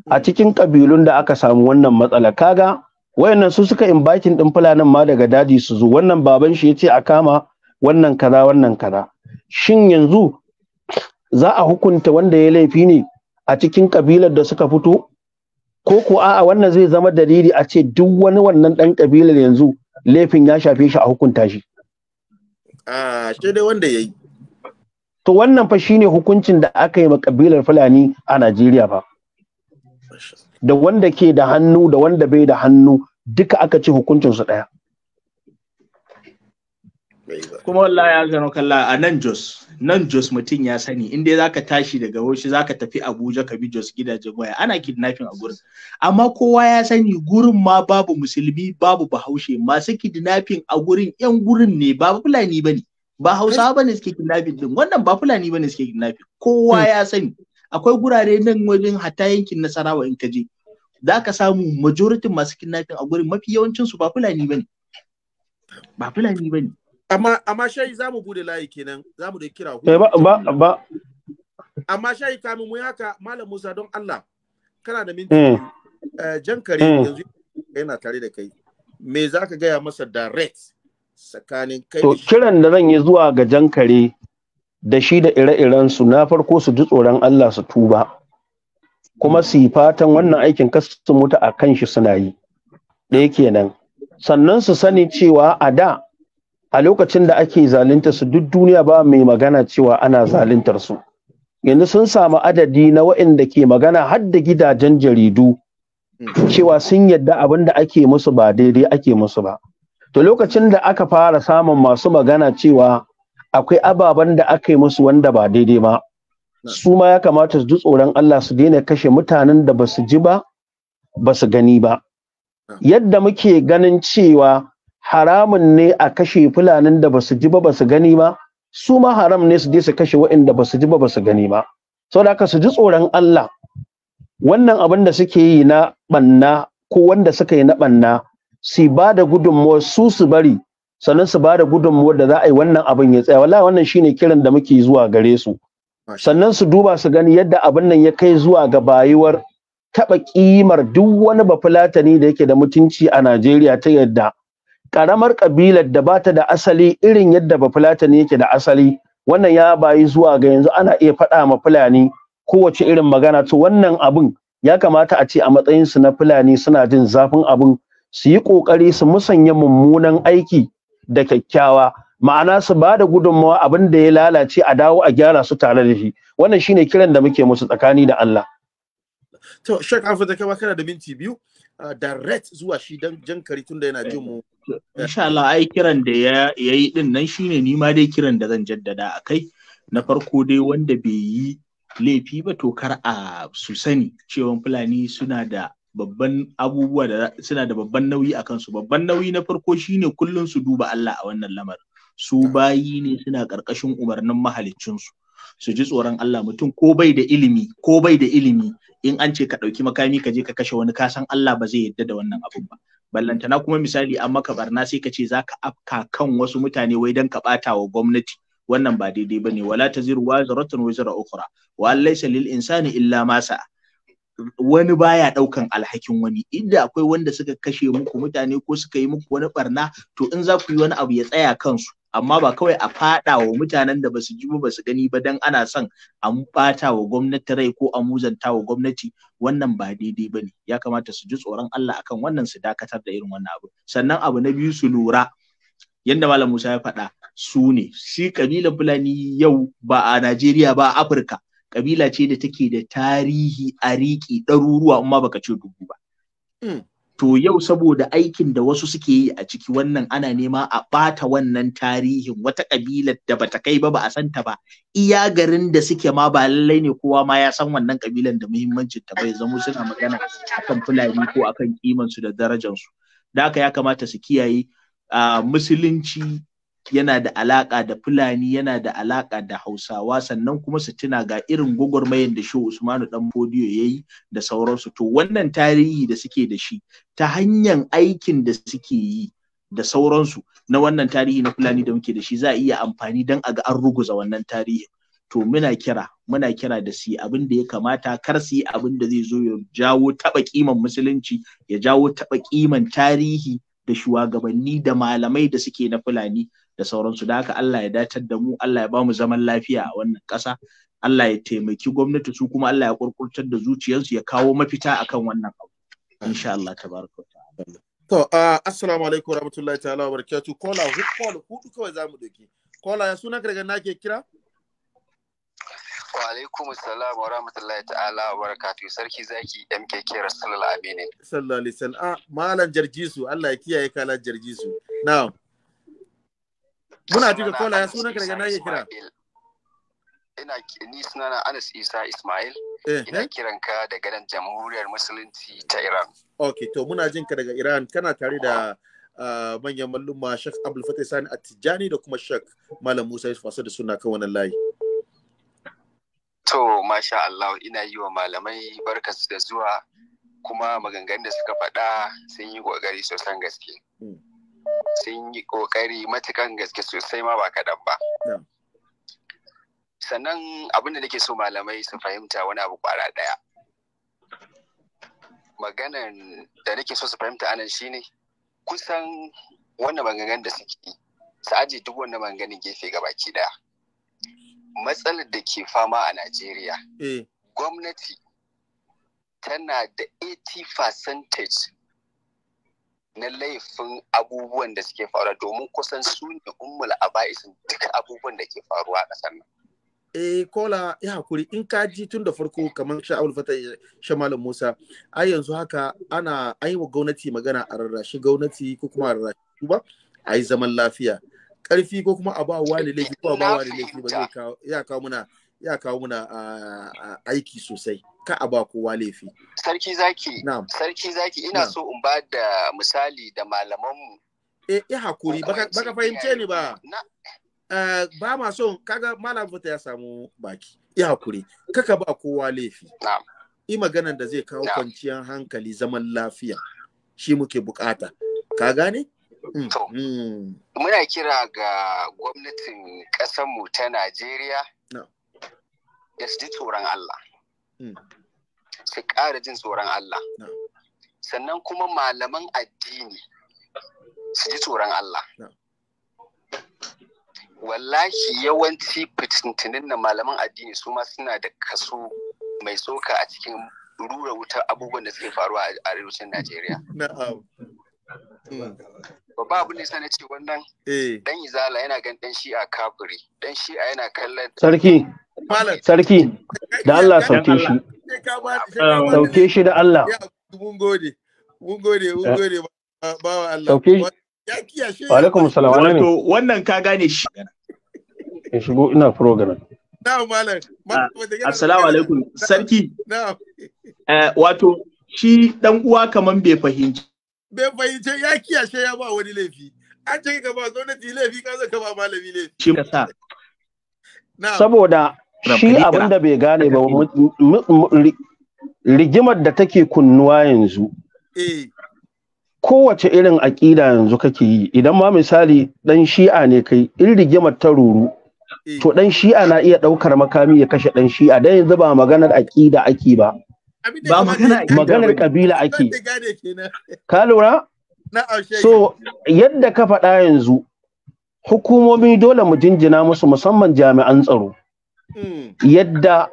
A mm. cikin kabilun da aka samu wannan matsala kaga wayannan su suka bakin din fulanin ma daga daji su zo wannan baban shi yace a kama wannan kaza wannan kaza. Shin yanzu za a hukunta wanda ya laifi ne a cikin kabilar da suka fito ko ko a'a wannan zai zama dalili a ce duk wani wannan dan kabilar yanzu laifin ya shafe shi a hukunta shi a shi dai wanda yayi to wannan fa shine hukuncin da aka yi ma kabilar Fulani a Najeriya fa da wanda ke da hannu da wanda bai da hannu duka aka ce hukuncin su daya kuma wallahi ya gano kalla a nan Jos nan Jos mutum ya sani in dai zaka tashi daga Bauchi zaka tafi Abuja ka bi Jos gidajen waya ana kidnapping a gurin amma kowa ya sani gurin ma babu musulmi babu bahaushe masu kidnapping a gurin yan gurin ne ba fulani bane ba Hausawa bane suke kidnapping din wannan ba fulani bane suke kidnapping kowa hmm. ya sani akwai gurare nan wajen hatta yankin Nasarawa in ka je za ka samu majority masu kidnapping a gurin mafi yawancin su ba fulani bane ba fulani bane amma amma shayi mu bude layi kenan mu da kira ku eh, ba ba ba amma shayi kamin mu haka malam Musa don Allah kana da minti hmm. eh, jan kare hmm. yanzu yana tare da kai me zaka gaya masa direct tsakanin kai to kiran da zan yi zuwa ga jan kare da shi da ire-iren su na farko su ji tsoron Allah su tuba kuma su yi fatan wannan aikin kasu su mutu a kan shi suna yi ɗaya kenan sannan su sani cewa a da a lokacin da ake zalunta su duk duniya ba mai magana cewa ana zaluntar su yanzu sun samu adadi na waɗanda ke magana har da gidajen jaridu cewa sun yadda abin da ake musu ba daidai ake musu ba to lokacin da aka fara samun masu magana cewa akwai ababen da aka yi musu wanda ba daidai ba su ma ya kamata su ji tsoron Allah su daina kashe mutanen da ba su ji ba ba su gani ba yadda muke ganin cewa haramun ne a kashe fulanin da basu ji ba basu gani ba su ma haram ne su je su kashe waɗanda basu ji ba basu gani ba saboda haka su ji tsoron Allah wannan abin da suke yi na banna ko wanda suka yi na banna su ba da gudunmuwa su su bari sannan su ba da gudunmuwa da za a yi wannan abin ya tsaya wallahi wannan shine kiran da muke zuwa gare su sannan su duba su gani yadda abin nan ya kai zuwa ga bayuwar taɓa kimar duk wani bafulatani da yake da mutunci a Najeriya ta yadda karamar kabilar da bata da asali irin yadda ba ne yake da asali wannan ya bayi zuwa ga yanzu ana iya faɗa ma fulani kowace irin magana to wannan abin ya kamata a ce a matsayin su na fulani suna jin zafin abun su yi ƙoƙari su musanya mummunan aiki da kyakkyawa ma'ana su ba da gudunmawa abin da ya lalace a dawo a gyara su tare da shi wannan shine kiran da muke musu tsakani da Allah to shek da kana da minti biyu Uh, direct zuwa shi don kari tun tunda yana jin mu eh, insha Allah ai kiran da ya yi din nan shine ni ma dai kiran da zan jaddada a kai. na farko dai wanda bai yi laifi ba to kar a su sani cewa fulani suna da babban abubuwa da suna da babban nauyi a kansu babban nauyi na farko shine kullum su duba Allah a wannan lamar. su bayi ne suna karkashin umarnin mahaliccinsu su ji tsoron Allah mutum ko bai da ilimi ko bai da ilimi in an ce ka ɗauki makami ka je ka kashe wani kasan Allah ba zai yadda da wannan abin ba ballantana kuma misali an maka barna sai ka ce za ka afka kan wasu mutane wai don ka ɓata wa gwamnati wannan ba daidai ba ne wala taziru wa zaratun wa zara ukhra wa lil insani illa masa. sa'a wani baya ɗaukan alhakin wani inda akwai wanda suka kashe muku mutane ko suka yi muku wani barna to in za ku yi wani abu ya tsaya kansu amma ba kawai a fada wa mutanen da basu ji ba su gani ba dan ana son a bata wa gwamnati rai ko a muzanta wa gwamnati wannan ba daidai ba ne ya kamata su ji tsoron Allah akan wannan su dakatar da irin wannan abu sannan abu na biyu su lura yadda malam Musa ya faɗa su ne shi kabilan Fulani yau ba a Najeriya ba a Afirka kabila ce da take da tarihi a riƙi ɗaruruwa amma baka ce dubu ba. Hmm. To yau saboda aikin da wasu suke yi a ciki wannan ana nema a ɓata wannan tarihin wata ƙabilar da bata kai ba ba a santa ba. Iya garin da suke ma ba lallai ne kowa ma ya san wannan ƙabilar da muhimmancin ta bai zamo suna magana akan Fulani ko akan kimansu da darajansu. Da haka ya kamata su kiyaye ah, musulunci yana da alaƙa da Fulani yana da alaƙa da Hausawa sannan kuma su tuna ga irin gwagwarmayar da Shehu Usmanu dan Fodiyo ya yi da sauransu to wannan tarihi da suke da shi ta hanyar aikin da suke yi da sauransu na wannan tarihi na Fulani da muke da shi za a iya amfani don a ga an ruguza wannan tarihi to muna kira muna kira da su abin da ya kamata kar su yi abin da zai zo ya jawo taɓa kiman musulunci ya jawo taɓa kiman tarihi da shugabanni da malamai da suke na Fulani da sauransu da haka Allah ya dacar da mu Allah ya ba mu zaman lafiya a wannan ƙasa Allah ya taimaki gwamnati su kuma Allah ya kurkurtar da zuciyarsu ya kawo mafita akan wannan abu insha Allah tabaraka ta'ala to assalamu alaikum warahmatullahi ta'ala wabarakatuh kola kola hudu kawai zamu dake kola ya sunan daga nake kira Wa alaikum assalam wa rahmatullahi ta'ala wa barakatuh sarki zaki MKK Rasulullah Aminin. Sallallahu alaihi wasallam. Ah, malam jarjisu Allah ya kiyaye kalan jarjisu. Na'am. muna ji kola ya sunan ka daga na kira ina ni sunana Anas Isa Ismail eh, ina eh. kiran ka da gadon Jamhuriyar Musulunci ta Iran okay to muna jin ka daga Iran kana tare da ah, manyan malluma Sheikh Abdul Fatih Sani Attijani da kuma Sheikh Malam Musa Yusuf Asad da suna kan wannan layi to masha Allah ina yi wa malamai barkas da zuwa kuma maganganun da suka faɗa sun yi ƙoƙari sosan gaske. Hmm. sun yi kokari matukan gaske sosai ma ba kaɗan ba sannan abinda nake so malamai su fahimta wani abu kwara ɗaya maganan da nake so su fahimta anan shi ne. kusan wannan maganganun da suke yi su aje duk wannan maganganun gefe ga baki ɗaya matsalar da ke fama a najeriya eh. gwamnati tana da 80 percentage na laifin abubuwan da suke faruwa domin kusan su ne ummul aba'isin duka abubuwan da ke faruwa a ƙasar nan. Eh kola ya hakuri in ka ji tun da farko kamar sha'awul fata shamalin Musa ai yanzu haka ana ai wa gwamnati magana a rarrashi gwamnati ko kuma a rarrashi ba a yi zaman lafiya karfi ko kuma a ba wani laifi ko a ba wani laifi ba zai ya kawo muna ya kawo muna aiki sosai ka a ba kowa laifi sarki zaki sarki zaki ina so in ba da misali da malamanmu eh ya eh, hakuri baka fahimce ni ba eh, ba ma so kaga malam fita ya samu baki ya hakuri kaka ba kowa laifi yi maganan da zai kawo kwanciyar hankali zaman lafiya shi muke bukata ka gane hmm, hmm. muna kira ga gwamnatin ƙasarmu ta najeriya ya ji tsoron Allah hmm. su ƙara jin tsoron Allah sannan kuma malaman addini su ji tsoron Allah wallahi yawanci fitintinin na malaman addini su ma suna da kaso mai tsoka a cikin rura wutar abubuwan da suke faruwa a arewacin Najeriya. Hmm. Babba abu ne sana ce wannan eh. dan izala yana gan dan shi'a kafiri dan shi'a yana kallon sarki sarki da Allah sauke shi sauke shi da Allah sauke shi ya wa shigo ina program na'am malam ah, alaikum sarki eh, wato shi dan uwa kaman bai fahimci saboda shi abin da bai gane ba rigimar da take kunnuwa yanzu eh. kowace irin aƙida yanzu kake yi idan ma misali ɗan shi'a ne kai in rigimar ta ruru eh. to ɗan shi'a na iya ɗaukar makami ya kashe ɗan shi'a dan yanzu ba maganar aƙida ake ba ba maganar ƙabila ake ka lura so yadda ka faɗa yanzu hukumomi dole mu jinjina musu musamman jami'an tsaro yadda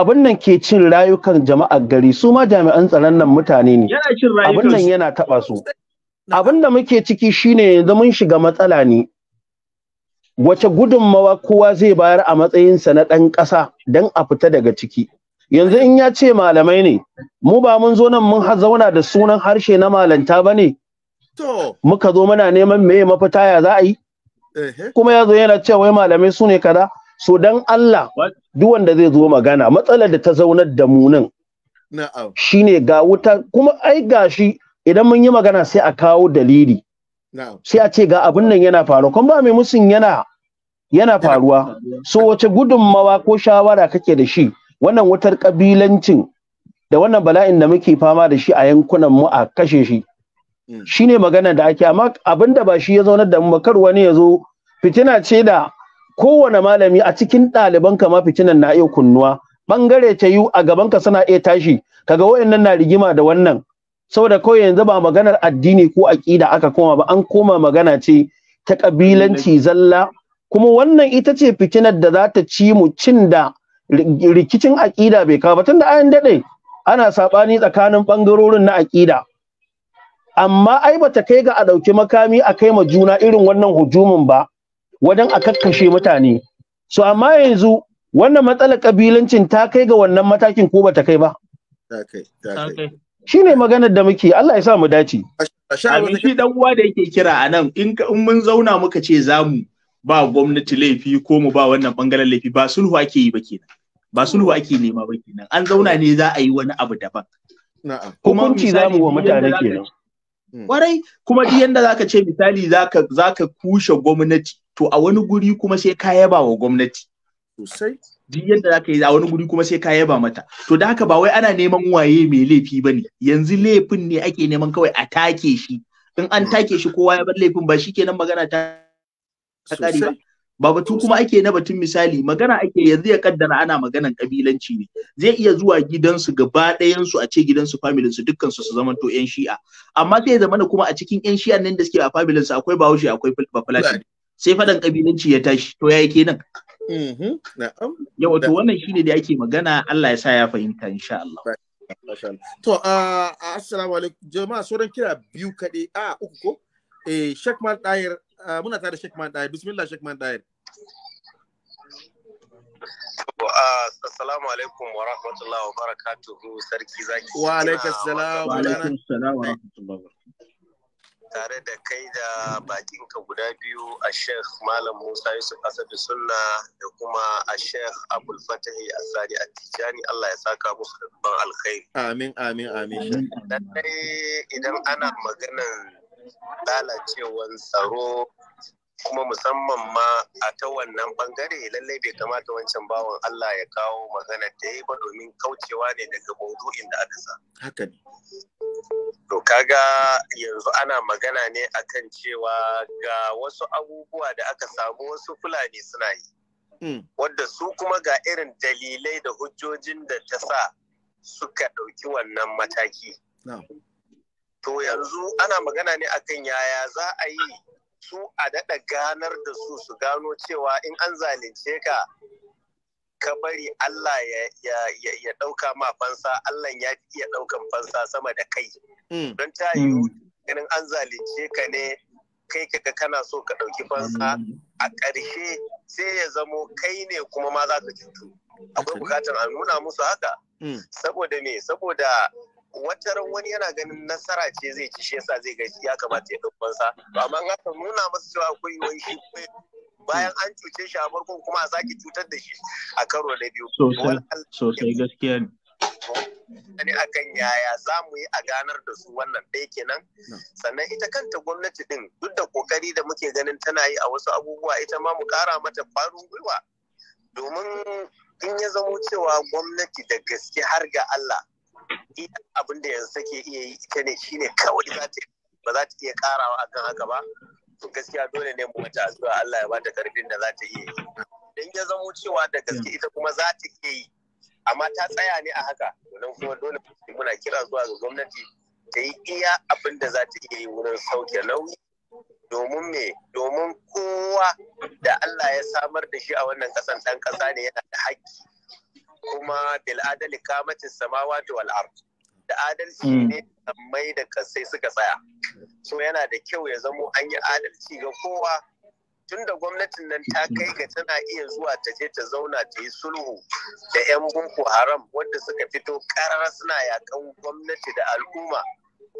abin nan ke cin rayukan jama'ar gari su ma jami'an tsaron nan mutane ne abin nan yana taba su abin da muke ciki shine yanzu mun shiga matsala ne wace gudunmawa kowa zai bayar a matsayinsa na ɗan ƙasa don a fita daga ciki yanzu in ya ce malamai ne mu ba mun zo nan mun zauna da sunan harshe na malanta ba ne muka zo muna neman meye mafita ya za a yi kuma ya zo yana cewa wai malamai su ne kaza so dan Allah duk wanda zai zo magana matsalar da ta zaunar da mu nan na'am shine ga wuta kuma ai gashi idan mun yi magana sai a kawo dalili na'am sai a ce ga abin nan yana faruwa kuma ba mai musun yana yana faruwa so wace gudunmawa ko shawara kake da shi wannan wutar kabilancin da wannan bala'in da muke fama da shi a yankunan mu a kashe shi mm. shine magana da ake amma abin da ba shi ya zaunar da mu kar wani ya zo fitina ce da kowane malami a cikin ɗaliban kama fitinan na iya kunnuwa Ɓangare ta yiwu a gaban ka suna iya tashi kaga wayannan na rigima da wannan saboda kawai yanzu ba maganar addini ko aƙida aka koma ba an koma magana ce ta ƙabilanci zalla kuma wannan ita ce fitinar da za ta ci mu cin da rikicin aƙida bai kawo ba tunda ayan daɗe ana saɓani tsakanin ɓangarorin na aƙida amma ai bata kai ga a ɗauki makami a kai ma juna irin wannan hujumin ba wajen a kakkashe mutane so amma yanzu wannan matsalar kabilancin ta kai ga wannan matakin ko bata kai ba shine maganar da muke Allah ya sa mu dace shi dan uwa da yake kira a nan in mun zauna muka ce zamu ba gwamnati laifi ko mu ba wannan bangaren laifi ba sulhu ake yi ba kenan ba sulhu ake nema ba kenan an zauna ne za a yi wani abu daban hukunci zamu wa mutane kenan hmm. kwarai kuma duk yanda zaka ce misali zaka zaka kushe gwamnati to a wani guri kuma sai ka yaba wa gwamnati sosai duk yadda za ka yi a wani guri kuma sai ka yaba mata to da haka ba wai ana neman waye mai laifi ba ne yanzu laifin ne ake neman kawai a take shi in an take shi kowa ya bar laifin ba shi kenan magana ta kare ba ba batu kuma ake na batun misali magana ake yanzu ya kaddara ana maganan kabilanci ne zai iya zuwa gidansu gaba ɗayansu a ce gidansu familin su dukkan su zamanto yan shi'a amma sai ya zamana kuma a cikin yan shi'a nan da suke a familin su akwai bahaushe akwai bafulashi sai faɗan kabilanci ya tashi to yayi kenan mhm, yawa to wannan ne da ake magana Allah ya sa ya fahimta insha Allah to ah, ah, assalamu alaikum jama'a sauran kira biyu kaɗai a ah, uku ko eh Man Dayar muna tare da Man Dayar bismillah man Dayar Assalamu alaikum wa rahmatullahi wa barakatuhu sarki zaki. Wa alaikum salam wa rahmatullahi wa barakatuhu. tare da kai da bakinka guda biyu a sheikh malam musa yusuf asadu sunna da kuma a sheikh abul Fatih asadi a tijani allah ya saka musu da ban alkhairi amin amin amin lallai idan ana maganan lalacewan tsaro kuma musamman ma a ta wannan bangare lallai bai kamata wancan bawan Allah ya kawo magana ta ya ba domin kaucewa ne daga maudu'in da aka sa. Haka ne. to kaga yanzu ana magana ne akan cewa ga wasu abubuwa da aka samu wasu fulani suna yi hmm. wadda su kuma ga irin dalilai da hujjojin da ta sa suka ɗauki wannan mataki to yanzu ana magana ne akan yaya za a yi su a daɗa ganar da su su gano cewa in an zalunce ka ka bari Allah ya ɗauka ma fansa Allah ya fi iya ɗaukan fansa sama da kai hmm. don ta yi hmm. ganin an zalunce ka ne kai kaga kana so ka ɗauki fansa hmm. a ƙarshe sai ya zamo kai ne kuma ma za ka cutu akwai bukatar a nuna musu haka saboda me saboda wata ran wani yana ganin nasara ce zai ci shi yasa zai gaji ya kamata ya dubbansa to amma haka nuna masa cewa akwai wani shi bayan an cuce shi a barkon kuma a sake cutar da shi a karo na biyu sosai gaskiya ne ne akan yaya za mu yi a ganar da su wannan ɗaya kenan sannan ita kanta gwamnati din duk da kokari da muke ganin tana yi a wasu abubuwa ita ma mu kara mata kwarin gwiwa domin in ya zamo cewa gwamnati da gaske har ga Allah abin da yanzu take iya yi ita ne shine kawai za ta ba za ta iya karawa akan haka ba to gaskiya dole ne mu wata zuwa Allah ya ba ta karfin da za ta iya yi dan ya zamo cewa da gaske ita kuma za ta iya yi amma ta tsaya ne a haka don kuma dole muna kira zuwa ga gwamnati ta yi iya abin da za ta iya yi wurin sauke nauyi domin me domin kowa da Allah ya samar da shi a wannan kasan ɗan ƙasa ne yana da haƙƙi kuma bil adali kamatin samawati wal ard da adalci hmm. ne mai da kasai suka tsaya so yana da kyau ya zamo an yi adalci ga kowa tun da gwamnatin nan ta kai ga tana iya zuwa ta je ta zauna ta yi sulhu da 'yan boko haram wadda suka fito karar suna yakan gwamnati da al'umma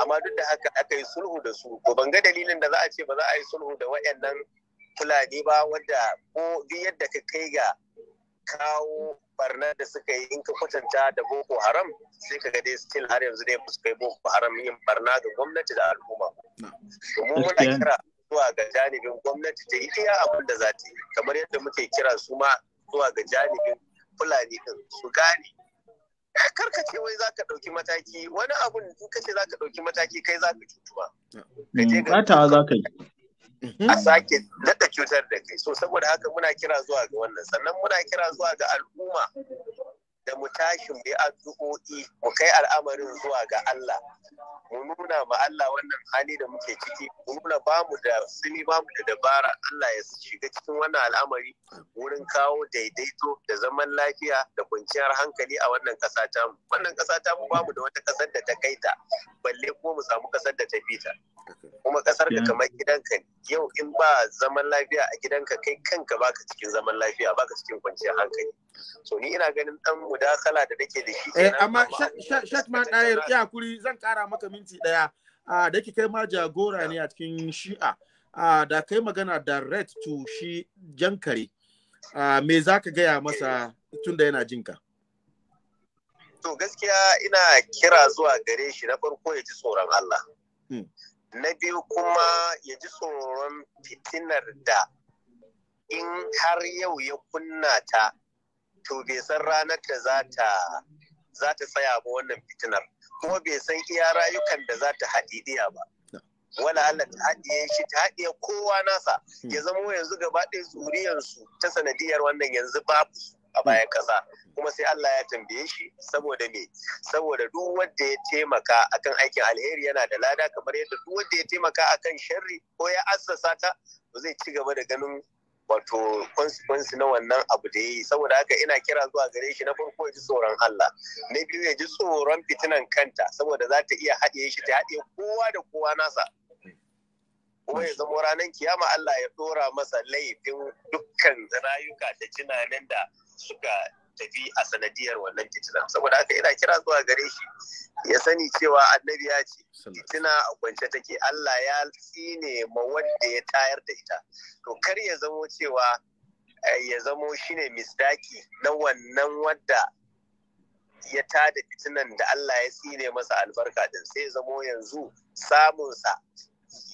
amma duk da haka aka yi sulhu da su ko ban ga dalilin da za a ce ba za a yi sulhu da waɗannan fulani ba wadda ko duk yadda ka kai ga kawo barnar da suka yi in ka kwatanta da boko haram sai ka ga dai still har yanzu dai ba su kai boko haram yin barna ga gwamnati da al'umma domin muna kira zuwa ga janibin gwamnati ta yi iya abin da za ta yi kamar yadda muke kira su ma zuwa ga janibin fulani din su gane eh, karkace wai za ka ɗauki mataki wani abun in ka ce za ka ɗauki mataki kai za ka cutu ba. Ka je ga mm, za ka yi. a mm-hmm. sake daɗa cutar da kai so saboda haka muna kira zuwa ga wannan sannan muna kira zuwa ga al'umma da mu tashin mu yi addu'o'i mu kai al'amarin zuwa ga Allah mu nuna ma Allah wannan hali da muke ciki mu nuna ba mu da ba mu da dabara Allah ya shiga cikin wannan al'amari wurin kawo daidaito da zaman lafiya da kwanciyar hankali a wannan ƙasa ta mu wannan ƙasa ta mu ba mu da wata ƙasar da ta kai ta balle ko mu samu ƙasar da ta bi ta kuma ƙasar da kamar gidanka yau in ba zaman lafiya a gidanka kai kanka baka cikin zaman lafiya baka cikin kwanciyar hankali so ni ina ganin dan mu mudakala da nake da shi eh, amma shak ya kuri zan ƙara maka minti ɗaya a ah, da kai ma jagora ne a cikin shi'a a ah, da kai magana direct to shi jankare ah, me za ka gaya masa tunda yana jinka to gaskiya ina kira zuwa gare shi na farko ya ji tsoron Allah hmm. na biyu kuma ya ji tsoron fitinar da in har yau ya kunna ta to bai san ranar da za ta za tsaya ba wannan fitinar kuma bai san iya rayukan da za ta haɗiɗiya ba wala Allah ta haɗiye shi ta haɗiye kowa nasa ya zama yanzu gaba ɗaya zuriyarsu ta sanadiyar wannan yanzu babu a bayan ƙasa kuma sai Allah ya tambaye shi saboda me saboda duk wanda ya taimaka akan aikin alheri yana da lada kamar yadda duk wanda ya taimaka akan sharri ko ya assasa ta zai ci gaba da ganin wato consequence na wannan abu da yi saboda haka ina kira zuwa gare shi na farko ya ji tsoron Allah na biyu ya ji tsoron fitinan kanta saboda za ta iya haɗe shi ta haɗe kowa da kowa nasa kuma ya zama ranar kiyama Allah ya ɗora masa laifin dukkan rayuka da tunanin da suka tafi a sanadiyar wannan fitilan saboda haka ina kira zuwa gare shi ya sani cewa annabi ya ce fitina a kwance take Allah ya tsine ma wanda ya tayar da ita to kar ya zamo cewa eh, ya zamo shine misdaki na wannan wadda ya tada fitinan da Allah ya tsine masa albarka din sai zamo yanzu samunsa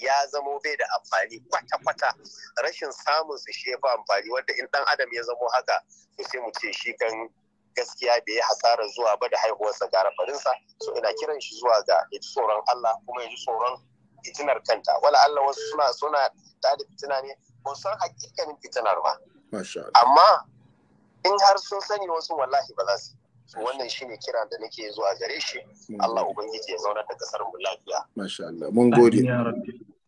ya zamo bai da amfani kwata-kwata rashin samun su shi fa amfani wanda in dan adam ya zamo haka to sai mu ce shi kan gaskiya bai yi hasara zuwa ba da haihuwarsa gara rafarinsa so ina kiran shi zuwa ga ya ji tsoron Allah kuma ya ji tsoron fitinar kanta wala Allah wasu suna suna ta da fitina ne ba san hakikanin fitinar ba amma in har sun sani wasu wallahi ba za su wannan shine kira da nake zuwa gare shi Allah ubangiji ya zauna da kasar mu lafiya masha Allah mun gode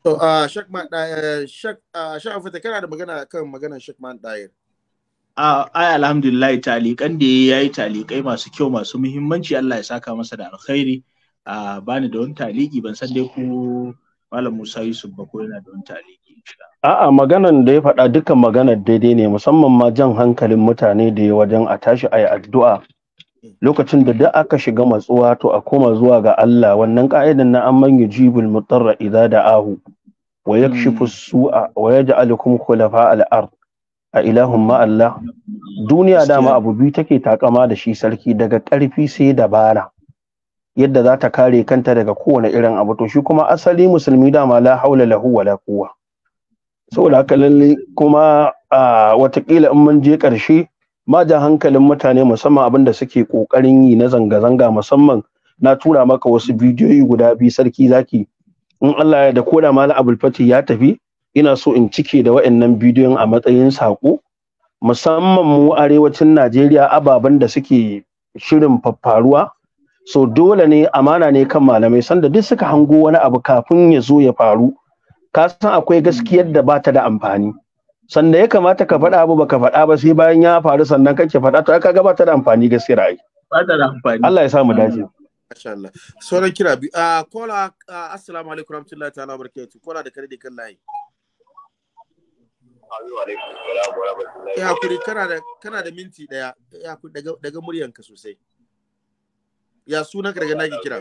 to a shak ma shak sha'afa kana da magana kan magana shak man dair a ai alhamdulillah talikan da yayi talikai masu kyau masu muhimmanci Allah ya saka masa da alkhairi a bani da wani taliki ban san dai ku. Malam Musa Yusuf Bako yana da wani taliki. A'a maganan da ya faɗa dukkan maganar daidai ne musamman ma jan hankalin mutane da ya wajen a tashi a yi addu'a lokacin da duk aka shiga matsuwa to a koma zuwa ga Allah wannan ka'idan na amman yujibul mutarra idza da'ahu wa yakshifu hmm. su'a wa yaj'alukum khulafa al-ard a ilahun ma Allah duniya dama abu biyu take takama da shi sarki daga ƙarfi sai dabara yadda za ta kare kanta daga kowane irin abu to shi kuma asali musulmi dama la haula lahu wala quwwa saboda haka lalle kuma a watakila in mun je ƙarshe ma hankalin mutane musamman abin da suke ƙoƙarin yi na zanga-zanga musamman na tura maka wasu bidiyoyi guda biyu sarki zaki in Allah ya da koda mala abul fati ya tafi ina so in cike da wa'annan bidiyon a matsayin saƙo musamman mu arewacin Najeriya ababen da suke shirin faffaruwa so dole ne amana ne kan malamai sanda duk suka hango wani abu kafin ya zo ya faru ka san akwai gaskiyar da bata da amfani sanda ya kamata ka faɗa abu baka faɗa ba sai bayan ya faru sannan kake faɗa to aka gabata da amfani gaskiya ai ba da amfani Allah ya sa mu dace Masha Allah. Sauran kira bi. a kola, assalamu alaikum warahmatullahi ta'ala wa barakatuh. Kola da kare da kan layi. Ya kuri kana da kana da minti daya. Ya hakuri daga daga muryanka sosai. Ya sunan ka daga naki kira.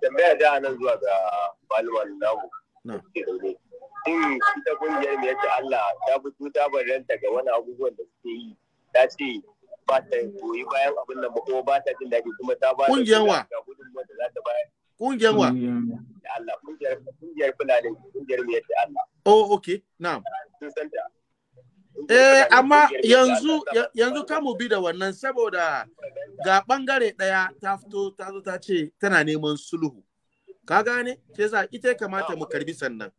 tambaya da nan zuwa ga malaman namu in ita kungiyar mai yace Allah ta fito ta barranta ga wani abubuwan da suke yi ta ce ba ta goyi bayan abin nan ba kuma ba ta jin daɗi kuma ta ba ta ga da ta bayar kungiyar wa Allah kungiyar kungiyar fulani kungiyar mai yace Allah oh okay na'am sun santa Eh, amma yanzu yanzu ka mu bi da wannan saboda ga bangare daya ta fito ta zo ta ce tana neman sulhu. Ka gane? Ke za ita kamata mu karbi sannan.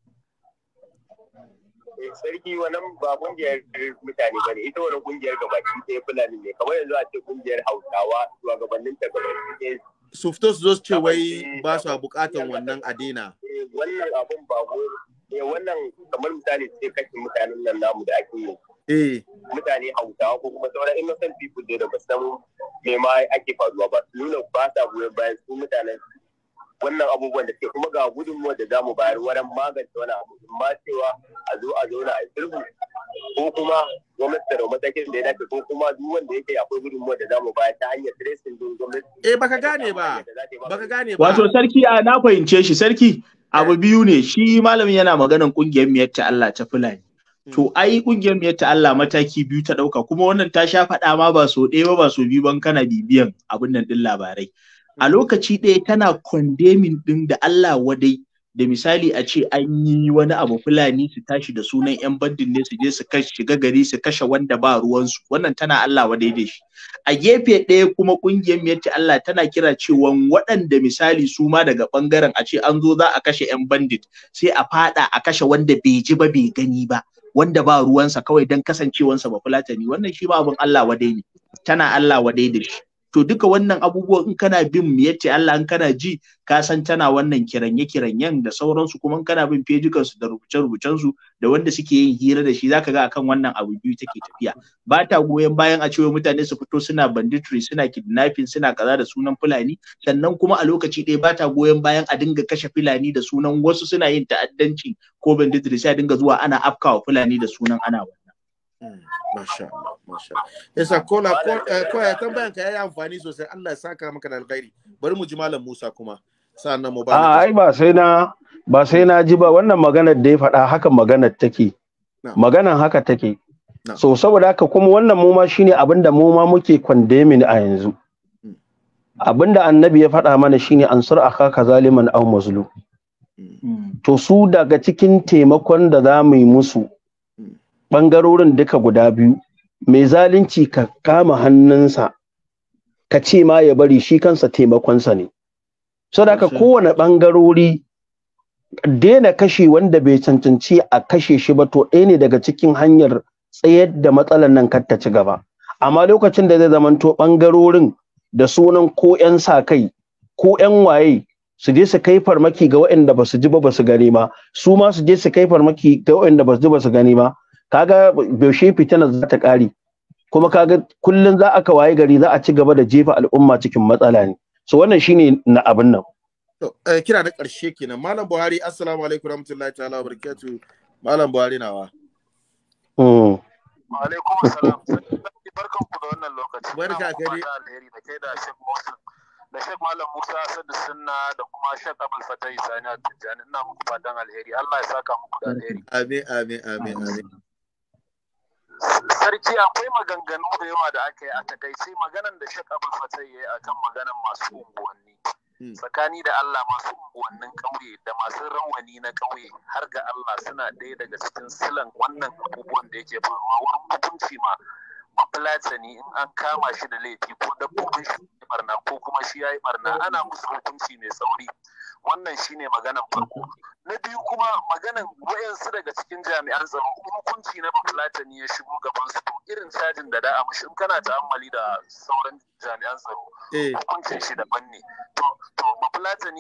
Eh, sarki wannan ba kungiyar mutane ba ne ita wani kungiyar gabaki ɗaya fulani ne kamar yanzu a ce kungiyar hausawa gabanin ta gabaki su fito su zo su ce wai ba su bukatan wannan adina eh, wannan abun ba eh, wannan kamar misali ce kashe mutanen nan namu da ake yi Eh. mutane a wuta ko kuma sauran innocent people da ba san me ma ake faruwa ba nuna ba sa goyon bayan su mutanen wannan abubuwan da ke kuma ga gudunmuwa da zamu bayar wurin magance wani abu ma cewa a zo a zauna a sulhu ko kuma gwamnati da matakin da ya dace ko kuma duk wanda yake akwai gudunmuwa da zamu bayar ta hanyar tracing din gwamnati eh baka gane ba baka gane ba wato sarki a na fahimce shi sarki abu eh. biyu ne shi malamin yana maganan kungiyar miyar ta Allah ta Fulani to ai kungiyar mu ta Allah mataki biyu ta dauka kuma wannan ta sha faɗa ma ba so ɗaya ba ba so biyu ban kana bibiyan abin nan din labarai a mm. lokaci ɗaya tana condemning din da Allah wadai da misali a ce an yi wani abu fulani su tashi da sunan yan bandin ne su je su shiga gari su kashe wanda ba ruwansu wannan tana Allah wadai da shi a gefe ɗaya kuma ƙungiyar ta Allah tana kira cewa waɗanda misali su ma daga bangaren a ce an zo za a kashe yan bandit sai a fada a kashe wanda bai ji ba bai gani ba wanda ba ruwansa kawai don kasancewansa ba fulatani wannan shi ba abin Allah wadai ne tana Allah wadai da shi to duka wannan abubuwan in kana bin yace Allah in kana ji ka san tana wannan kiranye kiranyen da sauransu kuma in kana bin fejikan su da rubuce rubucen su da wanda suke yin hira da shi zaka ga akan wannan abu biyu take tafiya ba ta goyon bayan a cewa mutane su fito suna banditry suna kidnapping suna kaza da sunan fulani sannan kuma a lokaci ɗaya ba ta goyon bayan a dinga kashe fulani da sunan wasu suna yin ta'addanci ko banditry sai a dinga zuwa ana afkawa fulani da sunan ana wa Mm, masha Allah, masha Allah. Yasa kola koya eh, tambayan ka yayi amfani sosai Allah ya saka maka da alkhairi. Bari mu ji Malam Musa kuma. Sa'annan mu ba. Ah, ai ba sai na ba sai na ji ba wannan maganar da ya faɗa haka maganar take. Maganar haka take. So saboda haka kuma wannan mu ma shine abinda mu ma muke condemning a yanzu. Mm. Abin da Annabi ya faɗa mana shine a kaka zaliman aw mazlum. Mm. To su daga cikin taimakon da za mu yi musu ɓangarorin duka guda biyu mai zalunci ka kama hannunsa ka ce ma ya bari shi kansa taimakonsa ne sadaka kowane ɓangarori daina kashe wanda bai cancanci a kashe shi ba to ɗaya ne daga cikin hanyar tsayar da matsalar nan kar ta ci gaba amma lokacin da zai zamanto ɓangarorin da sunan ko ƴan sa kai ko ƴan waye su je su kai farmaki ga waɗanda ba su ji ba ba su gani ba su ma su je su kai farmaki ga waɗanda ba su ji ba su gani ba kaga yaushe fitina za ta ƙari, kuma kaga kullun za a kawaye gari za a ci gaba da jefa al'umma cikin matsala ne so wannan shine na abin nan to eh, kira da ƙarshe kenan malam buhari assalamu alaikum warahmatullahi ta'ala barakatuh malam buhari nawa mm wa alaikum assalam barkan ku da wannan lokaci barka ka dai alheri da kai da Sheikh Musa da Sheikh Malam Musa Sadu Sunna da kuma Sheikh Abdul Fatai Sani Tijjani ina muku fatan alheri Allah ya saka muku da alheri amin amin amin amin sarki akwai maganganu da yawa da aka yi a takaice maganan da shek abul ya yi a kan maganan masu unguwanni hmm. tsakani da Allah masu unguwannin ƙauye da masu rawani na ƙauye har ga Allah suna ɗaya daga cikin silan wannan abubuwan da yake faruwa wurin hukunci ma mafulatani in an kama shi da laifi ko dabbobin shi barna ko kuma shi ya yi barna ana musu hukunci mai sauri wannan shine maganan farko na biyu kuma maganan wayansu daga cikin jami'an tsaro hukunci na fulatani ya shigo gaban su to irin cajin da da'a mashi in kana ta'ammali da sauran jami'an tsaro eh. hukuncin shi daban ne to to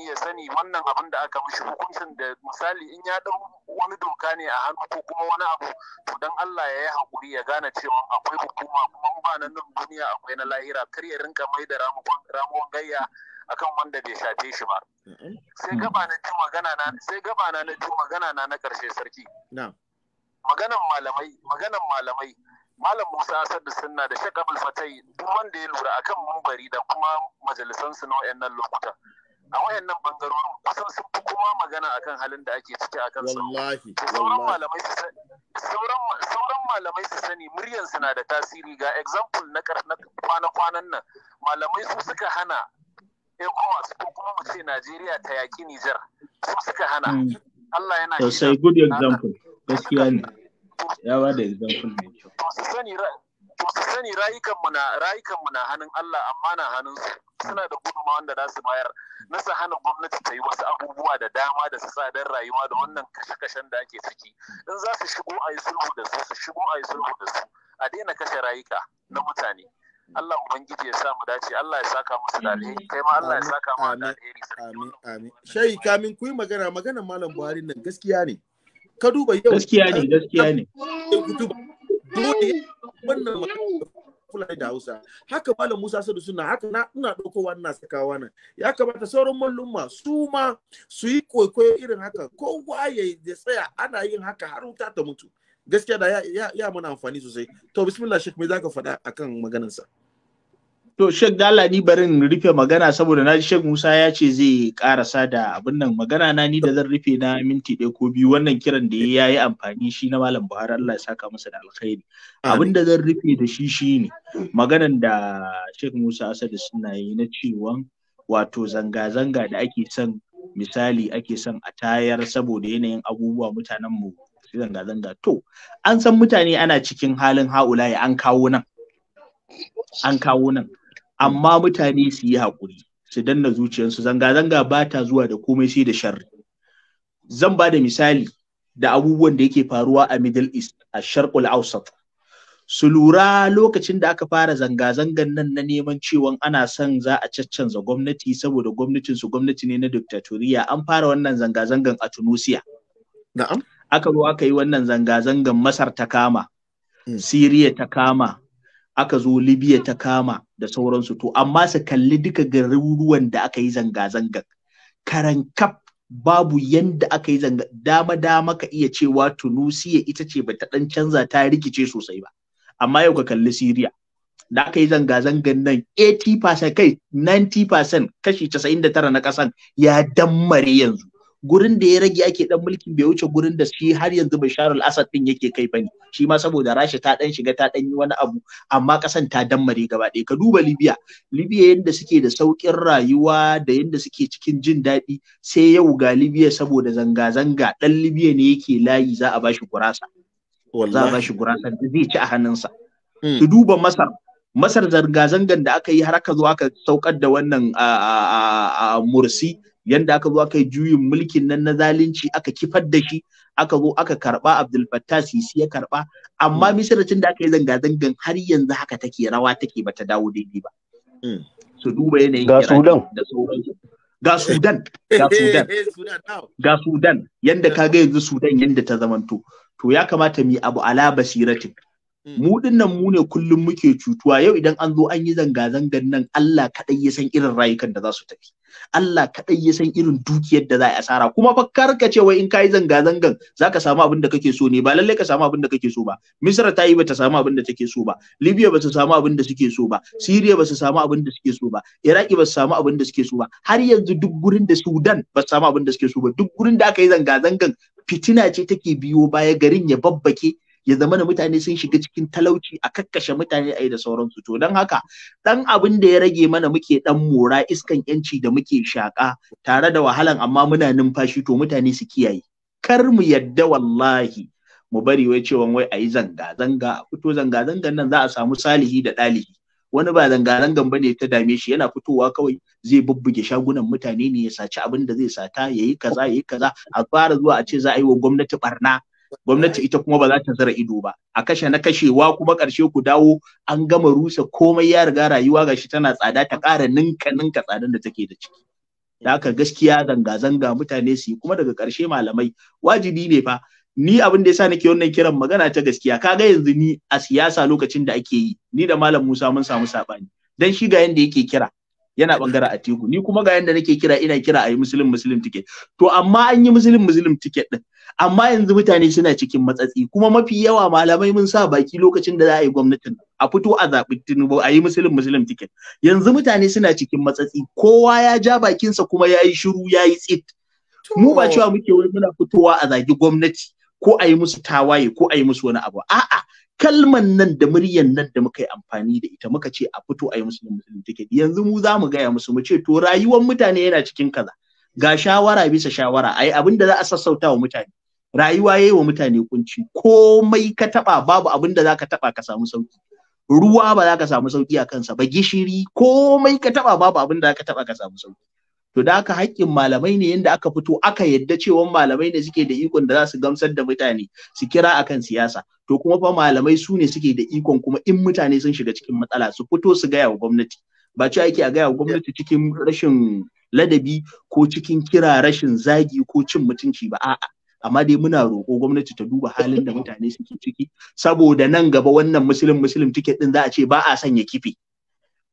ya sani wannan abin da aka mashi hukuncin da misali in ya dau wani doka ne a hannu ko kuma wani abu to dan Allah ya yi hakuri ya gane cewa akwai hukuma kuma ba nan duniya akwai na lahira kar ya rinka mai da ramuwan gayya akan wanda bai shafe shi ba sai gaba na ji magana na sai gaba na na ji magana na na karshe sarki maganan malamai maganan malamai malam Musa da Sunna da Sheikh Abdul Fatai duk wanda ya lura akan mumbari da kuma majalisan su na wayannan lokuta a wayannan bangarorin kusan sun fi kuma magana akan halin da ake ciki akan su wallahi sauran malamai su sauran sauran malamai su sani muryan su na da tasiri ga example na kwana-kwanan nan malamai su suka hana ECOWAS ko kuma mu ce Najeriya ta yaƙi Nijar su suka hana. Hmm. Allah yana shi. Sosai good example. Gaskiya ne. Ya ba da example mai kyau. To su sani to su rayukanmu na hannun Allah amma na hannun su suna da gudunmawa wanda za su bayar na su hana gwamnati ta yi wasu abubuwa da dama da su tsadar rayuwa da wannan kashe-kashen da ake ciki in za su shigo a yi sulhu da su su shigo a yi sulhu da su a daina kashe rayuka na mutane. Allah ubangiji ya sa mu dace Allah ya saka musu da alheri kai ma Allah ya saka mu da alheri amin amin shayi kamin ku yi magana maganar malam Buhari nan gaskiya ne ka duba yau gaskiya ne gaskiya ne dole wannan Fulani da Hausa haka malam Musa Sadu suna haka na ina ɗaukowa wannan sakawa nan ya kamata sauran mallum'a su ma su yi koyo irin haka kowa ya tsaya ana yin haka har wuta ta mutu gaskiya da ya ya mana amfani sosai to bismillah shek me zaka faɗa akan maganar sa to shek dala ni barin rufe magana saboda na shek Musa ya ce zai karasa da abin nan magana na ni da zan rufe na minti ɗaya ko biyu wannan kiran da ya yi amfani shi na malam Buhari Allah ya saka masa da alkhairi abin da zan rufe da shi shi ne maganan da shek Musa Asad suna yi na cewa wato zanga-zanga da ake son misali ake son a tayar saboda yanayin abubuwa mutanen mu zanga to an san mutane ana cikin halin ha'ulaye an kawo nan an kawo nan amma mutane su yi haƙuri su danna zuciyarsu zanga-zanga ba ta zuwa da komai sai da sharri zan ba da misali da abubuwan da yake faruwa a middle east a sharqul ausat su lura lokacin da aka fara zanga-zangan nan na neman cewa ana son za a caccanza gwamnati saboda gwamnatin su gwamnati ne na diktatoriya an fara wannan zanga-zangan a Tunusiya. Na'am. aka zo aka yi wannan zanga-zangan masar ta kama hmm. siriya ta kama aka zo libya ta kama da sauransu to amma su kalli duka garuruwan da aka yi zanga-zangan karan kaf babu yanda aka yi zanga dama dama ka iya cewa tunusiya ita ce bata dan canza ta rikice sosai ba amma yau ka kalli siriya da aka yi zanga-zangan nan 80% kai 90% kashi 99 na kasan ya dammare yanzu gurin da ya rage ake dan mulkin bai wuce gurin da shi har yanzu Bashar al-Assad din yake kai bane shi ma saboda Rasha ta dan shiga ta dan yi wani abu amma kasan ta dammare gaba ɗaya ka duba Libya Libya yanda suke da saukin rayuwa da yanda suke cikin jin daɗi sai yau ga Libya saboda zanga zanga dan Libya ne yake layi za a bashi gurasa za a bashi gurasa zai ci a hannunsa hmm. ki duba Masar Masar zanga-zangan da aka yi har aka zo aka saukar da wannan a mursi yanda aka zo aka yi juyin mulkin nan na zalunci aka kifar da shi aka zo aka karba Abdul Fattah Sisi ya karba amma hmm. Misira tun da aka yi zanga zangan har yanzu haka take rawa take bata dawo daidai ba hmm. su duba yanayin ga Sudan ga Sudan ga Sudan ga Sudan yanda kaga yanzu Sudan yanda ta zamanto to ya kamata mu abu ala basiratin mu dinnan mu ne kullum muke cutuwa yau idan an zo an yi zanga zangan nan Allah kaɗai ya san irin rayukan da za su tafi Allah kaɗai ya san irin dukiyar da za a asara kuma fa karka ce wai in ka yi zanga-zangan zaka ka samu abin da kake so ne ba lallai ka samu abin da kake so ba Misra ta yi ba ta samu abin da take so ba Libya ba ta samu abin da suke so ba Syria ba su samu abin da suke so ba Iraki ba su samu abin da suke so ba har yanzu duk gurin da Sudan ba su samu abin da suke so ba duk gurin da aka yi zanga-zangan fitina ce take biyo baya garin ya babbake ya zama da mutane sun shiga cikin talauci a kakkashe mutane a yi da sauransu to don haka dan abin da ya rage mana muke dan mora iskan yanci da muke shaka tare da wahalan amma muna numfashi to mutane su kiyaye kar mu yadda wallahi mu bari wai cewa wai a yi zanga zanga a fito zanga zangan nan za a samu salihi da ɗalihi wani ba zanga zangan ba ne ta dame shi yana fitowa kawai zai bubbuge shagunan mutane ne ya saci abin da zai sata yayi kaza yayi kaza a fara zuwa a ce za a yi wa gwamnati barna gwamnati ita kuma ba za ta zara ido ba a kashe na kashewa kuma ƙarshe ku dawo an gama rusa komai ya riga rayuwa gashi tana tsada ta ƙara ninka ninka tsadan da take da ciki da haka gaskiya zanga-zanga mutane su kuma daga ƙarshe malamai wajibi ne fa ni abin da yasa nake wannan kiran magana ta gaskiya kaga yanzu ni a siyasa lokacin da ake yi ni da malam Musa mun samu sabani dan shi ga yanda yake kira yana a Atiku ni kuma ga yanda nake kira ina kira a yi muslim muslim ticket to amma an yi muslim muslim ticket din amma yanzu mutane suna cikin matsatsi kuma mafi yawa malamai mun sa baki lokacin da za a yi gwamnatin a fito a zaɓi tinubu a yi musulun musulun ticket yanzu mutane suna cikin matsatsi kowa ya ja bakinsa kuma ya yi shiru ya yi tsit mu ba cewa muke wani muna fitowa a zagi gwamnati ko a yi musu tawaye ko a yi musu wani abu a'a kalman nan da muryan nan da muka yi amfani da ita muka ce a fito a yi musulun musulun ticket yanzu mu za mu gaya musu mu ce to rayuwar mutane yana cikin kaza ga shawara bisa shawara ai abin da za a sassauta wa mutane rayuwa ya yi wa mutane kunci komai ka taba babu abin da zaka taba ka samu sauki ruwa ba za ka samu sauki a kansa ba gishiri komai ka taba babu abin da zaka taba ka samu sauki to da haka haƙƙin malamai ne yanda aka fito aka yadda cewa malamai ne suke da ikon da za su gamsar da mutane su kira akan siyasa to kuma fa malamai su ne suke da ikon kuma in mutane sun shiga cikin matsala su fito su gaya wa gwamnati ba ci ake a gaya wa gwamnati cikin rashin ladabi ko cikin kira rashin zagi ko cin mutunci ba a'a amma dai muna roƙo gwamnati ta duba halin da mutane suke ciki saboda nan gaba wannan musulun musulun ticket din za a ce ba a sanya kife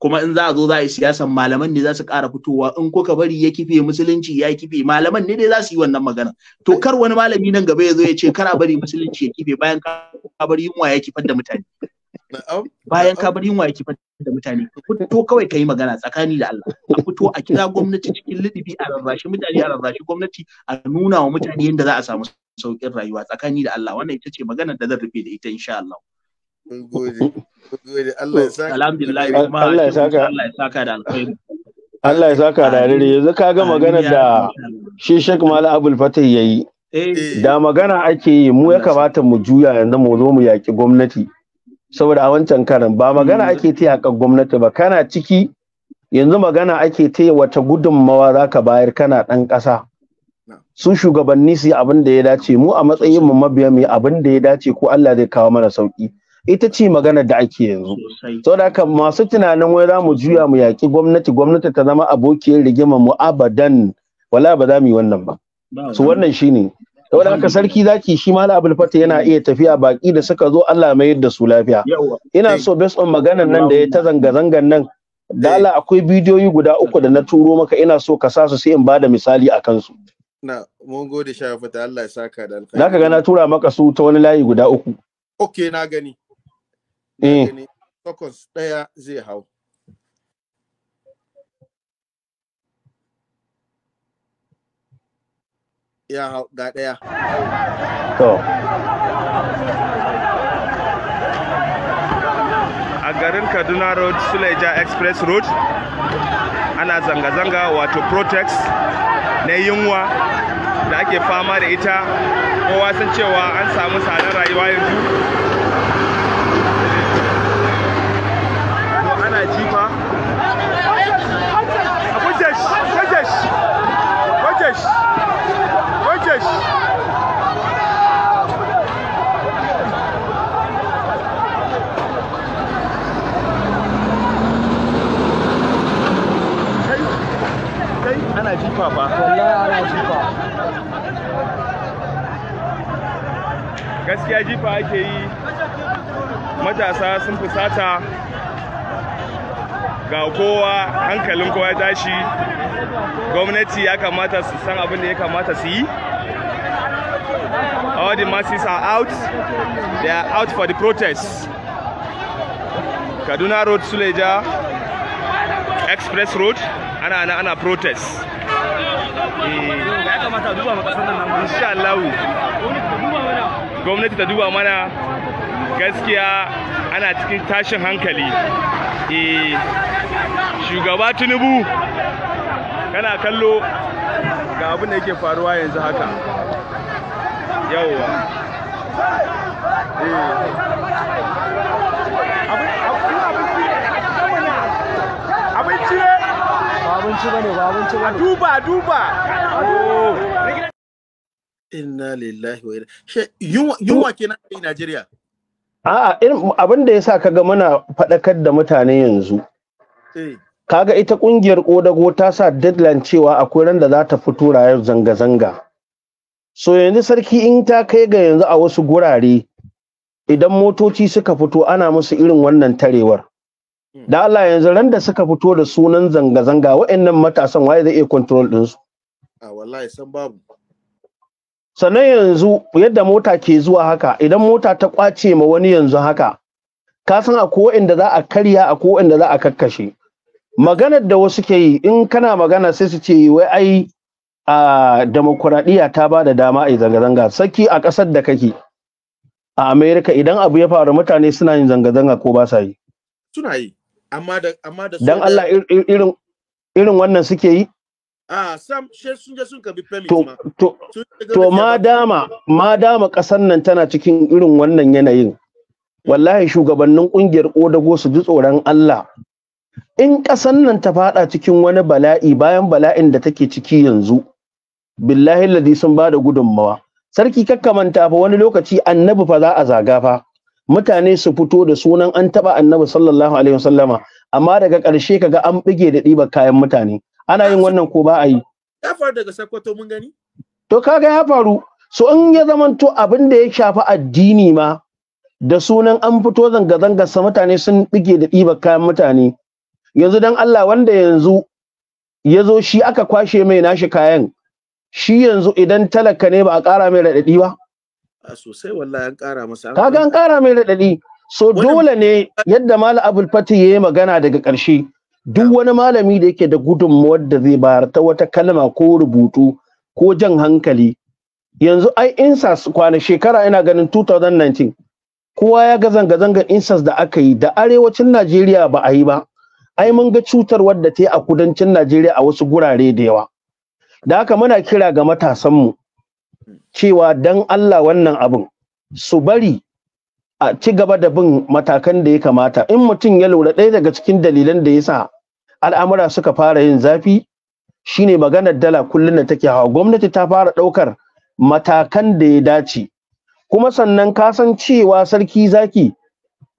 kuma in za a zo za a yi siyasan malaman ne za su ƙara fitowa in kuka bari ya kife musulunci ya kife malaman ne dai za su yi wannan magana to kar wani malami nan gaba ya zo ya ce kar a bari musulunci ya kife bayan ka bari yunwa ya kifar da mutane bayan ka bar yunwa yake da mutane ka fito kawai ka yi magana tsakani da Allah a fito a kira gwamnati cikin lidibi a rarrashi mutane a rarrashi gwamnati a nuna wa mutane yadda za a samu saukin rayuwa tsakani da Allah wannan ita ce magana da zan rufe da ita insha Allah Allah ya saka alhamdulillah kuma Allah ya saka Allah ya saka da alkhairi Allah ya saka da rere yanzu ka ga magana da shi Sheikh Malam Abdul Fatah yayi eh. eh. da magana ake yi mu ya kamata mu juya yanzu mu zo mu yaƙi gwamnati saboda a wancan karin ba magana mm. ake ta yaƙar gwamnati ba kana ciki yanzu magana ake ta wata gudunmawa za ka bayar kana ɗan ƙasa su shugabanni su yi abin da ya dace mu a matsayin mu mabiya mai abin da ya dace ko Allah zai kawo mana sauki ita ce magana da ake yanzu saboda haka masu tunanin wai za mu juya mu yaƙi gwamnati gwamnati ta zama abokiyar rigima mu abadan wala ba za mu yi wannan ba su wannan shine saboda haka sarki zaki shi ma abul fata yana iya tafiya baki da suka zo Allah mai yadda su lafiya ina so based on maganan nan da ya ta zanga zangan nan dala akwai bidiyoyi guda uku da na turo maka ina so ka sa su sai in bada misali a kansu na mun gode shafa ta Allah ya saka da alkhairi zaka ga na tura maka su ta wani layi guda uku okay na gani eh daya zai hau ya hau ga ɗaya. A garin Kaduna Road, Suleja Express Road, ana zanga-zanga wato protex na yunwa da ake fama da ita, kowa san cewa an samu tsadar rayuwa yanzu. shuka ah. gaskiya jifa ake yi matasa sun fusata ga kowa hankalin kowa ya tashi gwamnati ya kamata su san abin da ya kamata su yi all the masses are out they are out for the protest kaduna road suleja express road ana ana ana protest gwamnati ta duba mana gaskiya ana cikin tashin hankali e, shugaba Tinubu kana kallo ga abin da yake faruwa yanzu haka yawwa e. abinci bane ba abinci bane duba duba oh. inna lillahi wa inna yunwa kenan a Najeriya a'a abin da yasa kaga muna faɗakar da mutane yanzu eh. kaga ita kungiyar ƙodago ta sa deadline cewa akwai ran da za ta fito rayar zanga-zanga so yanzu sarki in ta kai ga yanzu a wasu gurare idan motoci suka fito ana musu irin wannan tarewar da Allah yanzu ran da suka fito da sunan zanga-zanga wa'annan matasan waye zai iya control ɗinsu. A wallahi san babu. Sannan yanzu yadda mota ke zuwa haka idan mota ta kwace ma wani yanzu haka ka san akwai wa'anda za a karya akwai wa'anda za a kakkashe. Maganar da wasu ke yi in kana magana sai su ce wai ai a demokuraɗiyya ta ba da dama a zanga-zanga saki a ƙasar da kake a Amerika idan abu ya faru mutane suna yin zanga-zanga ko ba sa yi. Suna yi. amma da dan Allah irin wannan suke yi a sam she sun je sun kabi permit ma to ma dama ma dama kasar nan tana cikin irin wannan yanayin wallahi shugabannin kungiyar ƙodago su ji tsoron Allah in kasan nan ta fada cikin wani bala'i bayan bala'in da take ciki yanzu billahi ladi sun bada gudunmawa sarki kakkamanta fa wani lokaci annabi fa za a zaga fa mutane su fito da sunan an taba annabi sallallahu alaihi wasallama amma daga ƙarshe kaga an bige da ɗibar kayan mutane ana yin wannan ko ba a yi ya faru daga sakwato mun gani to kaga ya faru so in ya zamanto abin da ya shafi addini ma da sunan an fito zanga-zanga sa mutane sun bige da ɗibar kayan mutane yanzu dan Allah wanda yanzu ya zo shi aka kwashe mai nashi kayan shi yanzu idan talaka ne ba a ƙara mai raɗaɗi ba sosai wallahi an ƙara masa kaga an kara mai raɗaɗi so dole ne yadda malam abul ya yayi magana daga ƙarshe duk wani malami da yake da gudunmuwar da zai bayar ta wata kalma ko rubutu ko jan hankali yanzu ai insas kwana shekara ina ganin 2019 kowa ya ga zanga-zangar insas da aka yi da arewacin najeriya ba a yi ba ai mun ga cutar wadda ta yi a kudancin najeriya a wasu gurare da yawa da haka muna kira ga matasanmu cewa dan Allah wannan abin su bari a ci gaba da bin matakan da ya kamata in mutum ya lura ɗaya daga cikin dalilan da ya sa al'amura suka fara yin zafi shine maganar dala kullum da take hawa gwamnati ta fara ɗaukar matakan da ya dace kuma sannan ka san cewa sarki zaki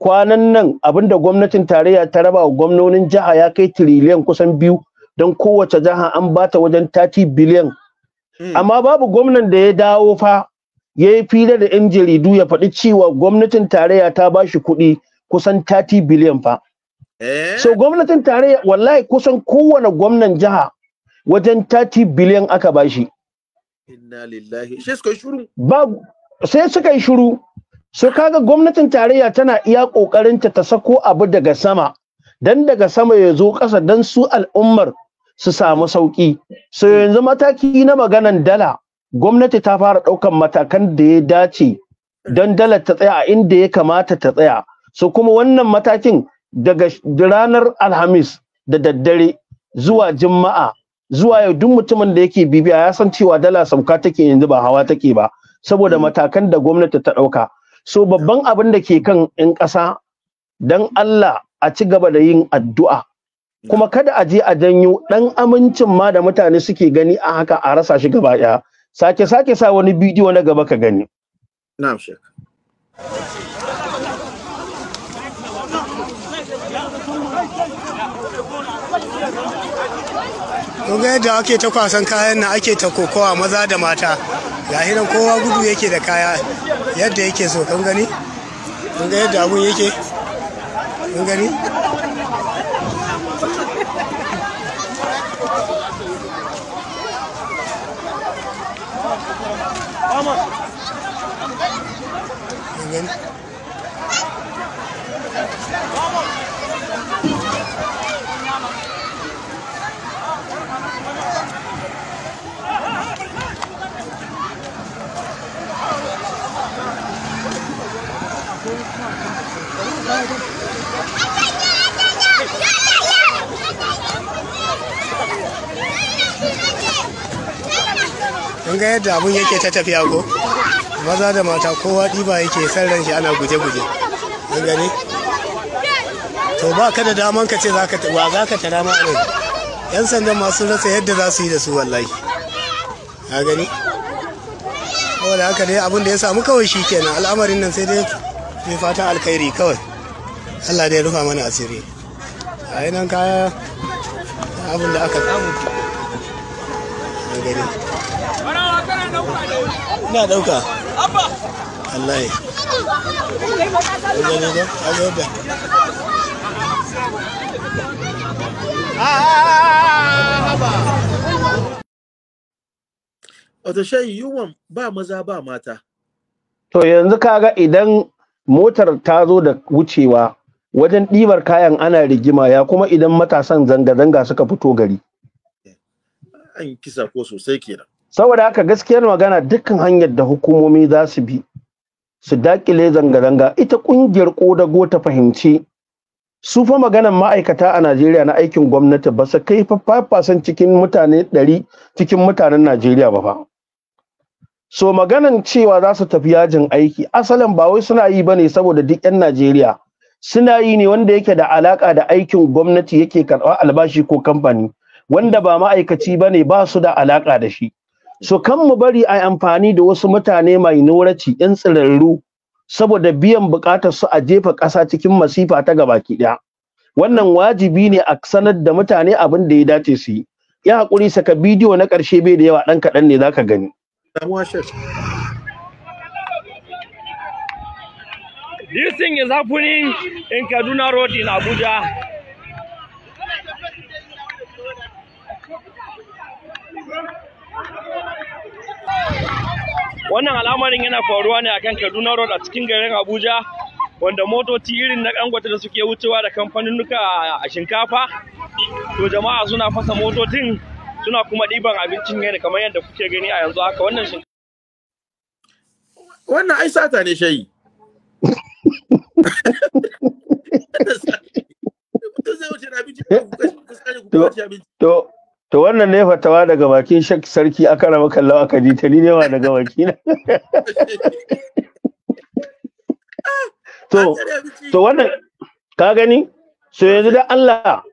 kwanan nan abinda gwamnatin tarayya ta raba wa gwamnonin jiha ya kai tiriliyan kusan biyu don kowace jiha an bata wajen 30 biliyan Hmm. amma babu gwamnan da ya dawo fa ya yi fira da 'yan jaridu ya faɗi cewa gwamnatin tarayya ta ba shi kuɗi kusan 30 biliyan fa. Eh? So gwamnatin tarayya wallahi kusan kowane gwamnan jiha wajen 30 biliyan aka ba shi. Inna lillahi. Sai suka yi shuru. Ba sai suka yi shuru. So kaga gwamnatin tarayya tana iya ƙoƙarinta ta sako abu daga sama. Dan daga sama ya zo ƙasa dan su al'ummar su samu sauƙi. so yanzu mataki na maganan dala gwamnati ta fara ɗaukan matakan da ya dace don dala ta tsaya a inda ya kamata ta tsaya so kuma wannan matakin daga ranar alhamis da daddare zuwa juma'a zuwa yau duk mutumin da yake bibiya ya san cewa dala sauka take yanzu ba hawa take ba saboda matakan da gwamnati ta ɗauka so babban abin da ke kan in ƙasa don Allah a ci gaba da yin addu'a kuma mm. kada a je a janyo dan amincin ma da mutane suke gani a haka a rasa shi gaba ɗaya sake sake sa wani bidiyo na gaba ka gani na'am shek ga yadda ake ta kwasan kayan na ake ta kokowa maza da mata ya hira kowa gudu yake da kaya yadda yake so kan gani kun ga yadda abun yake kun gani yen Kun ga yadda abun yake ta tafiya ko? maza da mata kowa ɗiba yake san ran shi ana guje-guje an gani to ba ka da daman ka ce wa za ka tara ma anan yan sandan masu rasa yadda za su yi da su wallahi a gani saboda haka dai abin da ya samu kawai shi kenan al'amarin nan sai dai mai fatan alkhairi kawai allah dai rufa mana asiri a yi nan kaya abin da aka samu a gani na ɗauka wallahi Wata shayi yiwuwan ba maza ba mata. To yanzu kaga idan motar ta zo da wucewa wajen ɗibar kayan ana rigima ya kuma idan matasan zanga-zanga suka fito gari. An kisa ko sosai kenan. saboda haka gaskiyar magana dukkan hanyar da hukumomi za su bi su dakile zanga-zanga ita ƙungiyar ƙodago ta fahimci su fa maganan ma'aikata a Najeriya na aikin gwamnati ba su kai fafasan cikin mutane ɗari cikin mutanen Najeriya ba fa. So maganan cewa za su tafi yajin aiki asalin ba wai suna yi bane saboda duk 'yan Najeriya suna yi ne wanda yake da alaka da aikin gwamnati yake karɓar albashi ko kamfani wanda ba ma'aikaci bane ba su da alaka da shi. so kan mu bari a amfani da wasu mutane mai noraci yan tsirarru saboda biyan bukatar su a jefa ƙasa cikin masifa ta gabaki ɗaya wannan wajibi ne a sanar da mutane abin da ya dace su yi ya haƙuri saka bidiyo na ƙarshe bai da yawa ɗan kaɗan ne za ka gani This thing is happening in Kaduna Road in Abuja. wannan al'amarin yana faruwa ne akan kaduna road a cikin garin abuja wanda motoci irin na kangwata da suke wucewa da kamfaninnuka a shinkafa to jama'a suna fasa motocin suna kuma ɗiban abincin ne kamar yadda kuke gani a yanzu haka wannan wannan ai sata ne shayi to To wannan ne fatawa daga bakin shak sarki aka rama kallawa ka ji ta ni daga na? To, to wannan ka gani? So yanzu da Allah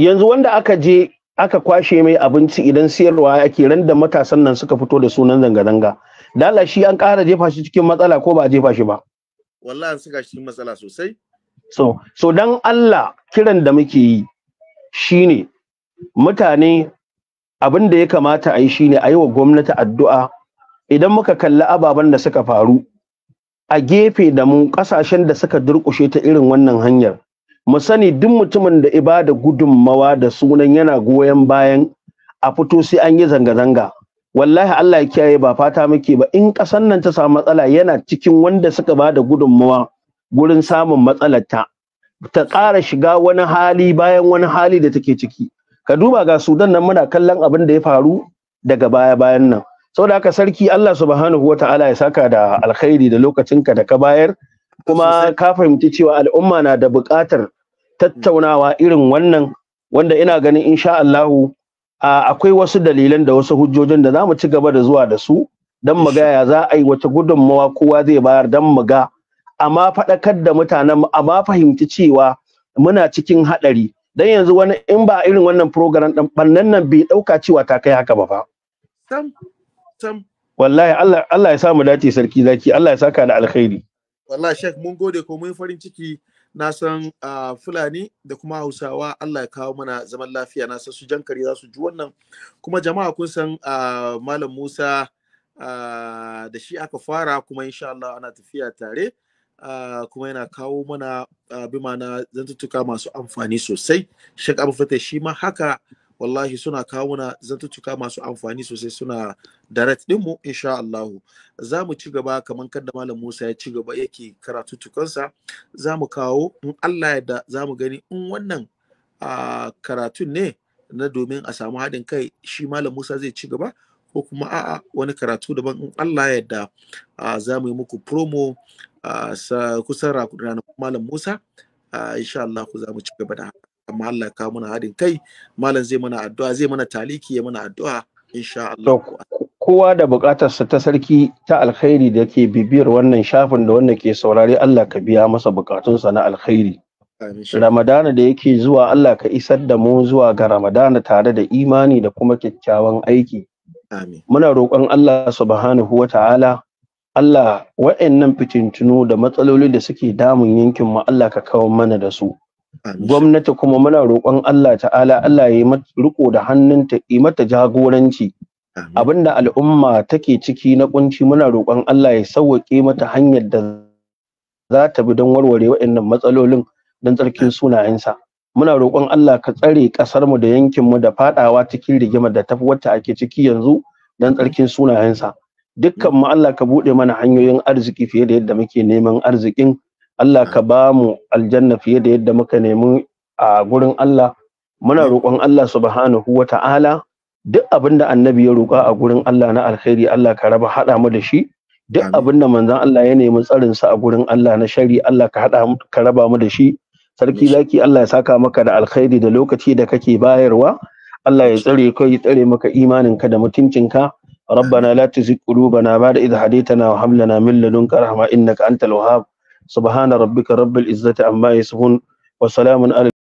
yanzu wanda aka je aka kwashe mai abinci idan siyarwa ake ran da matasan nan suka fito da sunan zanga-zanga. Dala shi an ƙara jefa shi cikin matsala ko ba jefa shi ba. Wallahi an suka shi matsala sosai. So, so Allah kiran da muke yi shine mutane abin da ya kamata a yi shi ne a yi wa gwamnati addu'a idan muka kalli ababen da suka faru a gefe da mu ƙasashen da suka durƙushe ta irin wannan hanyar mu sani duk mutumin da ibada gudunmawa da sunan yana goyon bayan a fito sai an yi zanga-zanga wallahi Allah ya kiyaye ba fata muke ba in ƙasar nan ta samu matsala yana cikin wanda suka ba da gudunmawa gurin samun matsalar ta ta ƙara shiga wani hali bayan wani hali da take ciki ka duba ga sudan nan muna kallon abin da ya faru daga baya bayan nan saboda haka sarki Allah subhanahu wa ta'ala ya saka da alkhairi da lokacinka da ka bayar kuma ka fahimci cewa al'umma na da buƙatar tattaunawa irin wannan wanda ina ganin insha Allahu akwai wasu dalilan da wasu hujjojin da za mu ci gaba da zuwa da su dan mu ga ya za a yi wata gudunmawa kowa zai bayar dan mu ga amma faɗakar da mutanen amma fahimci cewa muna cikin haɗari dan yanzu wani in ba irin wannan program dan bannan nan bai ɗauka cewa ta kai haka ba fa sam sam wallahi Allah Allah ya sa mu dace sarki zaki Allah ya saka da alkhairi wallahi shek mun gode ko mun farin ciki na san fulani da kuma hausawa Allah ya kawo mana zaman lafiya na san su jankari za su ji wannan kuma jama'a kun san malam Musa da shi aka fara kuma insha Allah ana tafiya tare Ah, kuma yana kawo mana ah, bi mana zantuttuka masu amfani sosai shek abu fata shi ma haka wallahi suna kawo mana zantuttuka masu amfani sosai suna direct dinmu insha Allah za mu ci gaba kamar kadda malam Musa ya ci gaba yake tukansa? za mu kawo in Allah ya da za mu gani in wannan ah, karatun ne na domin a samu haɗin kai shi malam Musa zai ci gaba ko kuma a'a wani karatu daban in Allah ya yarda za mu yi muku promo sa kusan ranar malam Musa insha Allah ku za mu ci gaba da haka amma Allah ka muna hadin kai malam zai mana addu'a zai mana taliki ya mana addu'a insha Allah kowa da buƙatar sa ta sarki ta alkhairi da ke bibiyar wannan shafin da wannan ke saurare Allah ka biya masa buƙatunsa na alkhairi Ramadana da yake zuwa Allah ka isar da mu zuwa ga Ramadana tare da imani da kuma kyakkyawan aiki muna roƙon Allah subhanahu wa ta'ala Allah wa'annan fitintunu da matsaloli da suke damun yankin mu Allah ka kawo mana da su gwamnati kuma muna roƙon Allah ta'ala Allah ya yi riko da hannunta yi mata jagoranci abinda al'umma take ciki na kunci muna roƙon Allah ya sauwaƙe mata hanyar da za ta bi don warware wa'annan matsalolin don tsarkin sunayensa muna roƙon Allah ka tsare ƙasarmu da yankinmu da faɗawa cikin rigimar da tafi wacce ake ciki yanzu don tsarkin sunayensa dukkan mu Allah ka buɗe mana hanyoyin arziki fiye da yadda muke neman arzikin Allah ka ba mu aljanna fiye da yadda muka nemi a gurin Allah muna roƙon Allah subhanahu wa ta'ala duk abinda annabi ya roƙa a gurin Allah na alkhairi Allah ka raba haɗa mu da shi duk abinda manzon Allah ya nemi tsarin sa a gurin Allah na shari Allah ka hada ka raba mu da shi sarki zaki Allah ya saka maka da alkhairi da lokaci da kake bayarwa Allah ya tsare ka ya tsare maka imaninka da mutuncinka ربنا لا تزغ قلوبنا بعد إذ هديتنا وهب لنا من لدنك رحمة إنك أنت الوهاب سبحان ربك رب العزة عما يصفون وسلام على